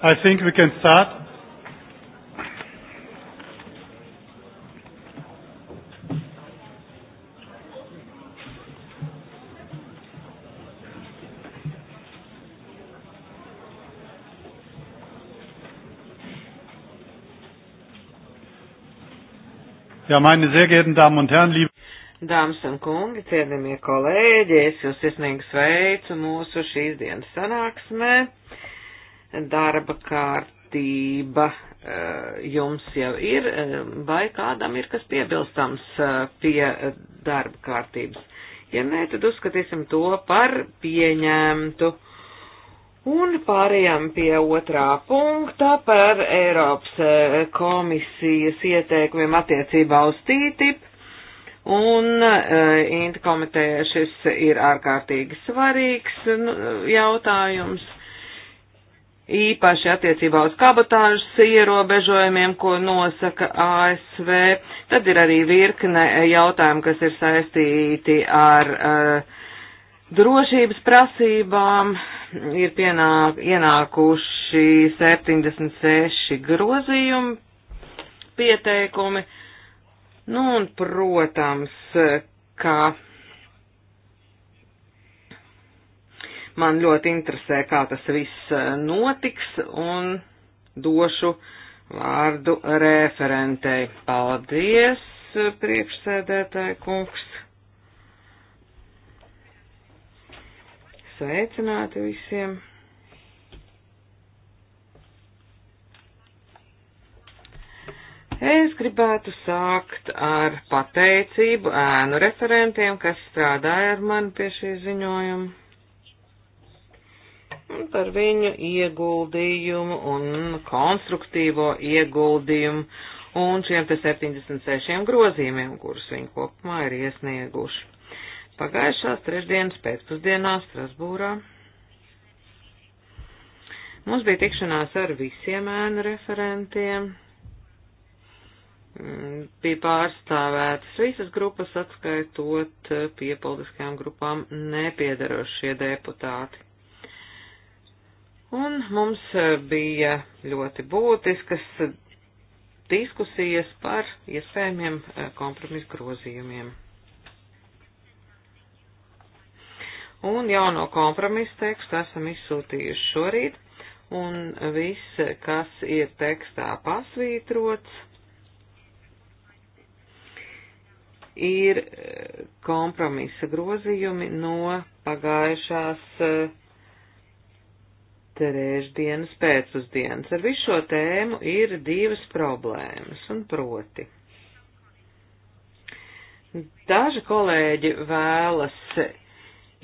I think we can start. Ja, meine sehr geehrten Damen und Herren, liebe Dāmas un kungi, cienījamie kolēģi, es jūs sirsnīgi sveicu mūsu šīs dienas sanāksmē darba kārtība eh, jums jau ir, eh, vai kādam ir kas piebilstams eh, pie darba kārtības. Ja nē, tad uzskatīsim to par pieņemtu. Un pārējām pie otrā punkta par Eiropas komisijas ieteikumiem attiecībā uz TTIP. Un Inta komiteja šis ir ārkārtīgi svarīgs nu, jautājums īpaši attiecībā uz kabotāžas ierobežojumiem, ko nosaka ASV. Tad ir arī virkne jautājumu, kas ir saistīti ar uh, drošības prasībām. Ir pienāk, ienākuši 76 grozījumi pieteikumi. Nu un, protams, ka Man ļoti interesē, kā tas viss eh, notiks, un došu vārdu referentei. Paldies, priekšsēdētāji kungs! Sveicināti visiem! Es gribētu sākt ar pateicību ēnu referentiem, kas strādāja ar mani pie šī ziņojuma par viņu ieguldījumu un konstruktīvo ieguldījumu un šiem te 76 grozījumiem, kurus viņi kopumā ir iesnieguši. Pagājušās trešdienas pēcpusdienā Strasbūrā mums bija tikšanās ar visiem ēnu referentiem, mm, bija pārstāvētas visas grupas, atskaitot eh, pie politiskajām grupām nepiedarošie deputāti. Un mums e, bija ļoti būtiskas diskusijas par iespējamiem e, kompromisu grozījumiem. Un jauno kompromisu tekstu esam izsūtījuši šorīt, un viss, kas ir tekstā pasvītrots, ir e, kompromisa grozījumi no pagājušās uh, trešdienas pēcpusdienas. Ar visu šo tēmu ir divas problēmas, un proti. Daži kolēģi vēlas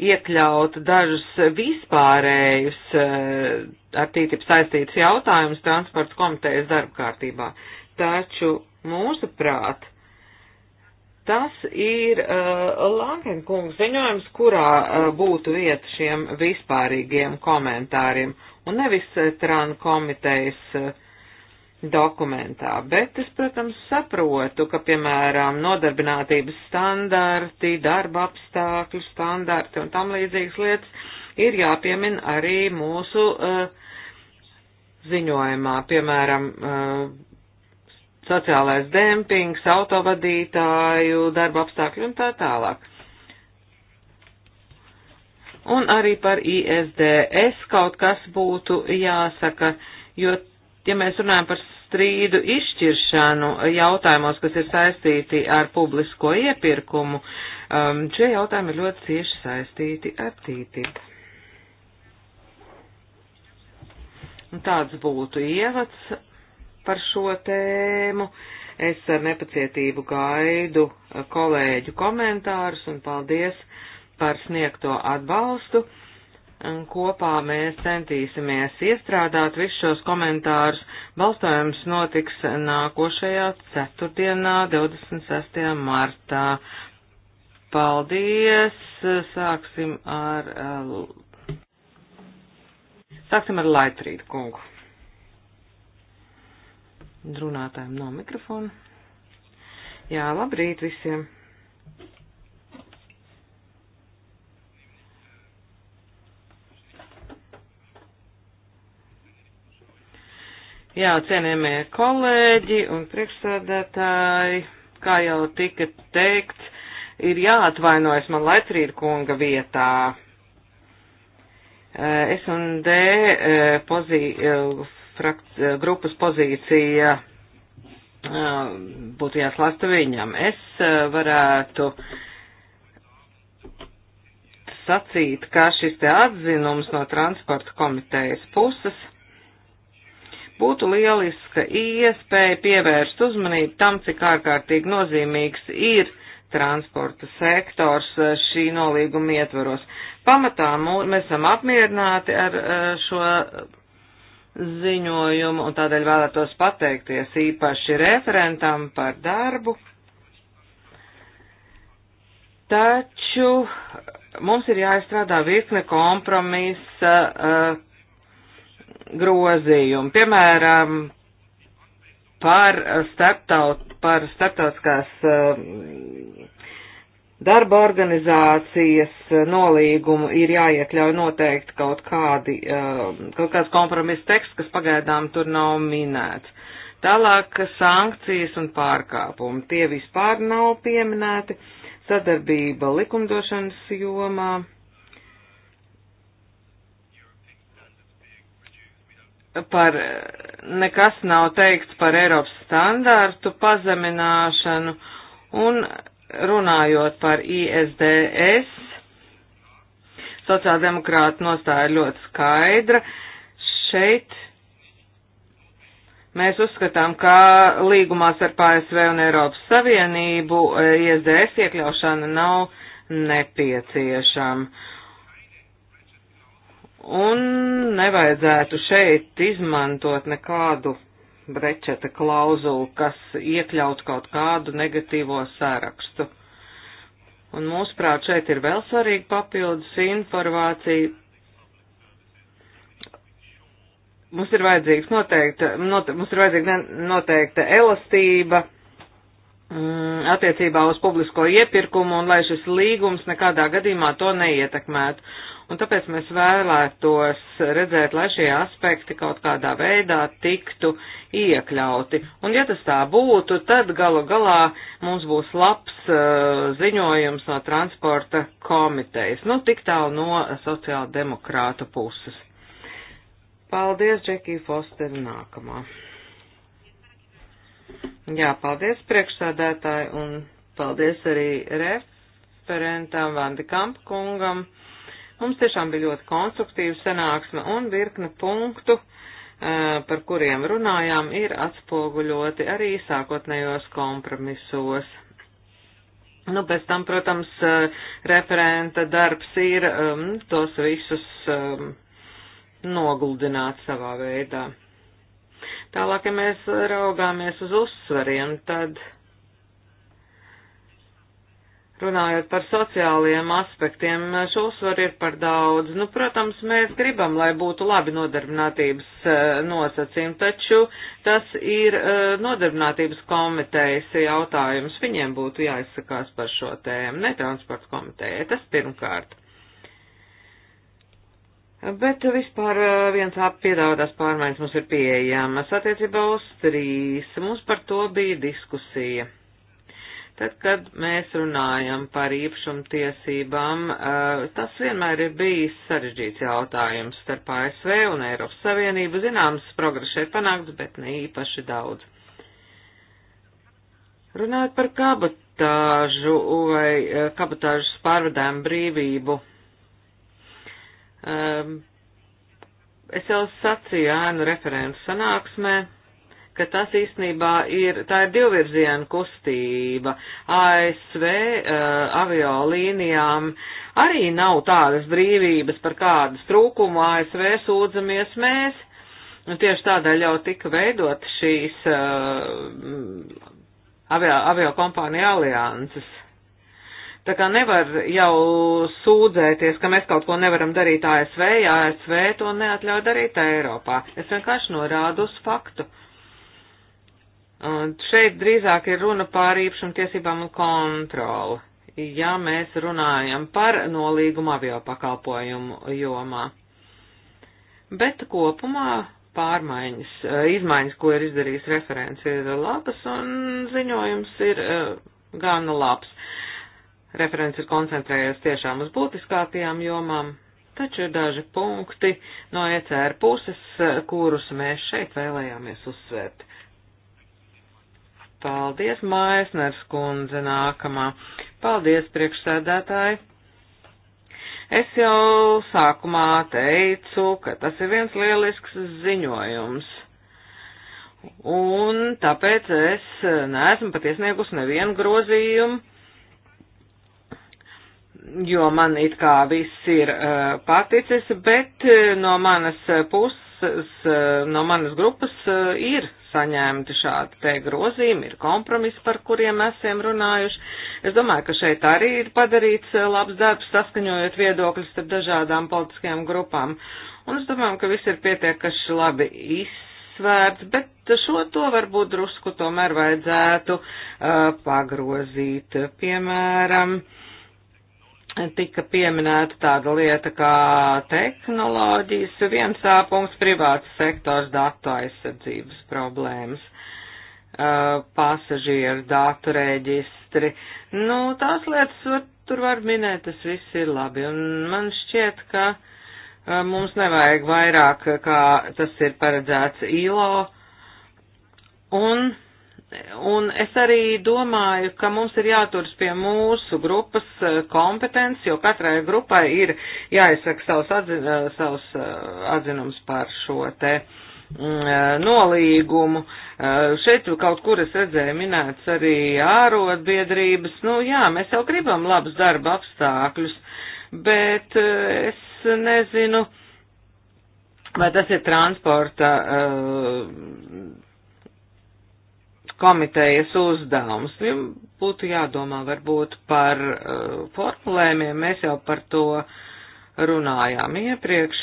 iekļaut dažus vispārējus eh, ar tītip saistītus jautājumus transporta komitejas darba kārtībā, taču mūsuprāt, Tas ir uh, Lankenkungs ziņojums, kurā uh, būtu vieta šiem vispārīgiem komentāriem un nevis uh, Tran komitejas uh, dokumentā. Bet es, protams, saprotu, ka, piemēram, nodarbinātības standarti, darba apstākļu standarti un tam līdzīgas lietas ir jāpiemina arī mūsu uh, ziņojumā, piemēram, uh, sociālais dempings, autovadītāju, darba apstākļi un tā tālāk. Un arī par ISDS kaut kas būtu jāsaka, jo, ja mēs runājam par strīdu izšķiršanu jautājumos, kas ir saistīti ar publisko iepirkumu, um, šie jautājumi ir ļoti cieši saistīti ar tītību. Un tāds būtu ievads par šo tēmu. Es ar nepacietību gaidu eh, kolēģu komentārus un paldies par sniegto atbalstu. Kopā mēs centīsimies iestrādāt visus šos komentārus. Balstojums notiks nākošajā ceturtdienā, 26. martā. Paldies! Sāksim ar, eh, sāksim ar Laitrīdu kungu runātājiem no mikrofona. Jā, labrīt visiem! Jā, cienījamie kolēģi un priekšsādātāji, kā jau tika teikts, ir jāatvainojas man Laitrīda kunga vietā. Es eh, un D eh, pozī, eh, frakt, eh, grupas pozīcija eh, būtu jāslēgta viņam. Es eh, varētu sacīt, ka šis te atzinums no transporta komitejas puses būtu lieliska iespēja pievērst uzmanību tam, cik ārkārtīgi nozīmīgs ir transporta sektors šī nolīguma ietvaros. Pamatā mēs esam apmierināti ar šo ziņojumu, un tādēļ vēlētos pateikties īpaši referentam par darbu. Taču mums ir jāizstrādā virkne kompromisa uh, grozījumu, piemēram, par, starptaut, par starptautiskās uh, darba organizācijas eh, nolīgumu ir jāiekļauj noteikti kaut kādi, eh, kaut kāds kompromiss teksts, kas pagaidām tur nav minēts. Tālāk sankcijas un pārkāpumi. Tie vispār nav pieminēti. Sadarbība likumdošanas jomā. Par eh, nekas nav teikts par Eiropas standārtu pazemināšanu un runājot par ISDS, sociāldemokrāta nostāja ļoti skaidra. Šeit mēs uzskatām, ka līgumās ar PSV un Eiropas Savienību eh, ISDS iekļaušana nav nepieciešama. Un nevajadzētu šeit izmantot nekādu brečeta klauzulu, kas iekļaut kaut kādu negatīvo sārakstu. Un mūsuprāt, šeit ir vēl svarīga papildus informācija. Mums ir vajadzīgs noteikta, note, mums ir vajadzīga noteikta elastība mm, attiecībā uz publisko iepirkumu un lai šis līgums nekādā gadījumā to neietekmētu. Un tāpēc mēs vēlētos redzēt, lai šie aspekti kaut kādā veidā tiktu iekļauti. Un ja tas tā būtu, tad galu galā mums būs labs uh, ziņojums no transporta komitejas. Nu, tik tālu no sociāldemokrāta puses. Paldies, Džekija Foster, nākamā. Jā, paldies priekšsādētāji un paldies arī referentam Vandi Kampkungam. kungam Mums tiešām bija ļoti konstruktīva sanāksme un virkne punktu, eh, par kuriem runājām, ir atspoguļoti arī sākotnējos kompromisos. Nu, pēc tam, protams, eh, referenta darbs ir um, tos visus um, ehm, noguldināt savā veidā. Tālāk, ja mēs raugāmies uz uzsvariem, tad uh, Runājot par sociālajiem aspektiem, šo uzsvaru ir par daudz. Nu, protams, mēs gribam, lai būtu labi nodarbinātības eh, nosacījumi, taču tas ir eh, nodarbinātības komitejas jautājums. Viņiem būtu jāizsakās par šo tēmu, ne transporta komitejai. Tas pirmkārt. Bet vispār eh, viens piedāvātās pārmaiņas mums ir pieejamas. Attiecībā uz trīs mums par to bija diskusija Tad, kad mēs runājam par īpašumtiesībām, eh, tas vienmēr ir bijis sarežģīts jautājums starp ASV un Eiropas Savienību. Zināms, progress ir panākts, bet ne īpaši daudz. Runājot par kabatāžu vai eh, kabatāžas pārvadājumu brīvību. Eh, es jau sacīju ēnu referentu sanāksmē ka tas īstenībā ir, tā ir divvirziena kustība. ASV uh, eh, avio līnijām arī nav tādas brīvības, par kādas trūkumu ASV sūdzamies mēs. Un tieši tādēļ jau tika veidot šīs uh, avio, avio kompānija alianses. Tā kā nevar jau sūdzēties, ka mēs kaut ko nevaram darīt ASV, ja ASV to neatļauj darīt Eiropā. Es vienkārši norādu uz faktu. Uh, Un šeit drīzāk ir runa par īpašumu tiesībām un kontroli, ja mēs runājam par nolīgumu avio pakalpojumu jomā. Bet kopumā pārmaiņas, eh, izmaiņas, ko ir izdarījis referents, ir labas un ziņojums ir eh, gan labs. Referents ir koncentrējies tiešām uz būtiskākajām jomām, taču ir daži punkti no ECR puses, eh, kurus mēs šeit vēlējāmies uzsvērt. Paldies, Maisners kundze nākamā. Paldies, priekšsēdētāji. Es jau sākumā teicu, ka tas ir viens lielisks ziņojums. Un tāpēc es neesmu pat iesniegus nevienu grozījumu, jo man it kā viss ir uh, paticis, bet uh, no manas puses, uh, no manas grupas uh, ir saņemti šādi te grozījumi, ir kompromisi, par kuriem esam runājuši. Es domāju, ka šeit arī ir padarīts eh, labs darbs, saskaņojot viedokļus starp dažādām politiskajām grupām. Un es domāju, ka viss ir pietiekaši labi izsvērts, bet šo to varbūt drusku tomēr vajadzētu uh, pagrozīt. Piemēram, uh, tika pieminēta tāda lieta kā tehnoloģijas, viens sāpums privāts sektors datu aizsardzības problēmas, pasažieru datu reģistri. Nu, tās lietas var, tur var minēt, tas viss ir labi. Un man šķiet, ka mums nevajag vairāk, kā tas ir paredzēts ILO. Un Un es arī domāju, ka mums ir jāturas pie mūsu grupas e, kompetences, jo katrai grupai ir jāizsaka savs, atzi, e, savs e, atzinums par šo te mm, nolīgumu. Šeit kaut kur es redzēju minēts arī ārotbiedrības. Nu jā, mēs jau gribam labus darba apstākļus, bet es nezinu, vai tas ir transporta komitejas uzdevums. Viņam būtu jādomā varbūt par uh, formulējumiem, mēs jau par to runājām iepriekš.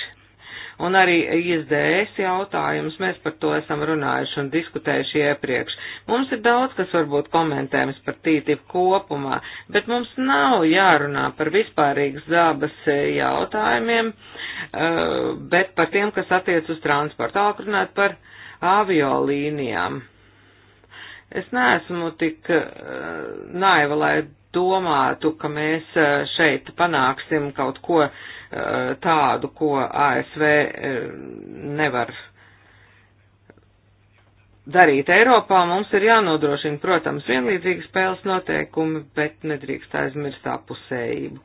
Un arī ISDS jautājums, mēs par to esam runājuši un diskutējuši iepriekš. Mums ir daudz, kas varbūt komentējums par tītību kopumā, bet mums nav jārunā par vispārīgas dabas e, jautājumiem, uh, bet par tiem, kas attiec uz transportu, tālāk runāt par aviolīnijām. Uh, Es neesmu tik uh, naiva, lai domātu, ka mēs uh, šeit panāksim kaut ko uh, tādu, ko ASV uh, nevar darīt Eiropā. Mums ir jānodrošina, protams, vienlīdzīgi spēles noteikumi, bet nedrīkst aizmirst apusējību.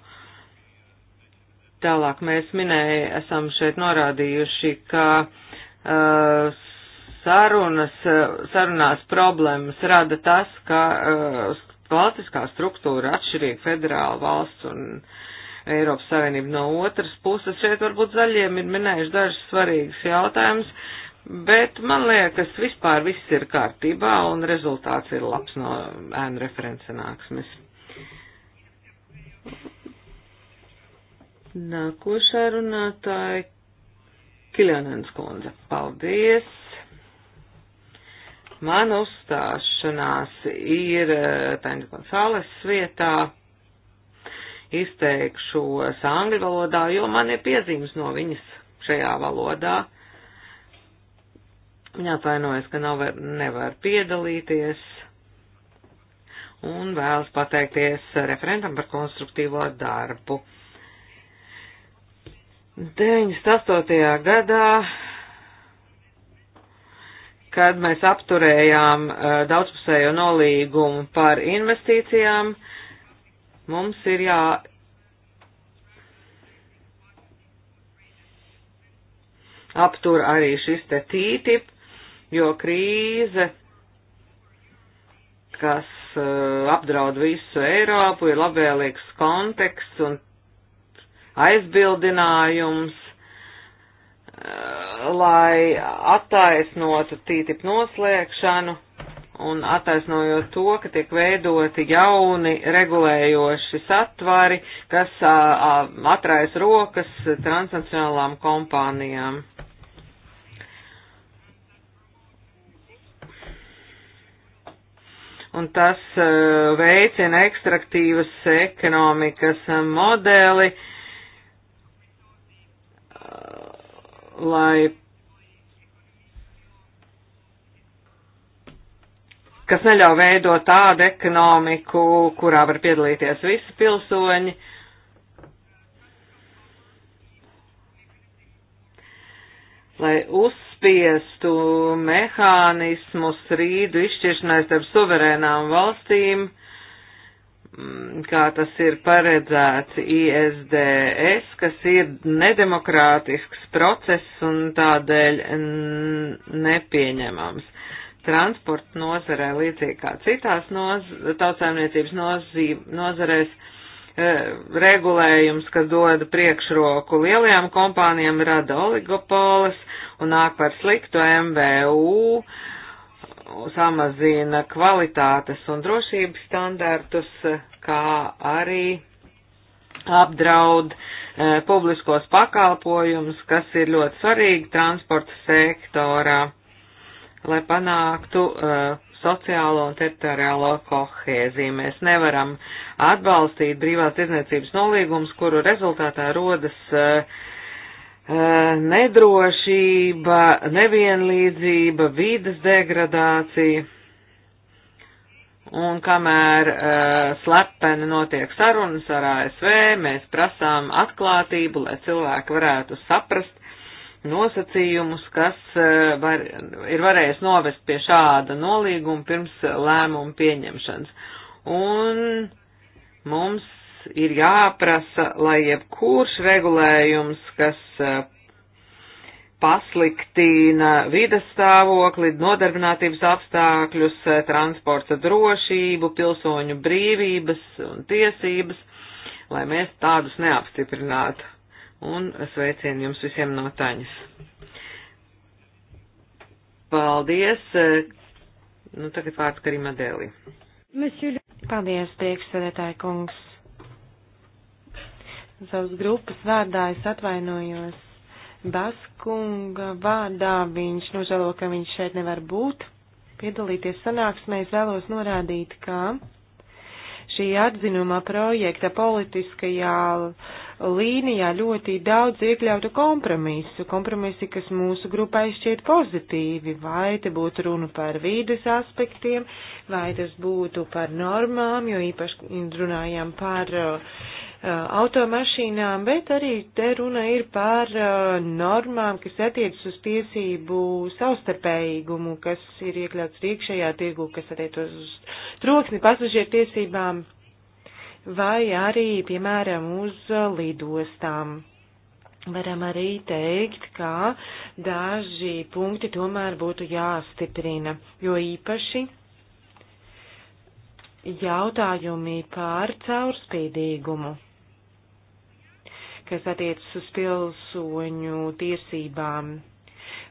Tālāk mēs minēja, esam šeit norādījuši, ka uh, sarunas, sarunās problēmas rada tas, ka uh, politiskā struktūra atšķirīga federāla valsts un Eiropas Savienība no otras puses. Šeit varbūt zaļiem ir minējuši dažus svarīgus jautājumus, bet man liekas, vispār viss ir kārtībā un rezultāts ir labs no ēnu referencenāksmes. Nākošā runātāja Kiljanens kundze. Paldies! Man uzstāšanās ir eh, Taņģa Konsāles vietā. Izteikšos angļu valodā, jo man ir piezīmes no viņas šajā valodā. Viņa atvainojas, ka nav, nevar piedalīties un vēlas pateikties referentam par konstruktīvo darbu. 98. gadā kad mēs apturējām eh, daudzpusējo nolīgumu par investīcijām, mums ir jā. Aptur arī šis te tītip, jo krīze, kas uh, apdraud visu Eiropu, ir labvēlīgs konteksts un aizbildinājums Eh, lai attaisnotu TTIP noslēgšanu un attaisnojot to, ka tiek veidoti jauni regulējoši satvari, kas atrais rokas transnacionālām kompānijām. Un tas veicina ekstraktīvas ekonomikas modeli, uh, lai kas neļauj veidot tādu ekonomiku, kurā var piedalīties visi pilsoņi. Lai uzspiestu mehānismus rīdu izšķiršanai starp suverēnām valstīm, uh, Mm, kā tas ir paredzēts ISDS, kas ir nedemokrātisks process un tādēļ nepieņemams. Transporta nozarē, līdzīgi kā citās noz tautsēmniecības nozarēs, e, regulējums, kas dod priekšroku lielajām kompānijām, rada oligopoles un nāk par sliktu MVU. Uh, samazina kvalitātes un drošības standartus, kā arī apdraud eh, publiskos pakalpojumus, kas ir ļoti svarīgi transporta sektorā, lai panāktu eh, sociālo un teritoriālo kohēziju. Mēs nevaram atbalstīt brīvās tirdzniecības nolīgumus, kuru rezultātā rodas eh, Eh, nedrošība, nevienlīdzība, vidas degradācija. Un kamēr uh, slepeni notiek sarunas ar ASV, mēs prasām atklātību, lai cilvēki varētu saprast nosacījumus, kas uh, var, ir varējis novest pie šāda nolīguma pirms lēmuma pieņemšanas. Un mums ir jāprasa, lai jebkurš regulējums, kas e, pasliktina vidas stāvokli, nodarbinātības apstākļus, e, transporta drošību, pilsoņu brīvības un tiesības, lai mēs tādus neapstiprinātu. Un sveicienu jums visiem no taņas. Paldies. E, nu, tagad vārds Karima Dēlī. Paldies, priekšsēdētāji kungs savas grupas vārdā es atvainojos Baskunga vārdā. Viņš nožēlo, ka viņš šeit nevar būt. Piedalīties sanāksmē es vēlos norādīt, ka šī atzinuma projekta politiskajā līnijā ļoti daudz iekļautu kompromisu, kompromisi, kas mūsu grupai šķiet pozitīvi, vai te būtu runa par vīdes aspektiem, vai tas būtu par normām, jo īpaši runājām par uh, uh, automašīnām, bet arī te runa ir par uh, normām, kas attiecas uz tiesību savstarpējīgumu, kas ir iekļauts riekšējā tirgu, kas attiecas uz troksni pasažieru tiesībām vai arī, piemēram, uz lidostām. Varam arī teikt, ka daži punkti tomēr būtu jāstiprina, jo īpaši jautājumi pār caurspīdīgumu, kas attiecas uz pilsoņu tiesībām,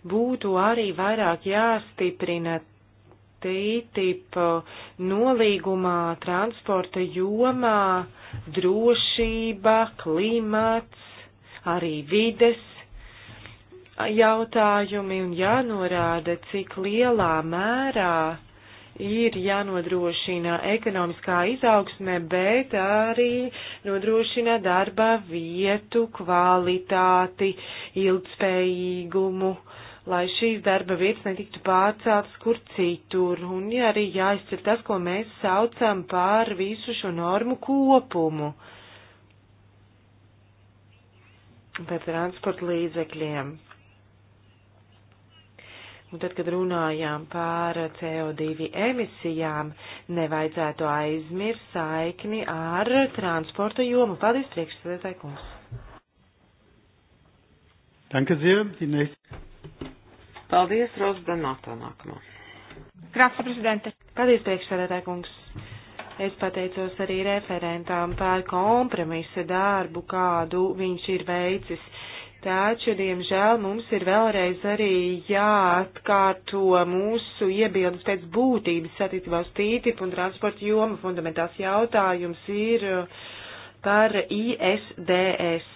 būtu arī vairāk jāstiprina TTIP nolīgumā, transporta jomā, drošība, klimats, arī vides jautājumi un jānorāda, cik lielā mērā ir jānodrošina ekonomiskā izaugsme, bet arī nodrošina darba vietu, kvalitāti, ilgspējīgumu lai šīs darba vietas netiktu pārceltas kur citur, un arī jāizcer tas, ko mēs saucam par visu šo normu kopumu par transporta līdzekļiem. Un tad, kad runājām par CO2 emisijām, nevajadzētu aizmirst saikni ar transporta jomu. Paldies, priekšsēdētāji kungs! Danke sehr. Die nächste. Paldies, Rozda Nato nākamā. Krāsa prezidente. Paldies, priekšsēdētāj kungs. Es pateicos arī referentām par kompromisa darbu, kādu viņš ir veicis. Taču, diemžēl, mums ir vēlreiz arī jāatkārto mūsu iebildes pēc būtības attiecībā uz tītip un transporta jomu. Fundamentāls jautājums ir uh, par ISDS,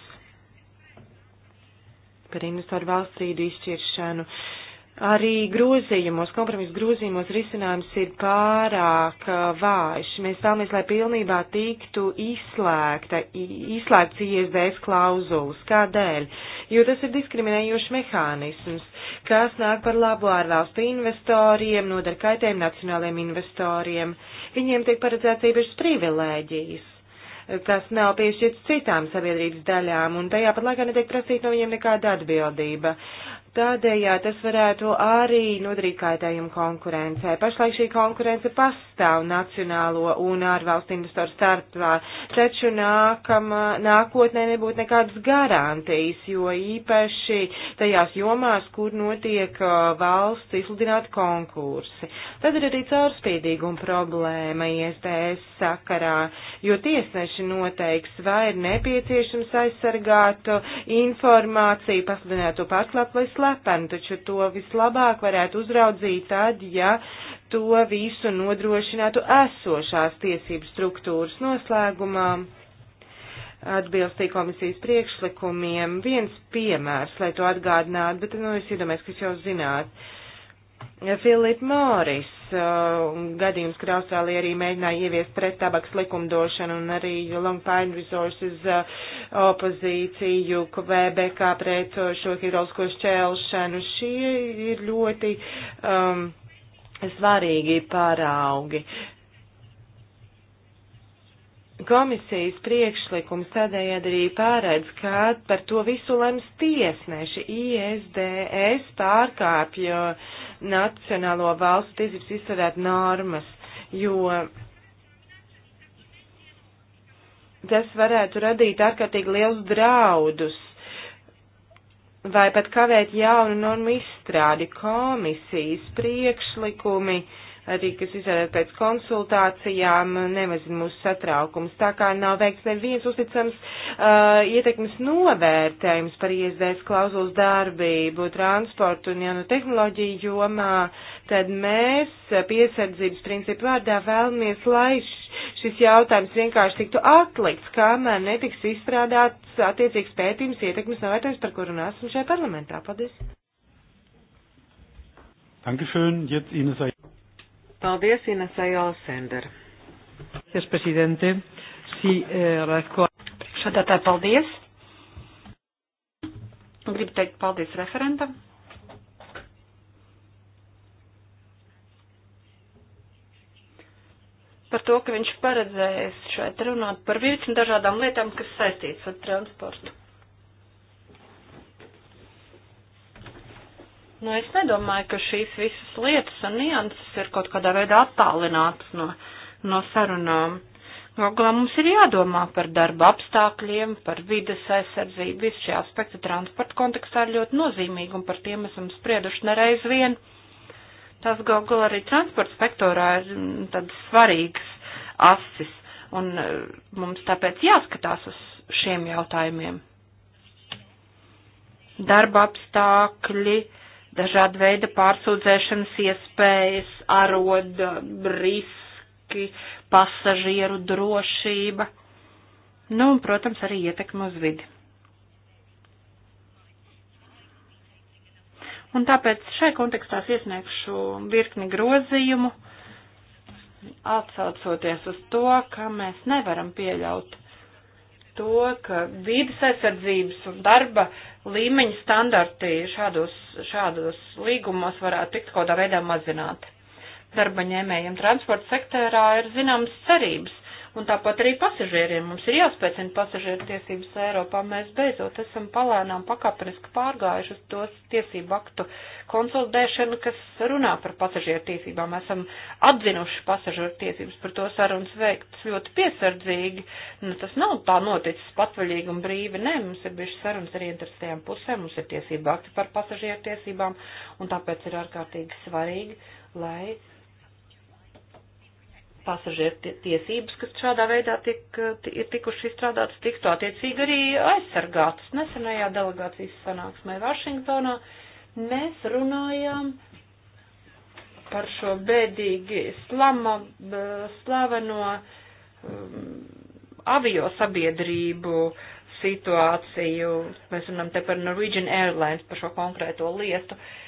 par investoru valsts rīdu izšķiršanu. Uh, Arī grozījumos, kompromisu grozījumos risinājums ir pārāk uh, vājš. Mēs vēlamies, lai pilnībā tiktu izslēgta, izslēgts ISDS klauzulas. Kādēļ? Jo tas ir diskriminējošs mehānisms, kas nāk par labu ārvalstu investoriem, nodara kaitējumu nacionāliem investoriem. Viņiem tiek paredzēts īpašas privilēģijas kas nav piešķirts citām sabiedrības daļām, un tajā pat laikā netiek prasīta no viņiem nekāda atbildība. Tādējā tas varētu arī nodarīt kaitējumu konkurencē. Pašlaik šī konkurence pastāv nacionālo un ārvalstu investoru starpā, taču nākama, nākotnē nebūtu nekādas garantijas, jo īpaši tajās jomās, kur notiek uh, valsts izsludināti konkursi. Tad ir arī caurspīdīguma problēma ISDS sakarā, jo tiesneši noteiks, vai ir nepieciešams aizsargāt informāciju, pasludināto pārklātu vai slēpt slepeni, taču to vislabāk varētu uzraudzīt tad, ja to visu nodrošinātu esošās tiesību struktūras noslēgumā atbilstī komisijas priekšlikumiem. Viens piemērs, lai to atgādinātu, bet, nu, es iedomājos, ka jūs jau zināt. Uh, Filipa Māris uh, gadījums, kur Austrālija arī mēģināja ieviest pret tabaks likumdošanu un arī Long Pine Resources uh, opozīciju Kvebekā pret uh, šo hidrausko šķēlšanu. Šie ir ļoti um, svarīgi paraugi. Uh, Komisijas priekšlikums tādējādi arī pārēdz, ka par to visu lems tiesneši. ISDS pārkāpja Nacionālo valstu tiesības izsvarēt normas, jo tas varētu radīt ārkārtīgi liels draudus vai pat kavēt jaunu normu izstrādi. Komisijas priekšlikumi arī, kas izrādās pēc konsultācijām, nemazina mūsu satraukums. Tā kā nav veikts neviens uzticams uh, ietekmes novērtējums par ISDS klauzulas darbību, transportu un jaunu tehnoloģiju jomā, tad mēs piesardzības principu vārdā vēlamies, lai šis jautājums vienkārši tiktu atlikts, kamēr netiks izstrādāts attiecīgs pētījums ietekmes novērtējums, par kuru runāsim šajā parlamentā. Paldies! Dankeschön, jetzt Ines Ayala. Paldies, Inesai Alsender. Paldies, prezidente. Sī, eh, Rasko. Priekšādātāji, paldies. Gribu teikt paldies referentam. Par to, ka viņš paredzējis šeit runāt par virkni dažādām lietām, kas saistīts ar transportu. Nu, es nedomāju, ka šīs visas lietas un nianses ir kaut kādā veidā attālinātas no, no sarunām. Galā mums ir jādomā par darba apstākļiem, par vides aizsardzību, visi šie aspekti transporta kontekstā ir ļoti nozīmīgi un par tiem esam sprieduši nereiz vien. Tas gal galā arī transporta sektorā ir mm, tāds svarīgs asis un e, mums tāpēc jāskatās uz šiem jautājumiem. Darba apstākļi dažāda veida pārsūdzēšanas iespējas, aroda, riski, pasažieru drošība, nu un, protams, arī ietekme uz vidi. Un tāpēc šai kontekstā iesniegšu virkni grozījumu, atsaucoties uz to, ka mēs nevaram pieļaut to, ka vīdas aizsardzības un darba līmeņa standarti šādos, šādos līgumos varētu tikt kaut kādā veidā mazināti. Darba ņēmējiem transporta sektorā ir zināmas cerības un tāpat arī pasažieriem. Mums ir jāspēcina pasažieru tiesības Eiropā. Mēs beidzot esam palēnām pakāpeniski pārgājuši uz tos tiesību aktu konsolidēšanu, kas runā par pasažieru tiesībām. Mēs esam atzinuši pasažieru tiesības par to sarunas veikts ļoti piesardzīgi. Nu, tas nav tā noticis patvaļīgi un brīvi. Nē, mums ir bijušas sarunas ar interesētajām pusēm, mums ir tiesība akti par pasažieru tiesībām, un tāpēc ir ārkārtīgi svarīgi, lai pasažieru tiesības, kas šādā veidā tik, ir tikuši izstrādātas, tiktu attiecīgi arī aizsargātas. Nesenajā delegācijas sanāksmē Vašingtonā mēs runājām par šo bēdīgi slama, slaveno um, avio sabiedrību situāciju. Mēs runājam te par Norwegian Airlines, par šo konkrēto lietu. Uh,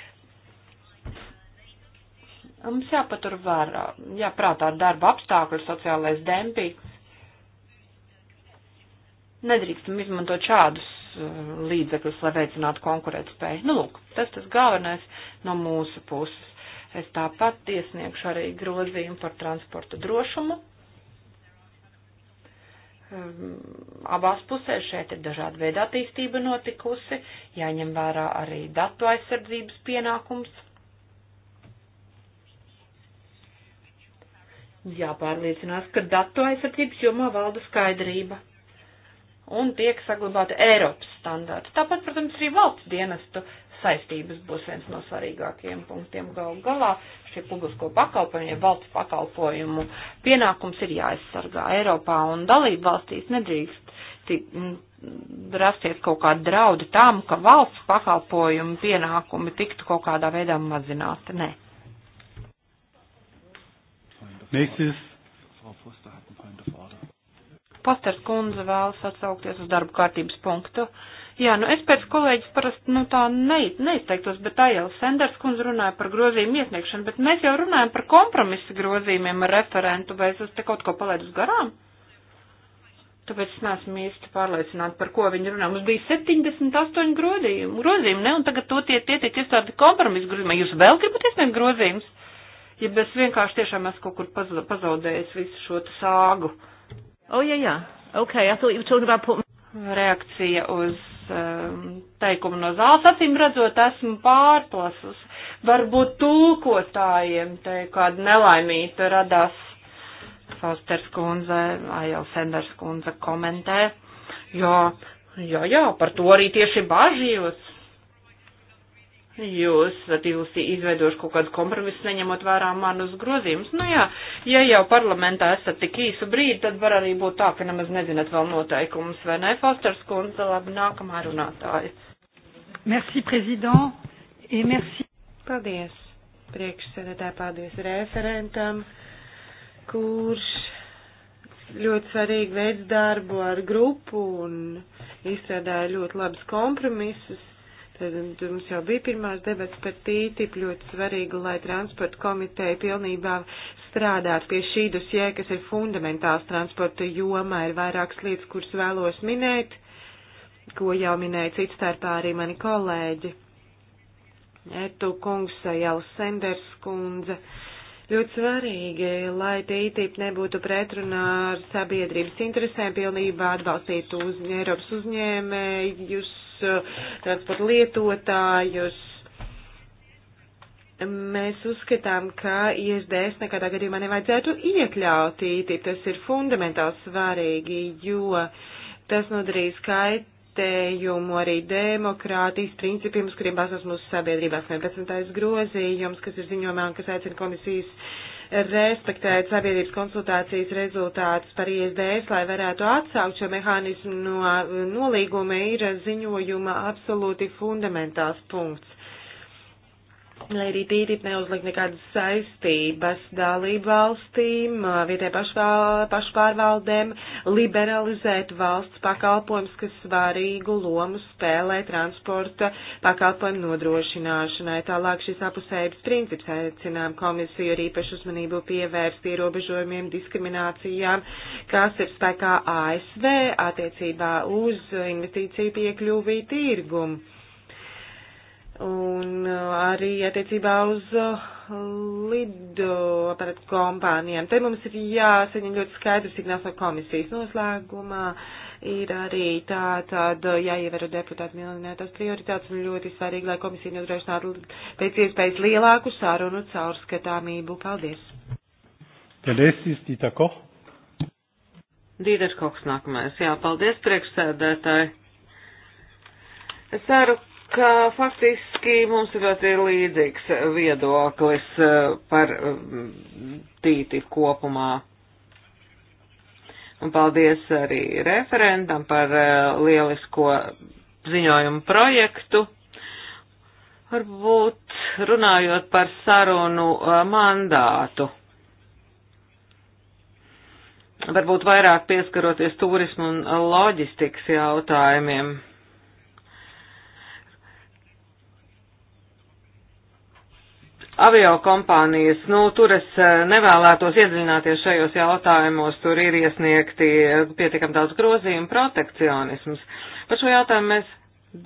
Mums jāpatur vērā, jāprātā darba apstākļi, sociālais dempings. Nedrīkstam izmantot šādus uh, līdzekļus, lai veicinātu konkurētspēju. Nu, lūk, tas tas galvenais no mūsu puses. Es tāpat iesniegšu arī grozījumu par transporta drošumu. Um, abās pusēs šeit ir dažāda veida attīstība notikusi, jāņem vērā arī datu aizsardzības pienākums Jāpārliecinās, ka datu aizsardzības jomā valda skaidrība un tiek saglabāta Eiropas standārta. Tāpat, protams, arī valsts dienestu saistības būs viens no svarīgākajiem punktiem gal galā. Šie publisko pakalpojumu, ja valsts pakalpojumu pienākums ir jāaizsargā Eiropā un dalību valstīs nedrīkst tik, rasties kaut kāda drauda tam, ka valsts pakalpojumu pienākumi tiktu kaut kādā veidā mazināti. Nē. Nächstes. Frau Foster hat einen Point of Order. Posters kundze vēlas atsaukties uz darbu kārtības punktu. Jā, nu es pēc kolēģis parasti, nu tā neiz, neizteiktos, bet tā jau Sanders kundze runāja par grozījumu iesniegšanu, bet mēs jau runājam par kompromisu grozījumiem ar referentu, vai es te kaut ko palaidu garām? Tāpēc es neesmu īsti pārliecināta, par ko viņi runā. Mums bija 78 grozījumi, grozījumi ne, un tagad to tie, tie tiek iestādi kompromisu grozījumā. Jūs vēl gribat iesniegt grozījumus? ja bez vienkārši tiešām esmu kaut kur pazaudējis visu šo sāgu. Oh, jā, jā. Ok, I thought you were talking about putting... Reakcija uz um, teikumu no zāles, acīm redzot, esmu pārplasus. Varbūt tulkotājiem te kāda nelaimīta radās Fausters kundze, Aijala Senders kundze komentē. Jā, jā, jā, par to arī tieši bažījos Jūs esat jūs izveidojuši kaut kādu kompromisu, neņemot vērā manus grozījumus. Nu jā, ja jau parlamentā esat tik īsu brīdi, tad var arī būt tā, ka nemaz nezinat vēl noteikumus, vai ne, Fosters kundze, labi, nākamā runātāja. Merci, prezident, et merci. Paldies, priekšsēdētāji, paldies referentam, kurš ļoti svarīgi veids darbu ar grupu un izstrādāja ļoti labus kompromisus Tur mums jau bija pirmās debats par tītip, ļoti svarīgi, lai transporta komiteja pilnībā strādāt pie šī dosjē, kas ir fundamentāls transporta jomā, ir vairākas lietas, kuras vēlos minēt, ko jau minēja cits starpā arī mani kolēģi. Etu kungs, Jālis Senders kundze. Ļoti svarīgi, lai TTIP nebūtu pretrunā ar sabiedrības interesēm, pilnībā atbalstītu uz, Eiropas uzņēmējus transporta lietotājus. Mēs uzskatām, ka ISDS nekādā gadījumā nevajadzētu iekļaut īti. Tas ir fundamentāli svarīgi, jo tas nodarīs kaitējumu arī demokrātijas principiem, uz kuriem balstās mūsu sabiedrībās. 11. grozījums, kas ir ziņojumā un kas aicina komisijas respektēt sabiedrības konsultācijas rezultātus par ISDS, lai varētu atsaukt šo mehānismu no nolīguma, ir ziņojuma absolūti fundamentāls punkts lai arī tīrīt neuzliek nekādas saistības dalību valstīm, vietai pašpārvaldēm, liberalizēt valsts pakalpojums, kas svarīgu lomu spēlē transporta pakalpojumu nodrošināšanai. Tālāk šis apusējības princips aicinām komisiju arī pašu uzmanību pievērst ierobežojumiem, diskriminācijām, kas ir spēkā ASV attiecībā uz investīciju piekļuvī tirgumu un uh, arī attiecībā uz uh, lido aparatu kompānijām. Te mums ir jāsaņem ļoti skaidrs signāls no komisijas noslēgumā. Ir arī tā, tad uh, jāievēro deputāti minētās prioritātes un ļoti svarīgi, lai komisija nodrošinātu pēc iespējas lielāku sarunu caurskatāmību. Paldies! Paldies, Dīta Koch! Dīta Kochs nākamais. Jā, paldies priekšsēdētāji! Es ceru, ka faktiski mums ir ļoti līdzīgs viedoklis eh, par mm, tīti kopumā. Un paldies arī referentam par eh, lielisko ziņojumu projektu. Varbūt runājot par sarunu eh, mandātu. Varbūt vairāk pieskaroties turismu un loģistikas jautājumiem. Avio kompānijas, nu, tur es eh, nevēlētos iedziļināties šajos jautājumos, tur ir iesniegti eh, pietiekam daudz grozījumu protekcionismus. Par šo jautājumu mēs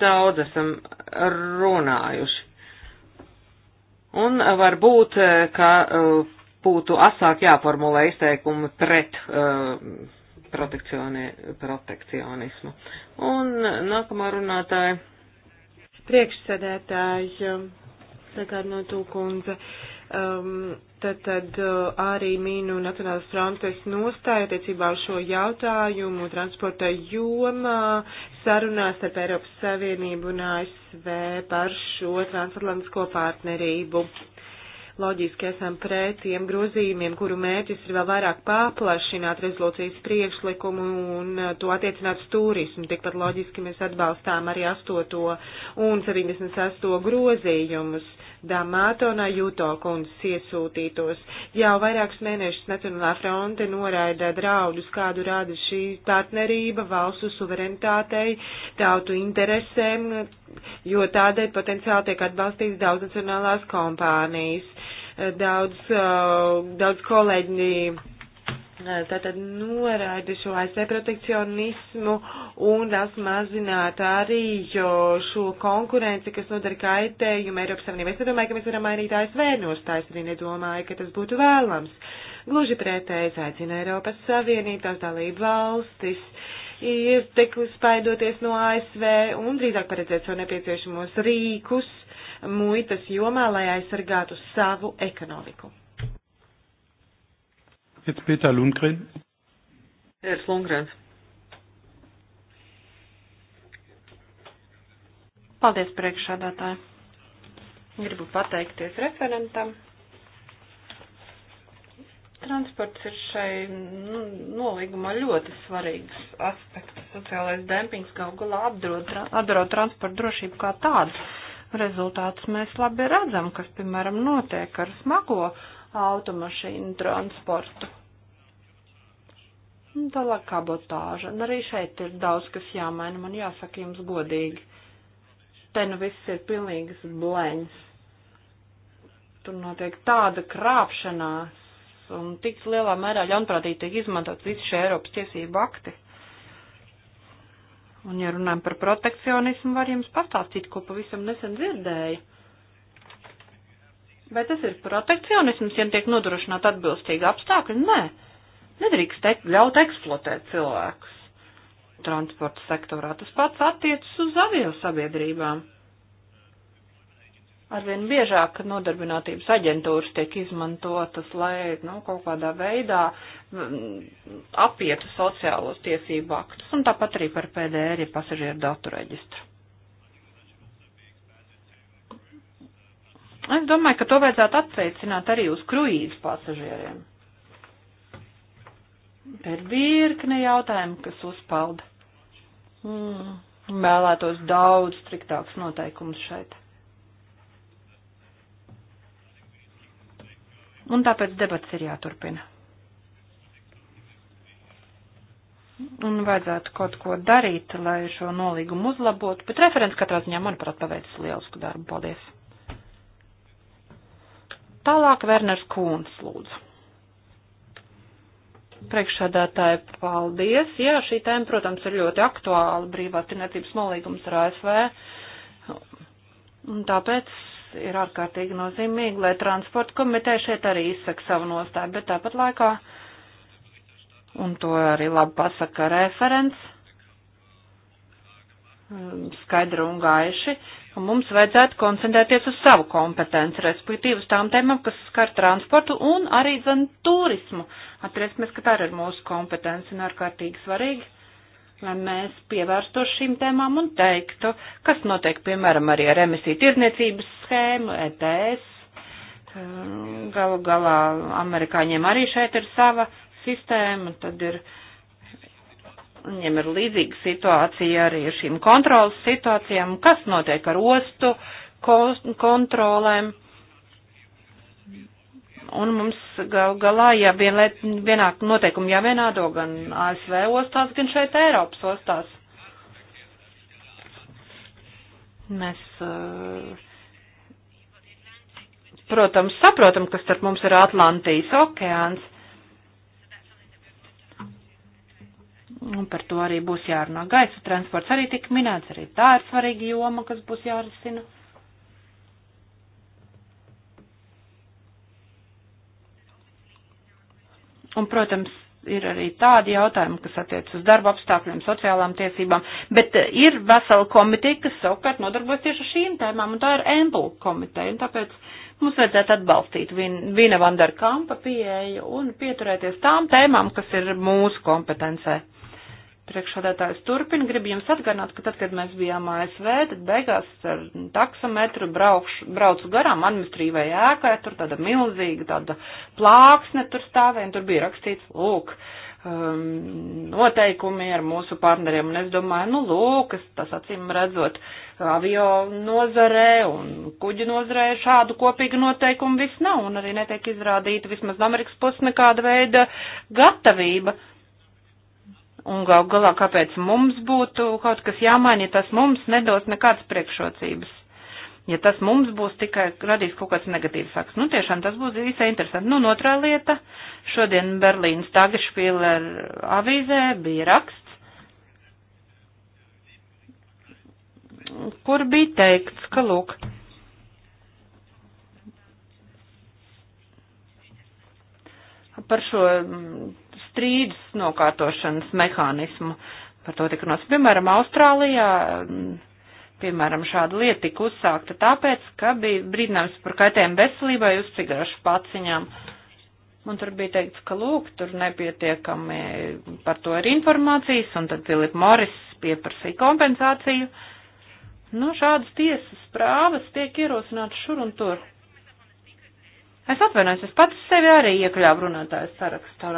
daudz esam runājuši. Un varbūt, eh, ka būtu asāk jāformulē izteikumi pret uh, protekcionismu. Un nākamā runātāja. Priekšsēdētāji Sakārno Tūkundze. Um, tad, tad uh, arī mīnu Nacionālas frontes nostāja attiecībā uz šo jautājumu transporta jomā sarunās ar Eiropas Savienību un ASV par šo transatlantisko partnerību. Loģiski esam pret tiem grozījumiem, kuru mērķis ir vēl vairāk paplašināt rezolūcijas priekšlikumu un uh, to attiecināt uz turismu. Tikpat loģiski mēs atbalstām arī 8. un 78. grozījumus Damato un Ajuto kundzes iesūtītos. Jau vairākus mēnešus Nacionālā fronte noraida draudus, kādu rada šī partnerība valstu suverenitātei, tautu interesēm, jo tādēļ potenciāli tiek atbalstīts daudz nacionālās kompānijas. Daudz, uh, daudz kolēģi Eh, tātad noraida šo ASV protekcionismu un tas mazināt arī šo konkurenci, kas nodara kaitējumu Eiropas Savienībai. Es nedomāju, ka mēs varam mainīt ASV nostājas, arī nedomāju, ka tas būtu vēlams. Gluži pretēji aicina Eiropas Savienību, tās dalību valstis, ir tik spaidoties no ASV un drīzāk paredzēt savu nepieciešamos rīkus muitas jomā, lai aizsargātu savu ekonomiku. Jetzt Peter Lundgren. Pēc Lundgrens. Paldies priekšādātāji. Gribu pateikties referentam. Transports ir šai nu, nolīgumā ļoti svarīgs aspekts. Sociālais dempings gal galā apdraud transporta drošību kā tādu. Rezultātus mēs labi redzam, kas, piemēram, notiek ar smago uh, automašīnu transportu. Un tālāk kabotāža. Un arī šeit ir daudz, kas jāmaina, man jāsaka jums godīgi. Te nu viss ir pilnīgas blēņas. Tur notiek tāda krāpšanās un tik lielā mērā ļaunprātīgi tiek izmantot visi šie Eiropas tiesību akti. Un, ja runājam par protekcionismu, var jums pastāstīt, ko pavisam nesen dzirdēju. Vai tas ir protekcionisms, ja tiek nodrošināt atbilstīgi apstākļi? Nē, nedrīkst te, ļaut eksploatēt cilvēkus. Transporta sektorā tas pats attiecas uz avio sabiedrībām. Arvien biežāk nodarbinātības aģentūras tiek izmantotas, lai nu, kaut kādā veidā mm, apietu sociālos tiesību aktus, un tāpat arī par PDR, ja pasažieru datu reģistru. Es domāju, ka to vajadzētu attiecināt arī uz kruīzu pasažieriem. Ir virkne jautājumu, kas uzpalda. Mm, vēlētos daudz striktāks noteikums šeit. Un tāpēc debats ir jāturpina. Un vajadzētu kaut ko darīt, lai šo nolīgumu uzlabotu, bet referents katrā ziņā, manuprāt, paveicis lielisku darbu. Paldies! Tālāk Werners Kūns lūdzu. Priekšsēdētāji, paldies. Jā, šī tēma, protams, ir ļoti aktuāla brīvā tirniecības nolīgums ar ASV. Un tāpēc ir ārkārtīgi nozīmīgi, lai transporta komiteja šeit arī izsaka savu nostāju, bet tāpat laikā, un to arī labi pasaka referents, Um, skaidri un gaiši, ka mums vajadzētu koncentrēties uz savu kompetenci, respektīvi uz tām tēmām, kas skar transportu un arī zan turismu. Atcerēsimies, ka tā ir mūsu kompetence un ārkārtīgi svarīgi, lai mēs pievērstos šīm tēmām un teiktu, kas notiek, piemēram, arī ar emisiju tirdzniecības schēmu, ETS. Um, galu galā amerikāņiem arī šeit ir sava sistēma, tad ir uh, viņiem ir līdzīga situācija arī ar šīm kontrolas situācijām, kas notiek ar ostu kontrolēm. Un mums gal, galā, ja vien, vienā noteikumi jāvienādo gan ASV ostās, gan šeit Eiropas ostās. Mēs, uh, protams, saprotam, ka starp mums ir Atlantijas okeāns, Un par to arī būs jārunā. Gaisa transports arī tika minēts, arī tā ir svarīga joma, kas būs jārisina. Un, protams, ir arī tādi jautājumi, kas attiec uz darba apstākļiem, sociālām tiesībām, bet eh, ir vesela komiteja, kas savukārt nodarbojas tieši ar šīm tēmām, un tā ir Ample komiteja, un tāpēc mums vajadzētu atbalstīt Vina Vandarkampa pieeju un pieturēties tām tēmām, kas ir mūsu kompetencē priekšādātājs turpina, gribu jums atgādināt, ka tad, kad mēs bijām ASV, tad beigās ar taksometru braukšu, braucu garām administrīvai ēkai, tur tāda milzīga tāda plāksne tur stāvēja, un tur bija rakstīts, lūk, um, noteikumi ar mūsu partneriem, un es domāju, nu, lūk, es tas acīm redzot avio nozarē un kuģu nozarē šādu kopīgu noteikumu viss nav, un arī netiek izrādīta vismaz Amerikas puses nekāda veida gatavība Un gal galā, kāpēc mums būtu kaut kas jāmaina, ja tas mums nedos nekādas priekšrocības? Ja tas mums būs tikai radīs kaut kāds negatīvs saks. Nu, tiešām tas būs visai interesanti. Nu, un otrā lieta. Šodien Berlīnas Tagišpīler avīzē bija raksts, kur bija teikts, ka, lūk, par šo strīdus nokārtošanas mehānismu. Par to tika nos. Piemēram, Austrālijā, piemēram, šāda lieta tika uzsākta tāpēc, ka bija brīdinājums par kaitējumu veselībai uz cigarešu paciņām. Un tur bija teikts, ka lūk, tur nepietiekami par to ir informācijas, un tad Filip Moris pieprasīja kompensāciju. Nu, šādas tiesas prāvas tiek ierosināts šur un tur. Es atvainojos, es pats sevi arī iekļāvu runātājs sarakstā.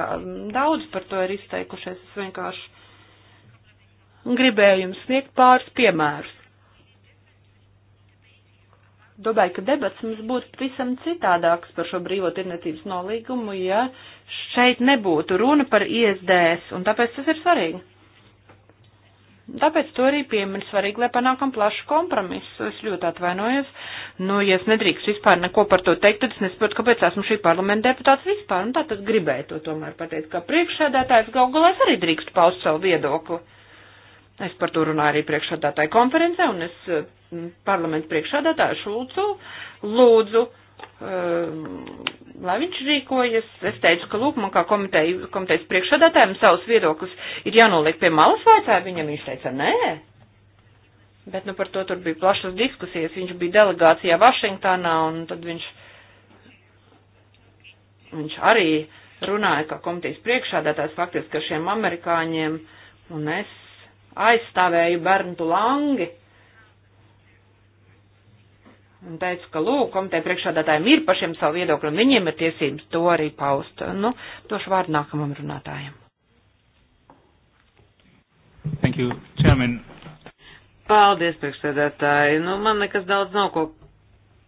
Daudz par to ir izteikušies. Es vienkārši gribēju jums sniegt pāris piemērus. Domāju, ka debats mums būtu pavisam citādāks par šo brīvo tirnetības nolīgumu, ja šeit nebūtu runa par ISDS, un tāpēc tas ir svarīgi. Tāpēc to arī piemin svarīgi, lai panākam plašu kompromisu. Es ļoti atvainojos. Nu, ja es nedrīkst vispār neko par to teikt, tad es nesaprotu, kāpēc esmu šī parlamenta deputāts vispār. Un tā tad gribēju to tomēr pateikt, ka priekšsēdētājs gal galā arī drīkst paust savu viedokli. Es par to runāju arī priekšsēdētāju konferencē, un es mm, parlamentu priekšsēdētāju Šulcu lūdzu Ehm, lai viņš rīkojas. Es teicu, ka lūk, man kā komiteja, komitejas priekšsādātājiem savus viedokļus ir jānoliek pie malas vajadzēja viņam, viņš teica, nē. Bet, nu, par to tur bija plašas diskusijas, viņš bija delegācijā Vašingtonā, un tad viņš, viņš arī runāja kā komitejas priekšsādātājs faktiski ar šiem amerikāņiem, un es aizstāvēju Berntu Langi un teica, ka lūk, komiteja priekšādātājiem ir pašiem savu viedokli un viņiem ir tiesības to arī paust. Nu, došu vārdu nākamam runātājam. Thank you, Chairman. Paldies, priekšsēdētāji. Nu, man nekas daudz nav ko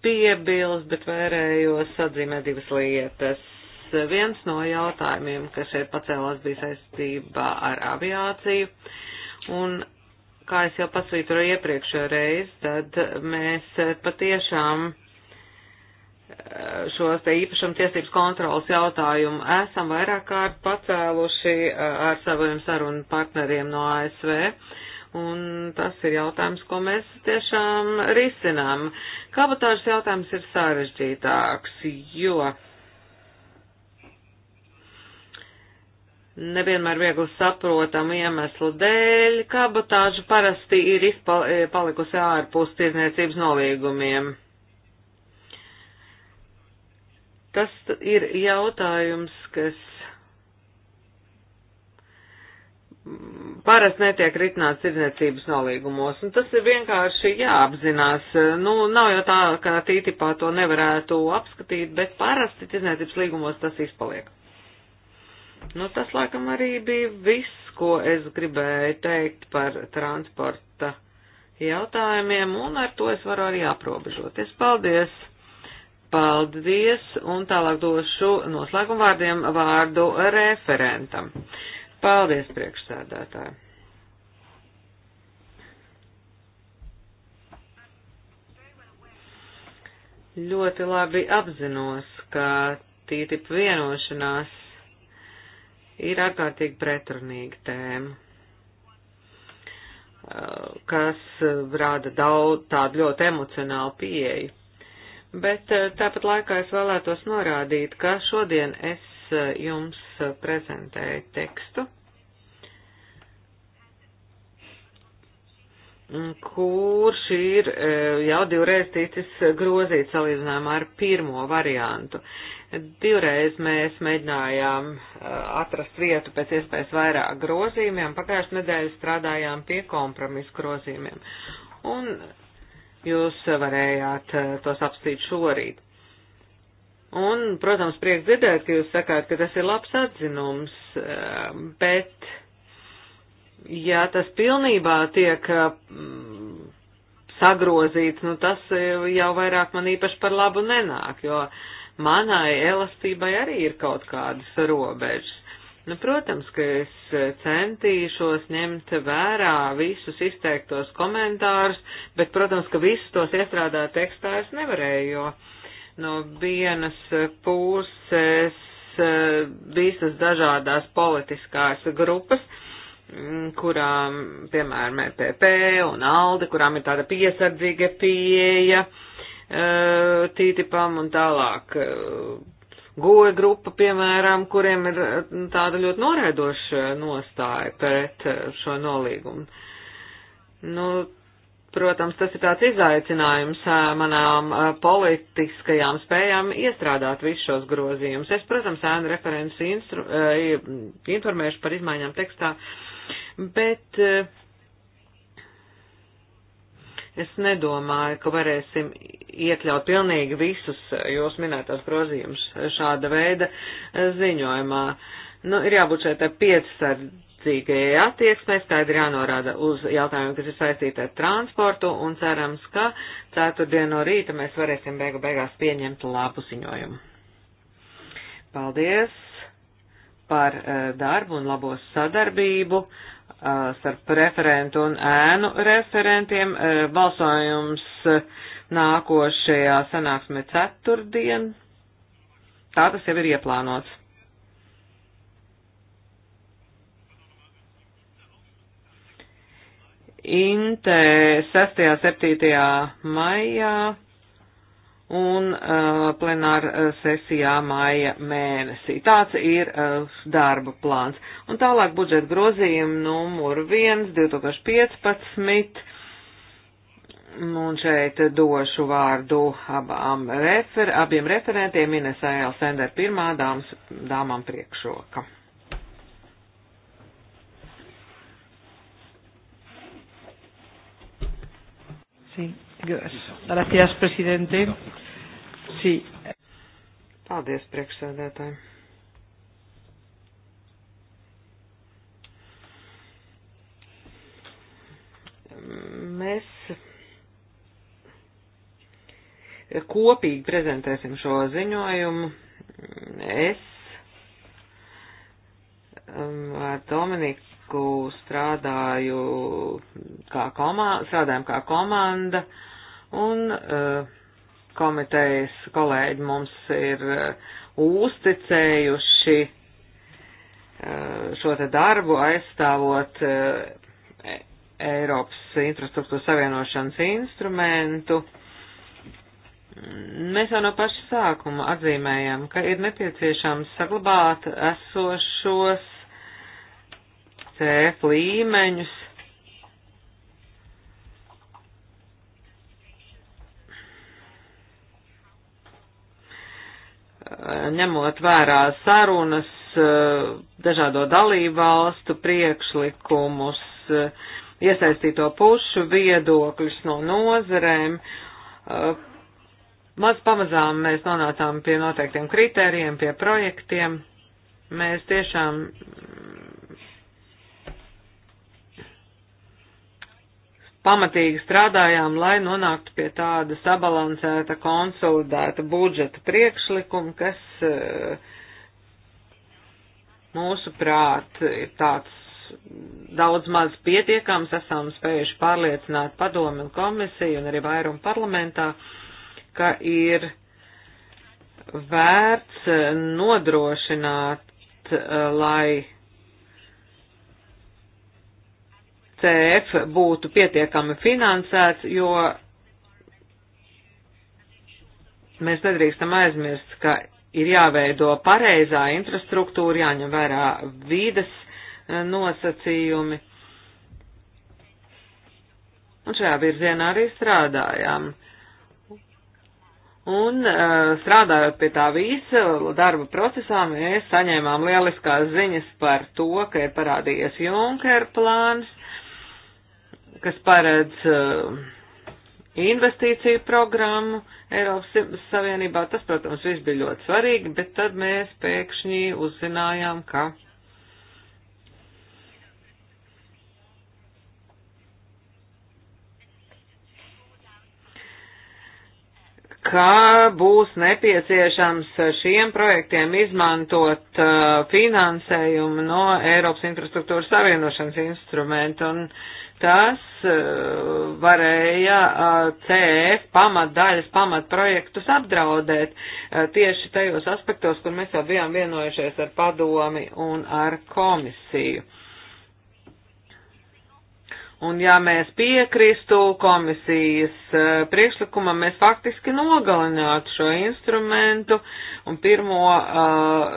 piebilst, bet vērējos atzīmēt divas lietas. Viens no jautājumiem, kas šeit pacēlās, bija saistībā ar aviāciju. Un Kā es jau pasvītroju iepriekšējo reizi, tad mēs patiešām eh, šos te īpašam tiesības kontrolas jautājumu esam vairāk kārt pacēluši eh, ar saviem sarunu partneriem no ASV. Un tas ir jautājums, ko mēs tiešām risinām. Kabatāžas jautājums ir sarežģītāks, jo uh, nevienmēr viegli saprotamu iemeslu dēļ, kabotāža parasti ir e, palikusi ārpus tirzniecības nolīgumiem. Tas ir jautājums, kas parasti netiek ritināts tirzniecības nolīgumos, un tas ir vienkārši jāapzinās. Nu, nav jau tā, ka tītipā to nevarētu apskatīt, bet parasti tirzniecības līgumos tas izpaliek. Nu, tas laikam arī bija viss, ko es gribēju teikt par transporta jautājumiem, un ar to es varu arī aprobežoties. Paldies! Paldies! Un tālāk došu noslēguma vārdiem vārdu referentam. Paldies, priekšsēdētāji! Ļoti labi apzinos, ka TTIP vienošanās ir ārkārtīgi pretrunīga tēma, eh, kas rāda daudz tādu ļoti emocionālu pieeju. Bet eh, tāpat laikā es vēlētos norādīt, ka šodien es eh, jums prezentēju tekstu, kurš ir jau divreiz ticis grozīts salīdzinājumā ar pirmo variantu. Divreiz mēs mēģinājām atrast vietu pēc iespējas vairāk grozījumiem, pagājušajā nedēļā strādājām pie kompromisu grozījumiem. Un jūs varējāt tos apstīt šorīt. Un, protams, prieks dzirdēt, ka jūs sakāt, ka tas ir labs atzinums, bet, ja tas pilnībā tiek sagrozīts, nu tas jau vairāk man īpaši par labu nenāk, jo uh, manai elastībai arī ir kaut kādas robežas. Nu, protams, ka es eh, centīšos ņemt vērā visus izteiktos komentārus, bet, protams, ka visus tos iestrādāt tekstā es nevarēju, jo no vienas puses eh, visas dažādās politiskās grupas, mm, kurām, piemēram, EPP un ALDE, kurām ir tāda piesardzīga pieeja, uh, Eh, tītipam un tālāk. Eh, Goja grupa, piemēram, kuriem ir eh, tāda ļoti noraidoša nostāja pret šo nolīgumu. Nu, protams, tas ir tāds izaicinājums manām politiskajām spējām iestrādāt visus šos grozījumus. Es, protams, ēnu referents informēšu par izmaiņām tekstā, bet uh, Es nedomāju, ka varēsim iekļaut pilnīgi visus jūs minētās grozījumus šāda veida ziņojumā. Nu, ir jābūt šeit piecsardzīgajai attieksmē, skaidri jānorāda uz jautājumiem, kas ir saistīti ar transportu, un cerams, ka ceturtdien no rīta mēs varēsim beigu beigās pieņemt labu ziņojumu. Paldies! par eh, darbu un labo sadarbību Uh, starp referentu un ēnu referentiem. Uh, balsojums uh, nākošajā sanāksmē ceturtdien. Tā tas jau ir ieplānots. Inte 6. un 7. maijā un uh, plenāra uh, sesijā māja mēnesī. Tāds ir uh, darba plāns. Un tālāk budžeta grozījuma numur 1 2015. Un šeit došu vārdu abām refer, abiem referentiem Inesai Elsender pirmā dāmas, dāmām priekšroka. Sí. Gracias, prezidente. Sí. Paldies, priekšsēdētāji. Mēs kopīgi prezentēsim šo ziņojumu. Es um, ar Dominiku strādāju kā komanda, strādājam kā komanda. Uh, un uh, komitejas kolēģi mums ir uh, uzticējuši uh, šo te darbu aizstāvot Eiropas infrastruktūras savienošanas instrumentu. Mēs jau no paša sākuma atzīmējam, ka ir nepieciešams saglabāt esošos CF līmeņus, ņemot vērā sarunas, e, dažādo dalību valstu priekšlikumus, e, iesaistīto pušu viedokļus no nozarēm. E, maz pamazām mēs nonācām pie noteiktiem kritērijiem, pie projektiem. Mēs tiešām pamatīgi strādājām, lai nonāktu pie tāda sabalansēta, konsolidēta budžeta priekšlikuma, kas eh, mūsu prāt ir tāds daudz maz pietiekams, esam spējuši pārliecināt padomu un komisiju un arī vairumu parlamentā, ka ir vērts eh, nodrošināt, eh, lai CF būtu pietiekami finansēts, jo mēs nedrīkstam aizmirst, ka ir jāveido pareizā infrastruktūra, jāņem vērā vīdes e, nosacījumi. Un šajā virzienā arī strādājām. Un uh, strādājot pie tā visa darba procesā, mēs saņēmām lieliskās ziņas par to, ka ir parādījies Junker plāns, kas paredz uh, investīciju programmu Eiropas Savienībā. Tas, protams, viss bija ļoti svarīgi, bet tad mēs pēkšņi uzzinājām, ka. ka būs nepieciešams šiem projektiem izmantot uh, finansējumu no Eiropas infrastruktūras savienošanas instrumenta, un kas eh, varēja eh, CF pamatdaļas pamatprojektus apdraudēt eh, tieši tajos aspektos, kur mēs jau bijām vienojušies ar padomi un ar komisiju. Un ja mēs piekristu komisijas priekšlikumam, mēs faktiski nogalinātu šo instrumentu un pirmo uh,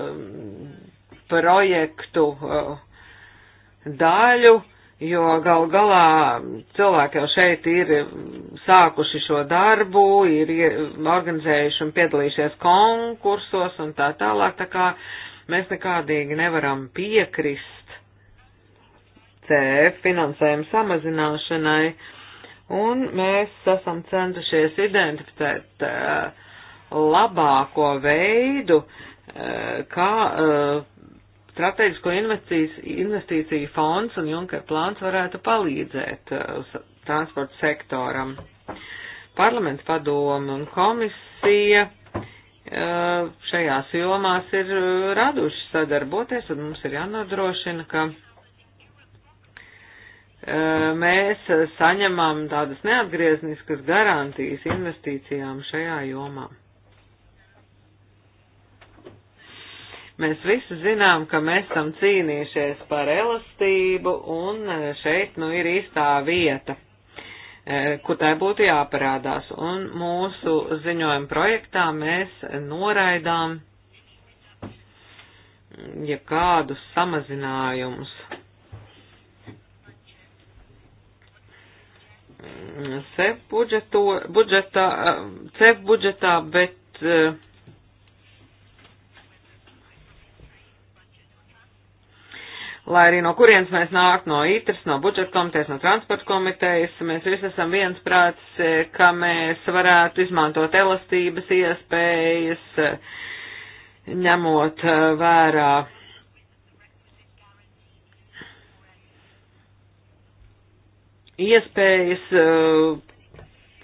projektu uh, daļu, jo gal galā cilvēki jau šeit ir sākuši šo darbu, ir organizējuši un piedalījušies konkursos un tā tālāk, tā kā mēs nekādīgi nevaram piekrist CF finansējumu samazināšanai, un mēs esam centušies identificēt uh, labāko veidu, uh, kā uh, strateģisko investīciju fonds un Junker plāns varētu palīdzēt uh, transporta sektoram. Parlaments padoma un komisija uh, šajās jomās ir uh, raduši sadarboties, un mums ir jānodrošina, ka uh, mēs saņemam tādas neatgriezniskas garantijas investīcijām šajā jomā. Mēs visi zinām, ka mēs esam cīnījušies par elastību, un e, šeit nu ir īstā vieta, e, kur tai būtu jāparādās. Un mūsu ziņojuma projektā mēs noraidām ja kādus samazinājumus. CEF budžetā, budžetā, e, CEF budžetā, bet uh, lai arī no kurienes mēs nāk, no ITRS, no budžeta komitejas, no transporta komitejas, mēs visi esam viens prāts, eh, ka mēs varētu izmantot elastības iespējas, eh, ņemot eh, vērā. Iespējas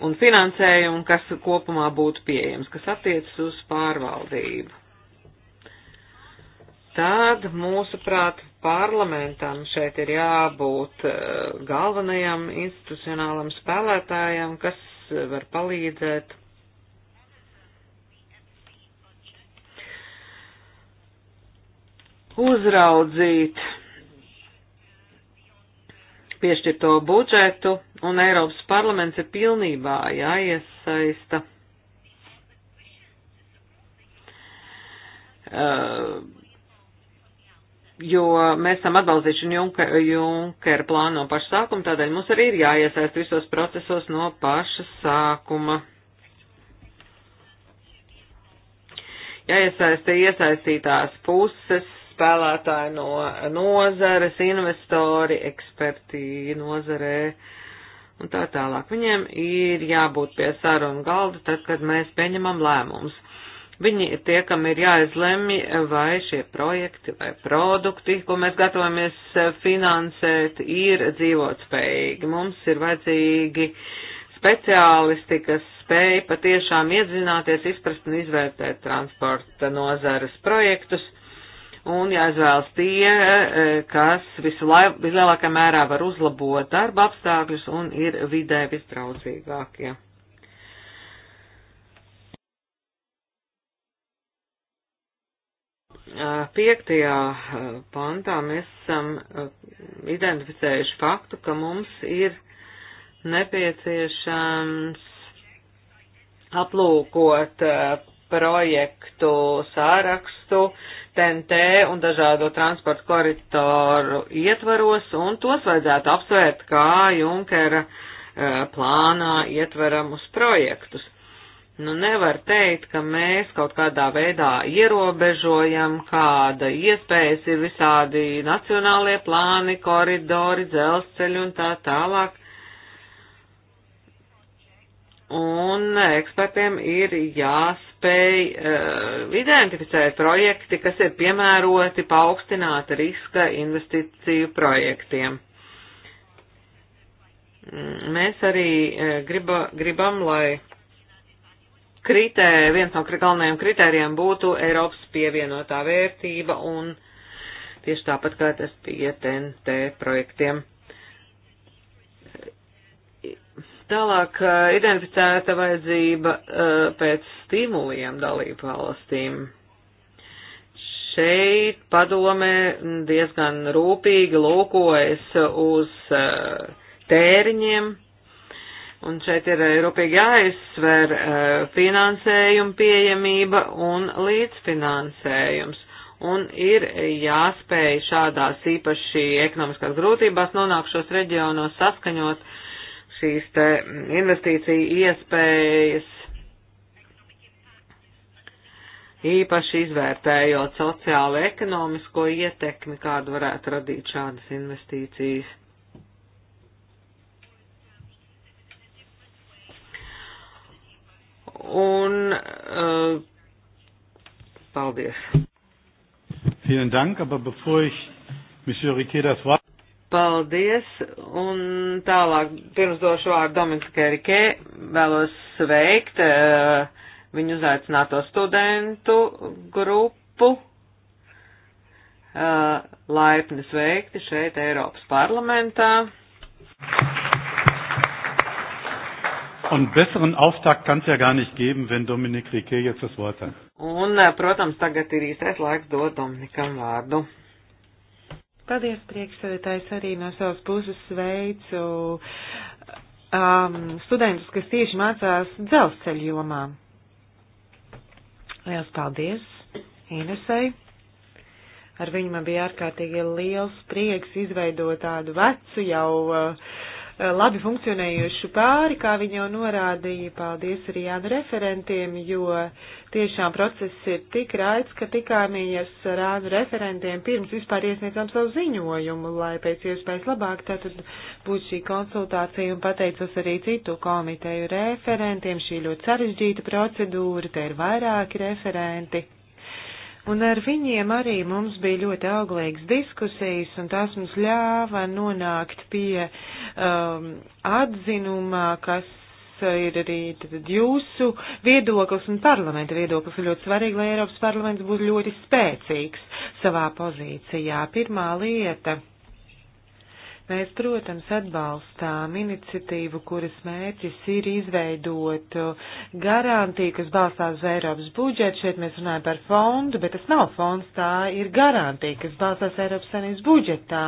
un finansējumu, kas kopumā būtu pieejams, kas attiecas uz pārvaldību. Tad, mūsuprāt, parlamentam šeit ir jābūt eh, galvenajam institucionālam spēlētājam, kas eh, var palīdzēt. Uzraudzīt piešķirto budžetu, un Eiropas parlaments ir pilnībā jāiesaista. Uh, jo mēs esam atbalstījuši Junker, Junker plānu no paša sākuma, tādēļ mums arī ir jāiesaist visos procesos no paša sākuma. Jāiesaista iesaistītās puses, spēlētāji no nozares, investori, eksperti nozarē un tā tālāk. Viņiem ir jābūt pie sarunu galda tad, kad mēs pieņemam lēmumus. Viņi ir tie, kam ir jāizlemj, vai šie projekti vai produkti, ko mēs gatavamies eh, finansēt, ir dzīvotspējīgi. Mums ir vajadzīgi speciālisti, kas spēj patiešām iedzināties, izprast un izvērtēt transporta nozares projektus un jāizvēlas tie, eh, kas vislielākā mērā var uzlabot darba apstākļus un ir vidē visdraudzīgākie. Ja. piektajā eh, pantā mēs esam eh, identificējuši faktu, ka mums ir nepieciešams aplūkot eh, projektu sārakstu TNT un dažādo transportu koridoru ietvaros, un tos vajadzētu apsvērt kā Junkera plānā ietveramus projektus. Nu, nevar teikt, ka mēs kaut kādā veidā ierobežojam, kāda iespējas ir visādi nacionālie plāni, koridori, dzelzceļi un tā tālāk. Un ekspertiem ir jāspēj uh, identificēt projekti, kas ir piemēroti paaugstināta riska investīciju projektiem mm, mēs arī eh, griba, gribam, lai kritē, viens no galvenajiem kritērijiem būtu Eiropas pievienotā vērtība un tieši tāpat kā tas bija TNT projektiem. Tālāk identificēta vajadzība pēc stimuliem dalību valstīm. Šeit padome diezgan rūpīgi lūkojas uz tēriņiem, Un šeit ir eh, rūpīgi jāizsver eh, finansējuma pieejamība un līdzfinansējums. Un ir jāspēj šādās īpaši ekonomiskās grūtībās nonākšos reģionos saskaņot šīs te investīciju iespējas, īpaši izvērtējot sociālo ekonomisko ietekmi, kādu varētu radīt šādas investīcijas. Un uh, paldies. Vielen Dank, aber bevor ich Monsieur Riquet das Wort. Paldies, un tālāk, pirms došu vārdu Dominikai Riquē, vēlos sveikt uh, viņu uzaicināto studentu grupu. Uh, laipni sveikti šeit Eiropas parlamentā. Thank you. Un besseren Auftakt kann es ja gar nicht geben, wenn Dominik Rike jetzt das Wort hat. Un, eh, protams, tagad ir īstais laiks dot Dominikam vārdu. Paldies, priekšsēdētājs, arī no savas puses sveicu um, studentus, kas tieši mācās dzelzceļu jomā. Liels paldies Inesai. Ar viņu man bija ārkārtīgi liels prieks izveidot tādu vecu jau uh, Eh, labi funkcionējušu pāri, kā viņi jau norādīja. Paldies arī Jānu referentiem, jo tiešām process ir tik raids, ka tikāmies ar Jānu referentiem pirms vispār iesniedzām savu ziņojumu, lai pēc iespējas labāk tātad būtu šī konsultācija un pateicos arī citu komiteju referentiem. Šī ļoti sarežģīta procedūra, te ir vairāki referenti. Un ar viņiem arī mums bija ļoti auglīgas diskusijas, un tās mums ļāva nonākt pie um, atzinumā, kas ir arī tad, jūsu viedoklis un parlamenta viedoklis. Ir ļoti svarīgi, lai Eiropas parlaments būtu ļoti spēcīgs savā pozīcijā. Pirmā lieta Mēs, protams, atbalstām iniciatīvu, kuras mērķis ir izveidot garantiju, kas balstās uz Eiropas budžetu. Šeit mēs runājam par fondu, bet tas nav fonds, tā ir garantija, kas balstās Eiropas Savienības budžetā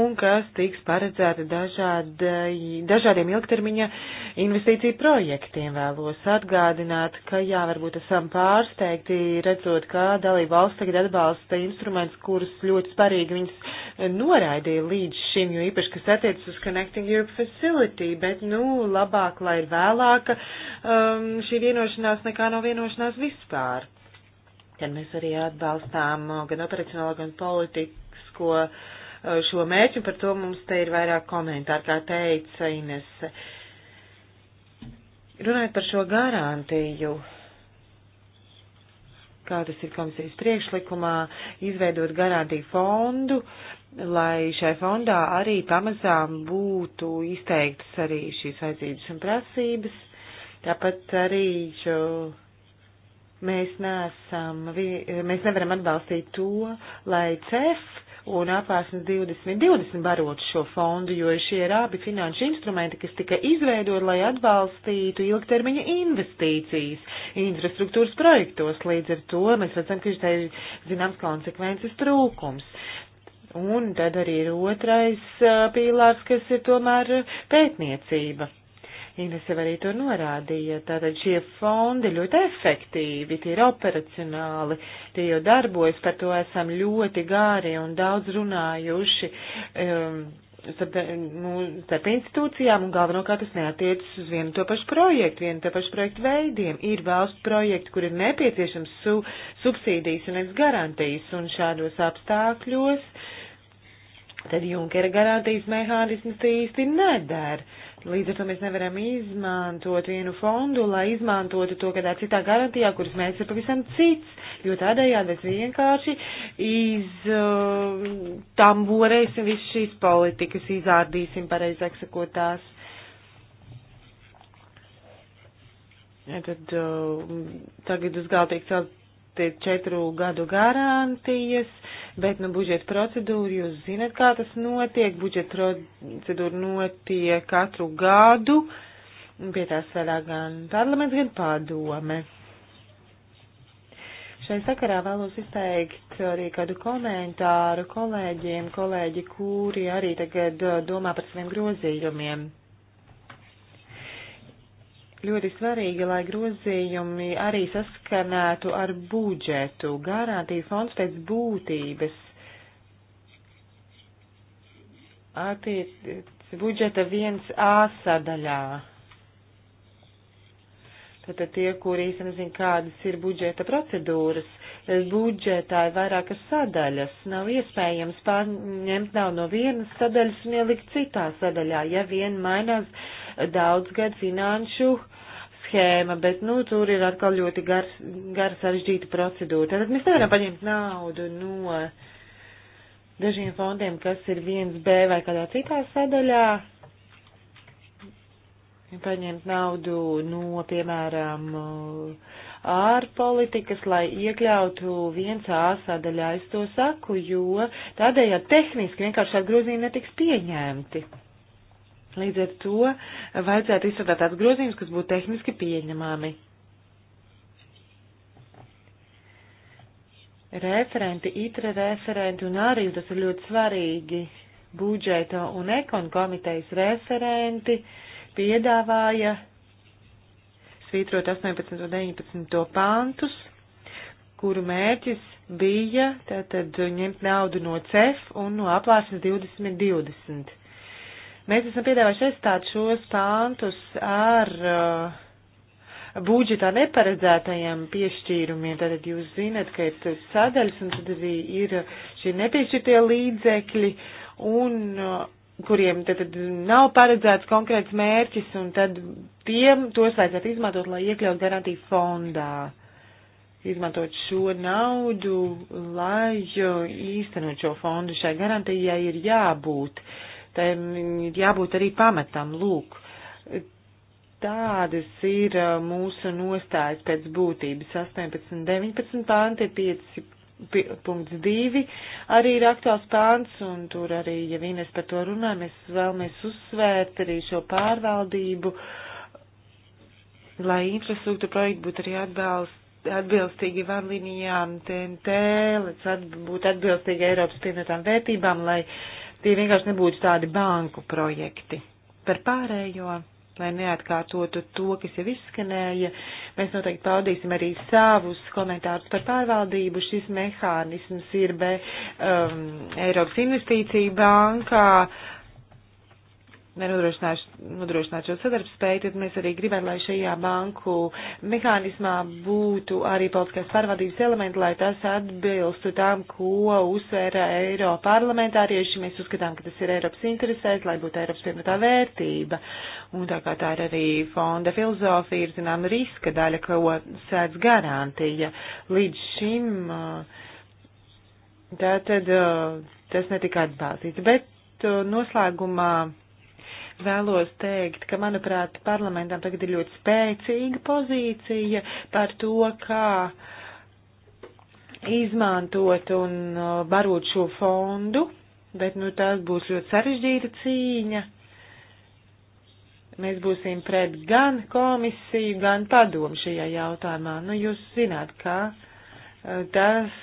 un kas tiks paredzēta dažādi, dažādiem ilgtermiņa investīciju projektiem. Vēlos atgādināt, ka jā, varbūt esam pārsteigti, redzot, ka dalība valsts tagad atbalsta instruments, kurus ļoti sparīgi viņas noraidīja līdz šim, jo īpaši, kas attiecas uz Connecting Europe Facility, bet, nu, labāk, lai ir vēlāka um, šī vienošanās nekā nav no vienošanās vispār. Tad mēs arī atbalstām uh, gan operacionālo, gan politisko uh, šo mērķu, par to mums te ir vairāk komentāru, kā teica Inese. Runājot par šo garantiju, uh, kā tas ir komisijas priekšlikumā, izveidot garantiju fondu, lai šai fondā arī pamazām būtu izteiktas arī šīs vajadzības un prasības. Tāpat arī šo, mēs, nesam, mēs nevaram atbalstīt to, lai CEF un apvērsnes 2020 barot šo fondu, jo šie ir abi finanšu instrumenti, kas tika izveidot, lai atbalstītu ilgtermiņa investīcijas infrastruktūras projektos. Līdz ar to mēs redzam, ka šeit ir zināms konsekvences trūkums. Un tad arī ir otrais pīlārs, kas ir tomēr pētniecība. Ines jau arī to norādīja. Tātad šie fondi ļoti efektīvi, tie ir operacionāli, tie jau darbojas, par to esam ļoti gāri un daudz runājuši. Um, starp, nu, starp institūcijām, un galvenokārt tas neatiecas uz vienu to pašu projektu, vienu to pašu projektu veidiem. Ir valsts projekti, kur ir nepieciešams su, subsīdijas un nevis garantijas, un šādos apstākļos tad Junkera garantijas mehānisms īsti nedara. Līdz ar to mēs nevaram izmantot vienu fondu, lai izmantotu to kādā citā garantijā, kuras mērķis ir pavisam cits, jo tādējādi mēs vienkārši iztamborēsim uh, visu šīs politikas, izārdīsim, pareizāk sakot, tās. Ja tad uh, tagad uz galda tiek celt ir četru gadu garantijas, bet, nu, budžeta procedūra, jūs zinat, kā tas notiek, budžeta procedūra notiek katru gadu, pie tās strādā gan parlaments, gan padome. Šai sakarā vēlos izteikt arī kādu komentāru kolēģiem, kolēģi, kuri arī tagad uh, domā par saviem grozījumiem ļoti svarīgi, lai grozījumi arī saskanētu ar budžetu. Garantija fonds pēc būtības attiec budžeta 1A sadaļā. Tātad tie, kuri īsti nezin, kādas ir budžeta procedūras, budžetā ir vairākas sadaļas. Nav iespējams pārņemt nav no vienas sadaļas un ielikt citā sadaļā, ja vien mainās uh, daudzgad finanšu schēma, bet, nu, tur ir atkal ļoti gar, gar sarežģīta procedūra. Tātad mēs nevaram paņemt naudu no dažiem fondiem, kas ir 1B vai kādā citā sadaļā, paņemt naudu no, piemēram, ārpolitikas, lai iekļautu viens A sadaļā. Es to saku, jo tādējādi tehniski vienkārši atgrozījumi netiks pieņemti. Līdz ar to vajadzētu izstrādāt tāds grozījums, kas būtu tehniski pieņemami. Referenti, itra referenti un arī, un tas ir ļoti svarīgi, budžeta un ekonu komitejas referenti piedāvāja svītrot 18 un 19 pantus, kuru mērķis bija tātad ņemt naudu no CEF un no apvārsnes 2020. Mēs esam piedāvājuši aizstāt šos pāntus ar uh, budžetā neparedzētajiem piešķīrumiem. Tātad jūs zinat, ka ir sadaļas un tad arī ir šie nepiešķirtie līdzekļi, un, uh, kuriem tātad nav paredzēts konkrēts mērķis, un tad tiem tos vajadzētu izmantot, lai iekļaut garantiju fondā. Izmantot šo naudu, lai uh, īstenot šo fondu, šai garantijai ir jābūt. Uh, tēm ir jābūt arī pamatam. Lūk, tādas ir uh, mūsu nostājas pēc būtības 18, 19 panti, 5.2 arī ir aktuāls pants, un tur arī, ja vienes par to runā, mēs vēlamies uzsvērt arī šo pārvaldību, lai infrastruktūra projekti būtu arī atbalsts atbilstīgi vadlīnijām TNT, lai būtu atbilstīgi Eiropas pienotām vērtībām, lai uh, tie vienkārši nebūtu tādi banku projekti. Par pārējo, lai neatkārtotu to, kas jau izskanēja, mēs noteikti paudīsim arī savus komentārus par pārvaldību. Šis mehānisms ir be um, Eiropas investīcija bankā. Uh, nenodrošināt šo sadarbspēju, tad mēs arī gribētu, lai šajā banku mehānismā būtu arī politiskās pārvaldības elementi, lai tas atbilstu tam, ko uzsvēra Eiro parlamentārieši. Mēs uzskatām, ka tas ir Eiropas interesēs, lai būtu Eiropas pievienotā vērtība. Un tā kā tā ir arī fonda filozofija, ir zinām riska daļa, ko sēdz garantija. Līdz šim tātad tas netika atbalstīts. Bet noslēgumā vēlos teikt, ka, manuprāt, parlamentam tagad ir ļoti spēcīga pozīcija par to, kā izmantot un barot šo fondu, bet, nu, tās būs ļoti sarežģīta cīņa. Mēs būsim pret gan komisiju, gan padomu šajā jautājumā. Nu, jūs zināt, kā. Ka tas,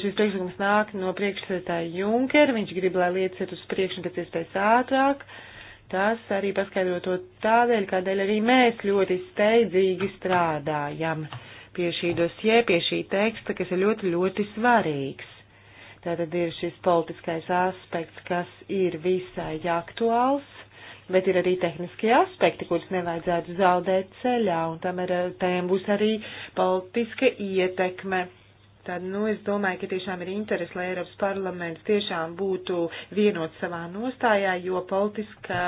šis priekšlikums nāk no priekšsētāja Junkera, viņš grib, lai lietas iet uz priekšu pēc iespējas ātrāk. Uh, Tas arī paskaidro to tādēļ, kādēļ arī mēs ļoti steidzīgi strādājam pie šī dosie, pie šī teksta, kas ir ļoti, ļoti svarīgs. Tātad ir šis politiskais aspekts, kas ir visai aktuāls, bet ir arī tehniskie aspekti, kurus nevajadzētu zaudēt ceļā, un tam ir, tiem būs arī politiska ietekme. Tad, nu, es domāju, ka tiešām ir interesi, lai Eiropas parlaments tiešām būtu vienot savā nostājā, jo politiskā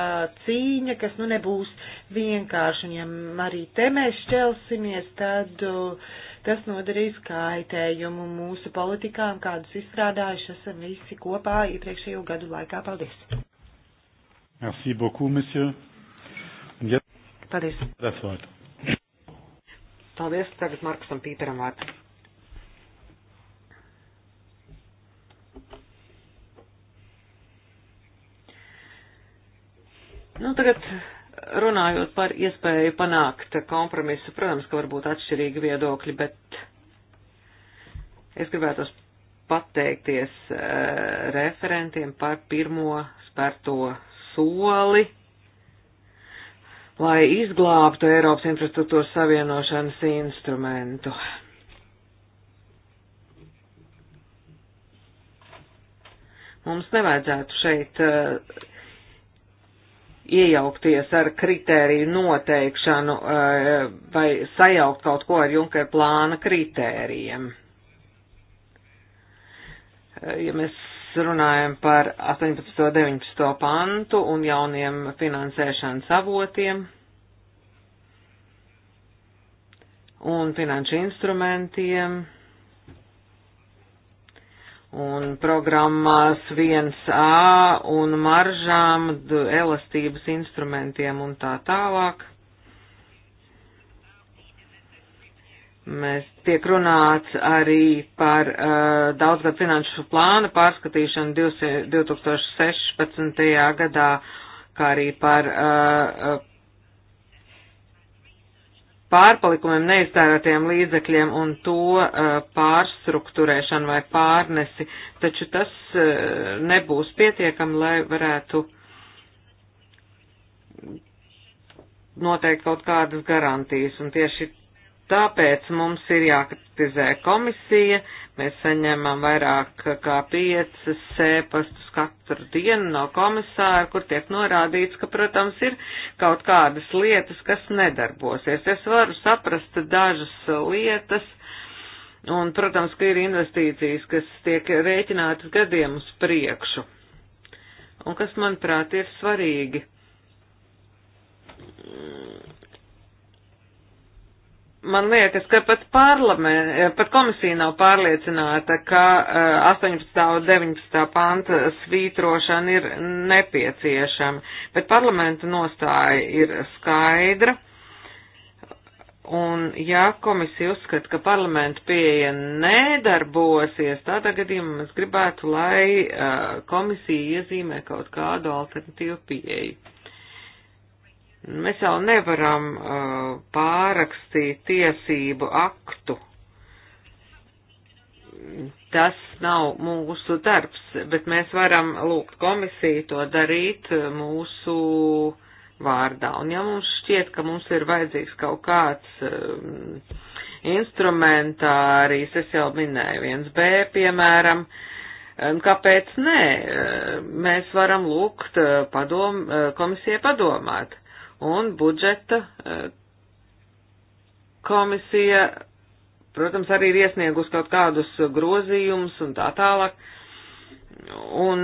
cīņa, kas, nu, nebūs vienkārši, un ja arī te mēs šķelsimies, tad uh, tas nodarīs kaitējumu mūsu politikām, kādus izstrādājuši esam visi kopā iepriekšējo gadu laikā. Paldies! Merci beaucoup, monsieur. Ja... Paldies. Paldies. Tagad Markusam Pīteram vārds. Nu, tagad runājot par iespēju panākt kompromisu, protams, ka varbūt atšķirīgi viedokļi, bet es gribētos pateikties uh, referentiem par pirmo spērto soli, lai izglābtu Eiropas infrastruktūras savienošanas instrumentu. Mums nevajadzētu šeit uh, iejaukties ar kritēriju noteikšanu eh, vai sajaukt kaut ko ar Junker plāna kritērijiem. Eh, ja mēs runājam par 18. un 19. pantu un jauniem finansēšanas avotiem un finanšu instrumentiem, un programmās 1A un maržām, elastības instrumentiem un tā tālāk. Mēs tiek runāts arī par uh, daudzgad finanšu plānu pārskatīšanu 2016. gadā, kā arī par uh, pārpalikumiem, neiztērētiem līdzekļiem un to uh, pārstruktūrēšanu vai pārnesi, taču tas uh, nebūs pietiekami, lai varētu noteikt kaut kādas garantijas, un tieši Tāpēc mums ir jākritizē komisija, mēs saņemam vairāk kā piecas sēpastus katru dienu no komisāra, kur tiek norādīts, ka, protams, ir kaut kādas lietas, kas nedarbosies. Es varu saprast dažas lietas, un, protams, ka ir investīcijas, kas tiek rēķinātas gadiem uz priekšu. Un kas, manuprāt, ir svarīgi man liekas, ka pat, eh, pat komisija nav pārliecināta, ka 18. Eh, un 19. panta svītrošana ir nepieciešama, bet parlamenta nostāja ir skaidra. Un ja komisija uzskata, ka parlamenta pieeja nedarbosies, tādā gadījumā mēs gribētu, lai eh, komisija iezīmē kaut kādu alternatīvu pieeju. Mēs jau nevaram uh, pārakstīt tiesību aktu. Tas nav mūsu darbs, bet mēs varam lūgt komisiju to darīt uh, mūsu vārdā. Un ja mums šķiet, ka mums ir vajadzīgs kaut kāds um, instrumentārijs, es jau minēju viens B, piemēram, um, kāpēc nē, uh, mēs varam lūgt uh, padom, komisijai padomāt. Un budžeta eh, komisija, protams, arī ir iesniegus kaut kādus grozījumus un tā tālāk. Un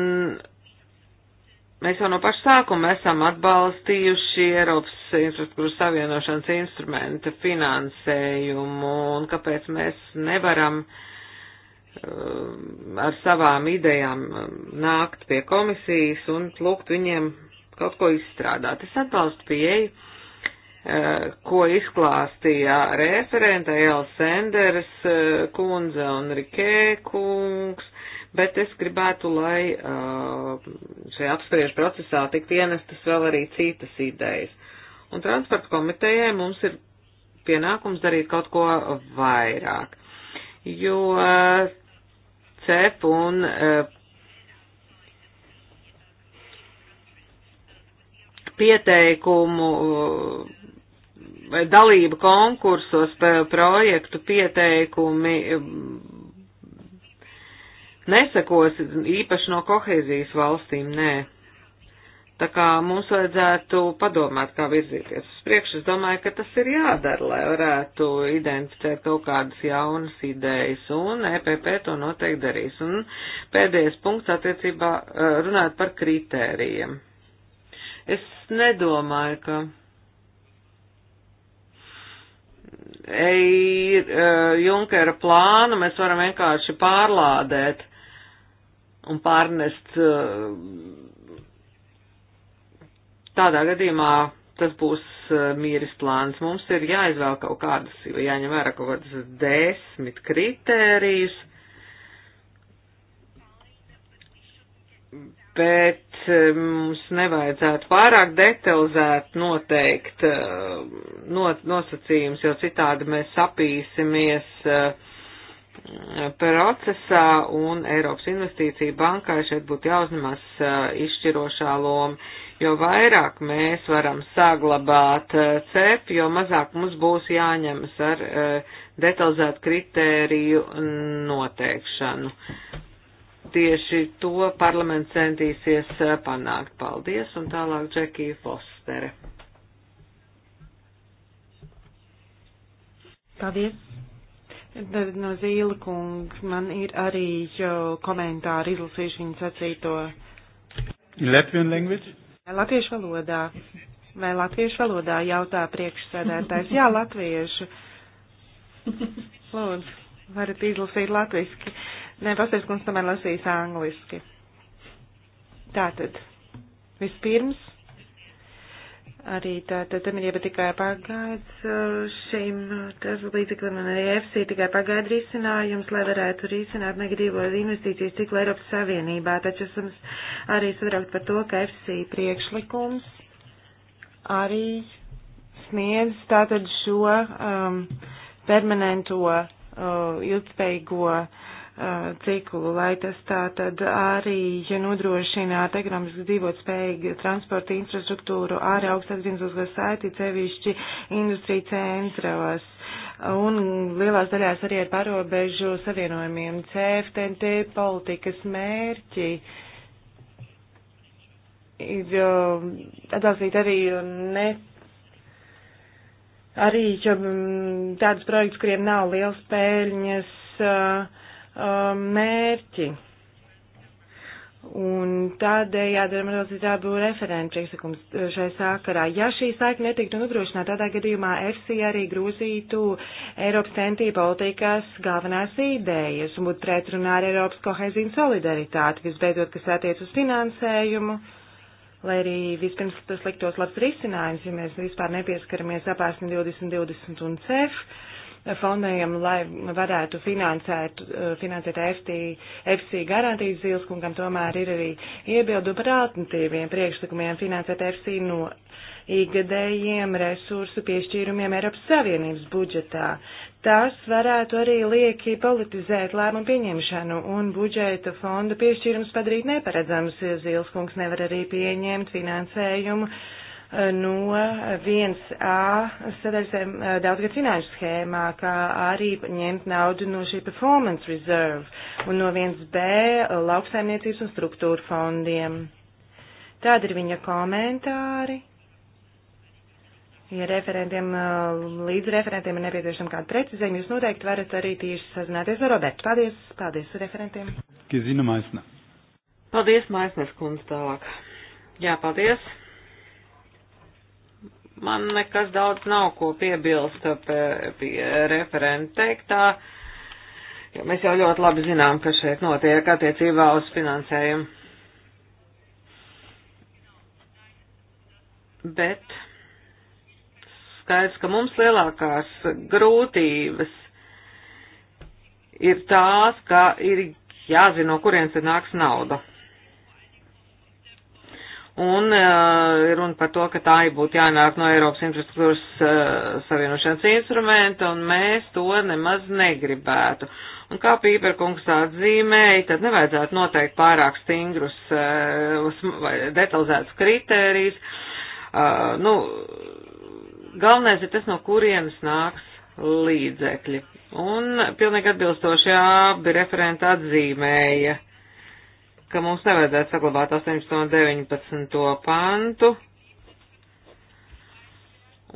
mēs jau no paša sākuma esam atbalstījuši Eiropas infrastruktūras savienošanas instrumenta finansējumu un kāpēc mēs nevaram uh, ar savām idejām eh, nākt pie komisijas un lūgt viņiem kaut ko izstrādāt. Es atbalstu pieeju, eh, ko izklāstīja referenta Jēl Senders eh, kundze un Rikē kungs, bet es gribētu, lai eh, šajā apspriež procesā tikt ienestas vēl arī citas idejas. Un transporta komitejai mums ir pienākums darīt kaut ko vairāk, jo CEP un pieteikumu vai dalība konkursos, projektu pieteikumi um, nesakos īpaši no kohēzijas valstīm, nē. Tā kā mums vajadzētu padomāt, kā virzīties uz priekšu. Es domāju, ka tas ir jādara, lai varētu identificēt kaut kādas jaunas idejas, un EPP to noteikti darīs. Un pēdējais punkts attiecībā uh, runāt par kritērijiem. Es nedomāju, ka ir uh, Junkera plānu mēs varam vienkārši pārlādēt un pārnest. Uh, tādā gadījumā tas būs uh, e, mīris plāns. Mums ir jāizvēl kaut kādas, jāņem vērā kaut kādas desmit kritērijus, bet eh, mums nevajadzētu pārāk detalizēt noteikt eh, not, nosacījums, jo citādi mēs sapīsimies eh, procesā un Eiropas investīcija bankai šeit būtu jāuzņemas izšķirošā loma, jo vairāk mēs varam saglabāt CEP, jo mazāk mums būs jāņemas ar detalizētu kritēriju noteikšanu tieši to parlaments centīsies eh, panākt. Paldies, un tālāk Džekija Fostere. Paldies. No Zīla kungs, man ir arī komentāri izlasījuši viņu sacīto. Latvian language? Latviešu valodā. Vai latviešu valodā jautā priekšsēdētājs? Jā, latviešu. Lūdzu, varat izlasīt latviski. Uh, Nē, pasties, kungs tomēr lasīs angliski. Tātad, vispirms, arī tātad tam ir jau tikai pagaids uh, šīm nu, tas līdzeklim un arī FC tikai pagaid risinājums, lai varētu risināt negatīvos investīcijas ciklu Eiropas Savienībā, taču esam arī sadraukt par to, ka FC priekšlikums arī sniedz tātad šo um, permanento uh, ilgspējīgo uh, ciklu, lai tas tā tad arī nodrošinātu ekonomiski dzīvot spējīgu transporta infrastruktūru arī augstās dzimzuzgas saiti, cevišķi industrija centros un lielās daļās arī ar parobežu savienojumiem CFTT politikas mērķi ir atbalstīt arī ne arī mm, tādus projektus, kuriem nav liels pēļņas uh, Um, mērķi. Un tādējādi ir mazliet jābūt referenta priekšsakums uh, šai sākarā. Ja šī saikne netiktu nodrošināta, tādā gadījumā FC arī grūzītu Eiropas centību politikas galvenās idejas un būtu pretrunā ar Eiropas kohēzijas solidaritāti, visbeidzot, kas attiec uz finansējumu, lai arī vispirms tas liktos labs risinājums, ja mēs vispār nepieskaramies apārsni 2020 un CEF. Uh, fondējam, lai varētu finansēt, eh, finansēt FT, FC garantijas zilskungam, tomēr ir arī iebildu par alternatīviem priekšlikumiem finansēt FC no ikgadējiem resursu piešķīrumiem Eiropas Savienības budžetā. Tas varētu arī lieki politizēt lēmumu pieņemšanu un budžeta fonda piešķīrums padarīt neparedzams. Zilskungs nevar arī pieņemt finansējumu uh, no 1A sadaļasēm daudzgad finanšu schēmā, kā arī ņemt naudu no šī performance reserve un no 1B lauksaimniecības un struktūra fondiem. Tādi ir viņa komentāri. Ja referentiem, līdz referentiem ir nepieciešama kāda precizējuma, jūs noteikti varat arī tieši sazināties ar Robertu. Paldies, paldies referentiem. Gezina Maisna. Paldies, Maisnes kundze tālāk. Jā, paldies. Man nekas daudz nav ko piebilst pie, pie referenta teiktā, jo mēs jau ļoti labi zinām, kas šeit notiek attiecībā uz finansējumu. Bet skaidrs, ka mums lielākās grūtības ir tās, ka ir jāzina, no kurienes ir nāks nauda. Un uh, runa par to, ka tā būtu jānāk no Eiropas infrastruktūras uh, savienošanas instrumenta, un mēs to nemaz negribētu. Un kā Pīperkungs atzīmēja, tad nevajadzētu noteikt pārāk stingrus uh, vai detalizētus kritērijus. Uh, nu, galvenais ir tas, no kurienes nāks līdzekļi. Un pilnīgi atbilstoši abi referenti atzīmēja ka mums nevajadzētu saglabāt 18 un 19 pantu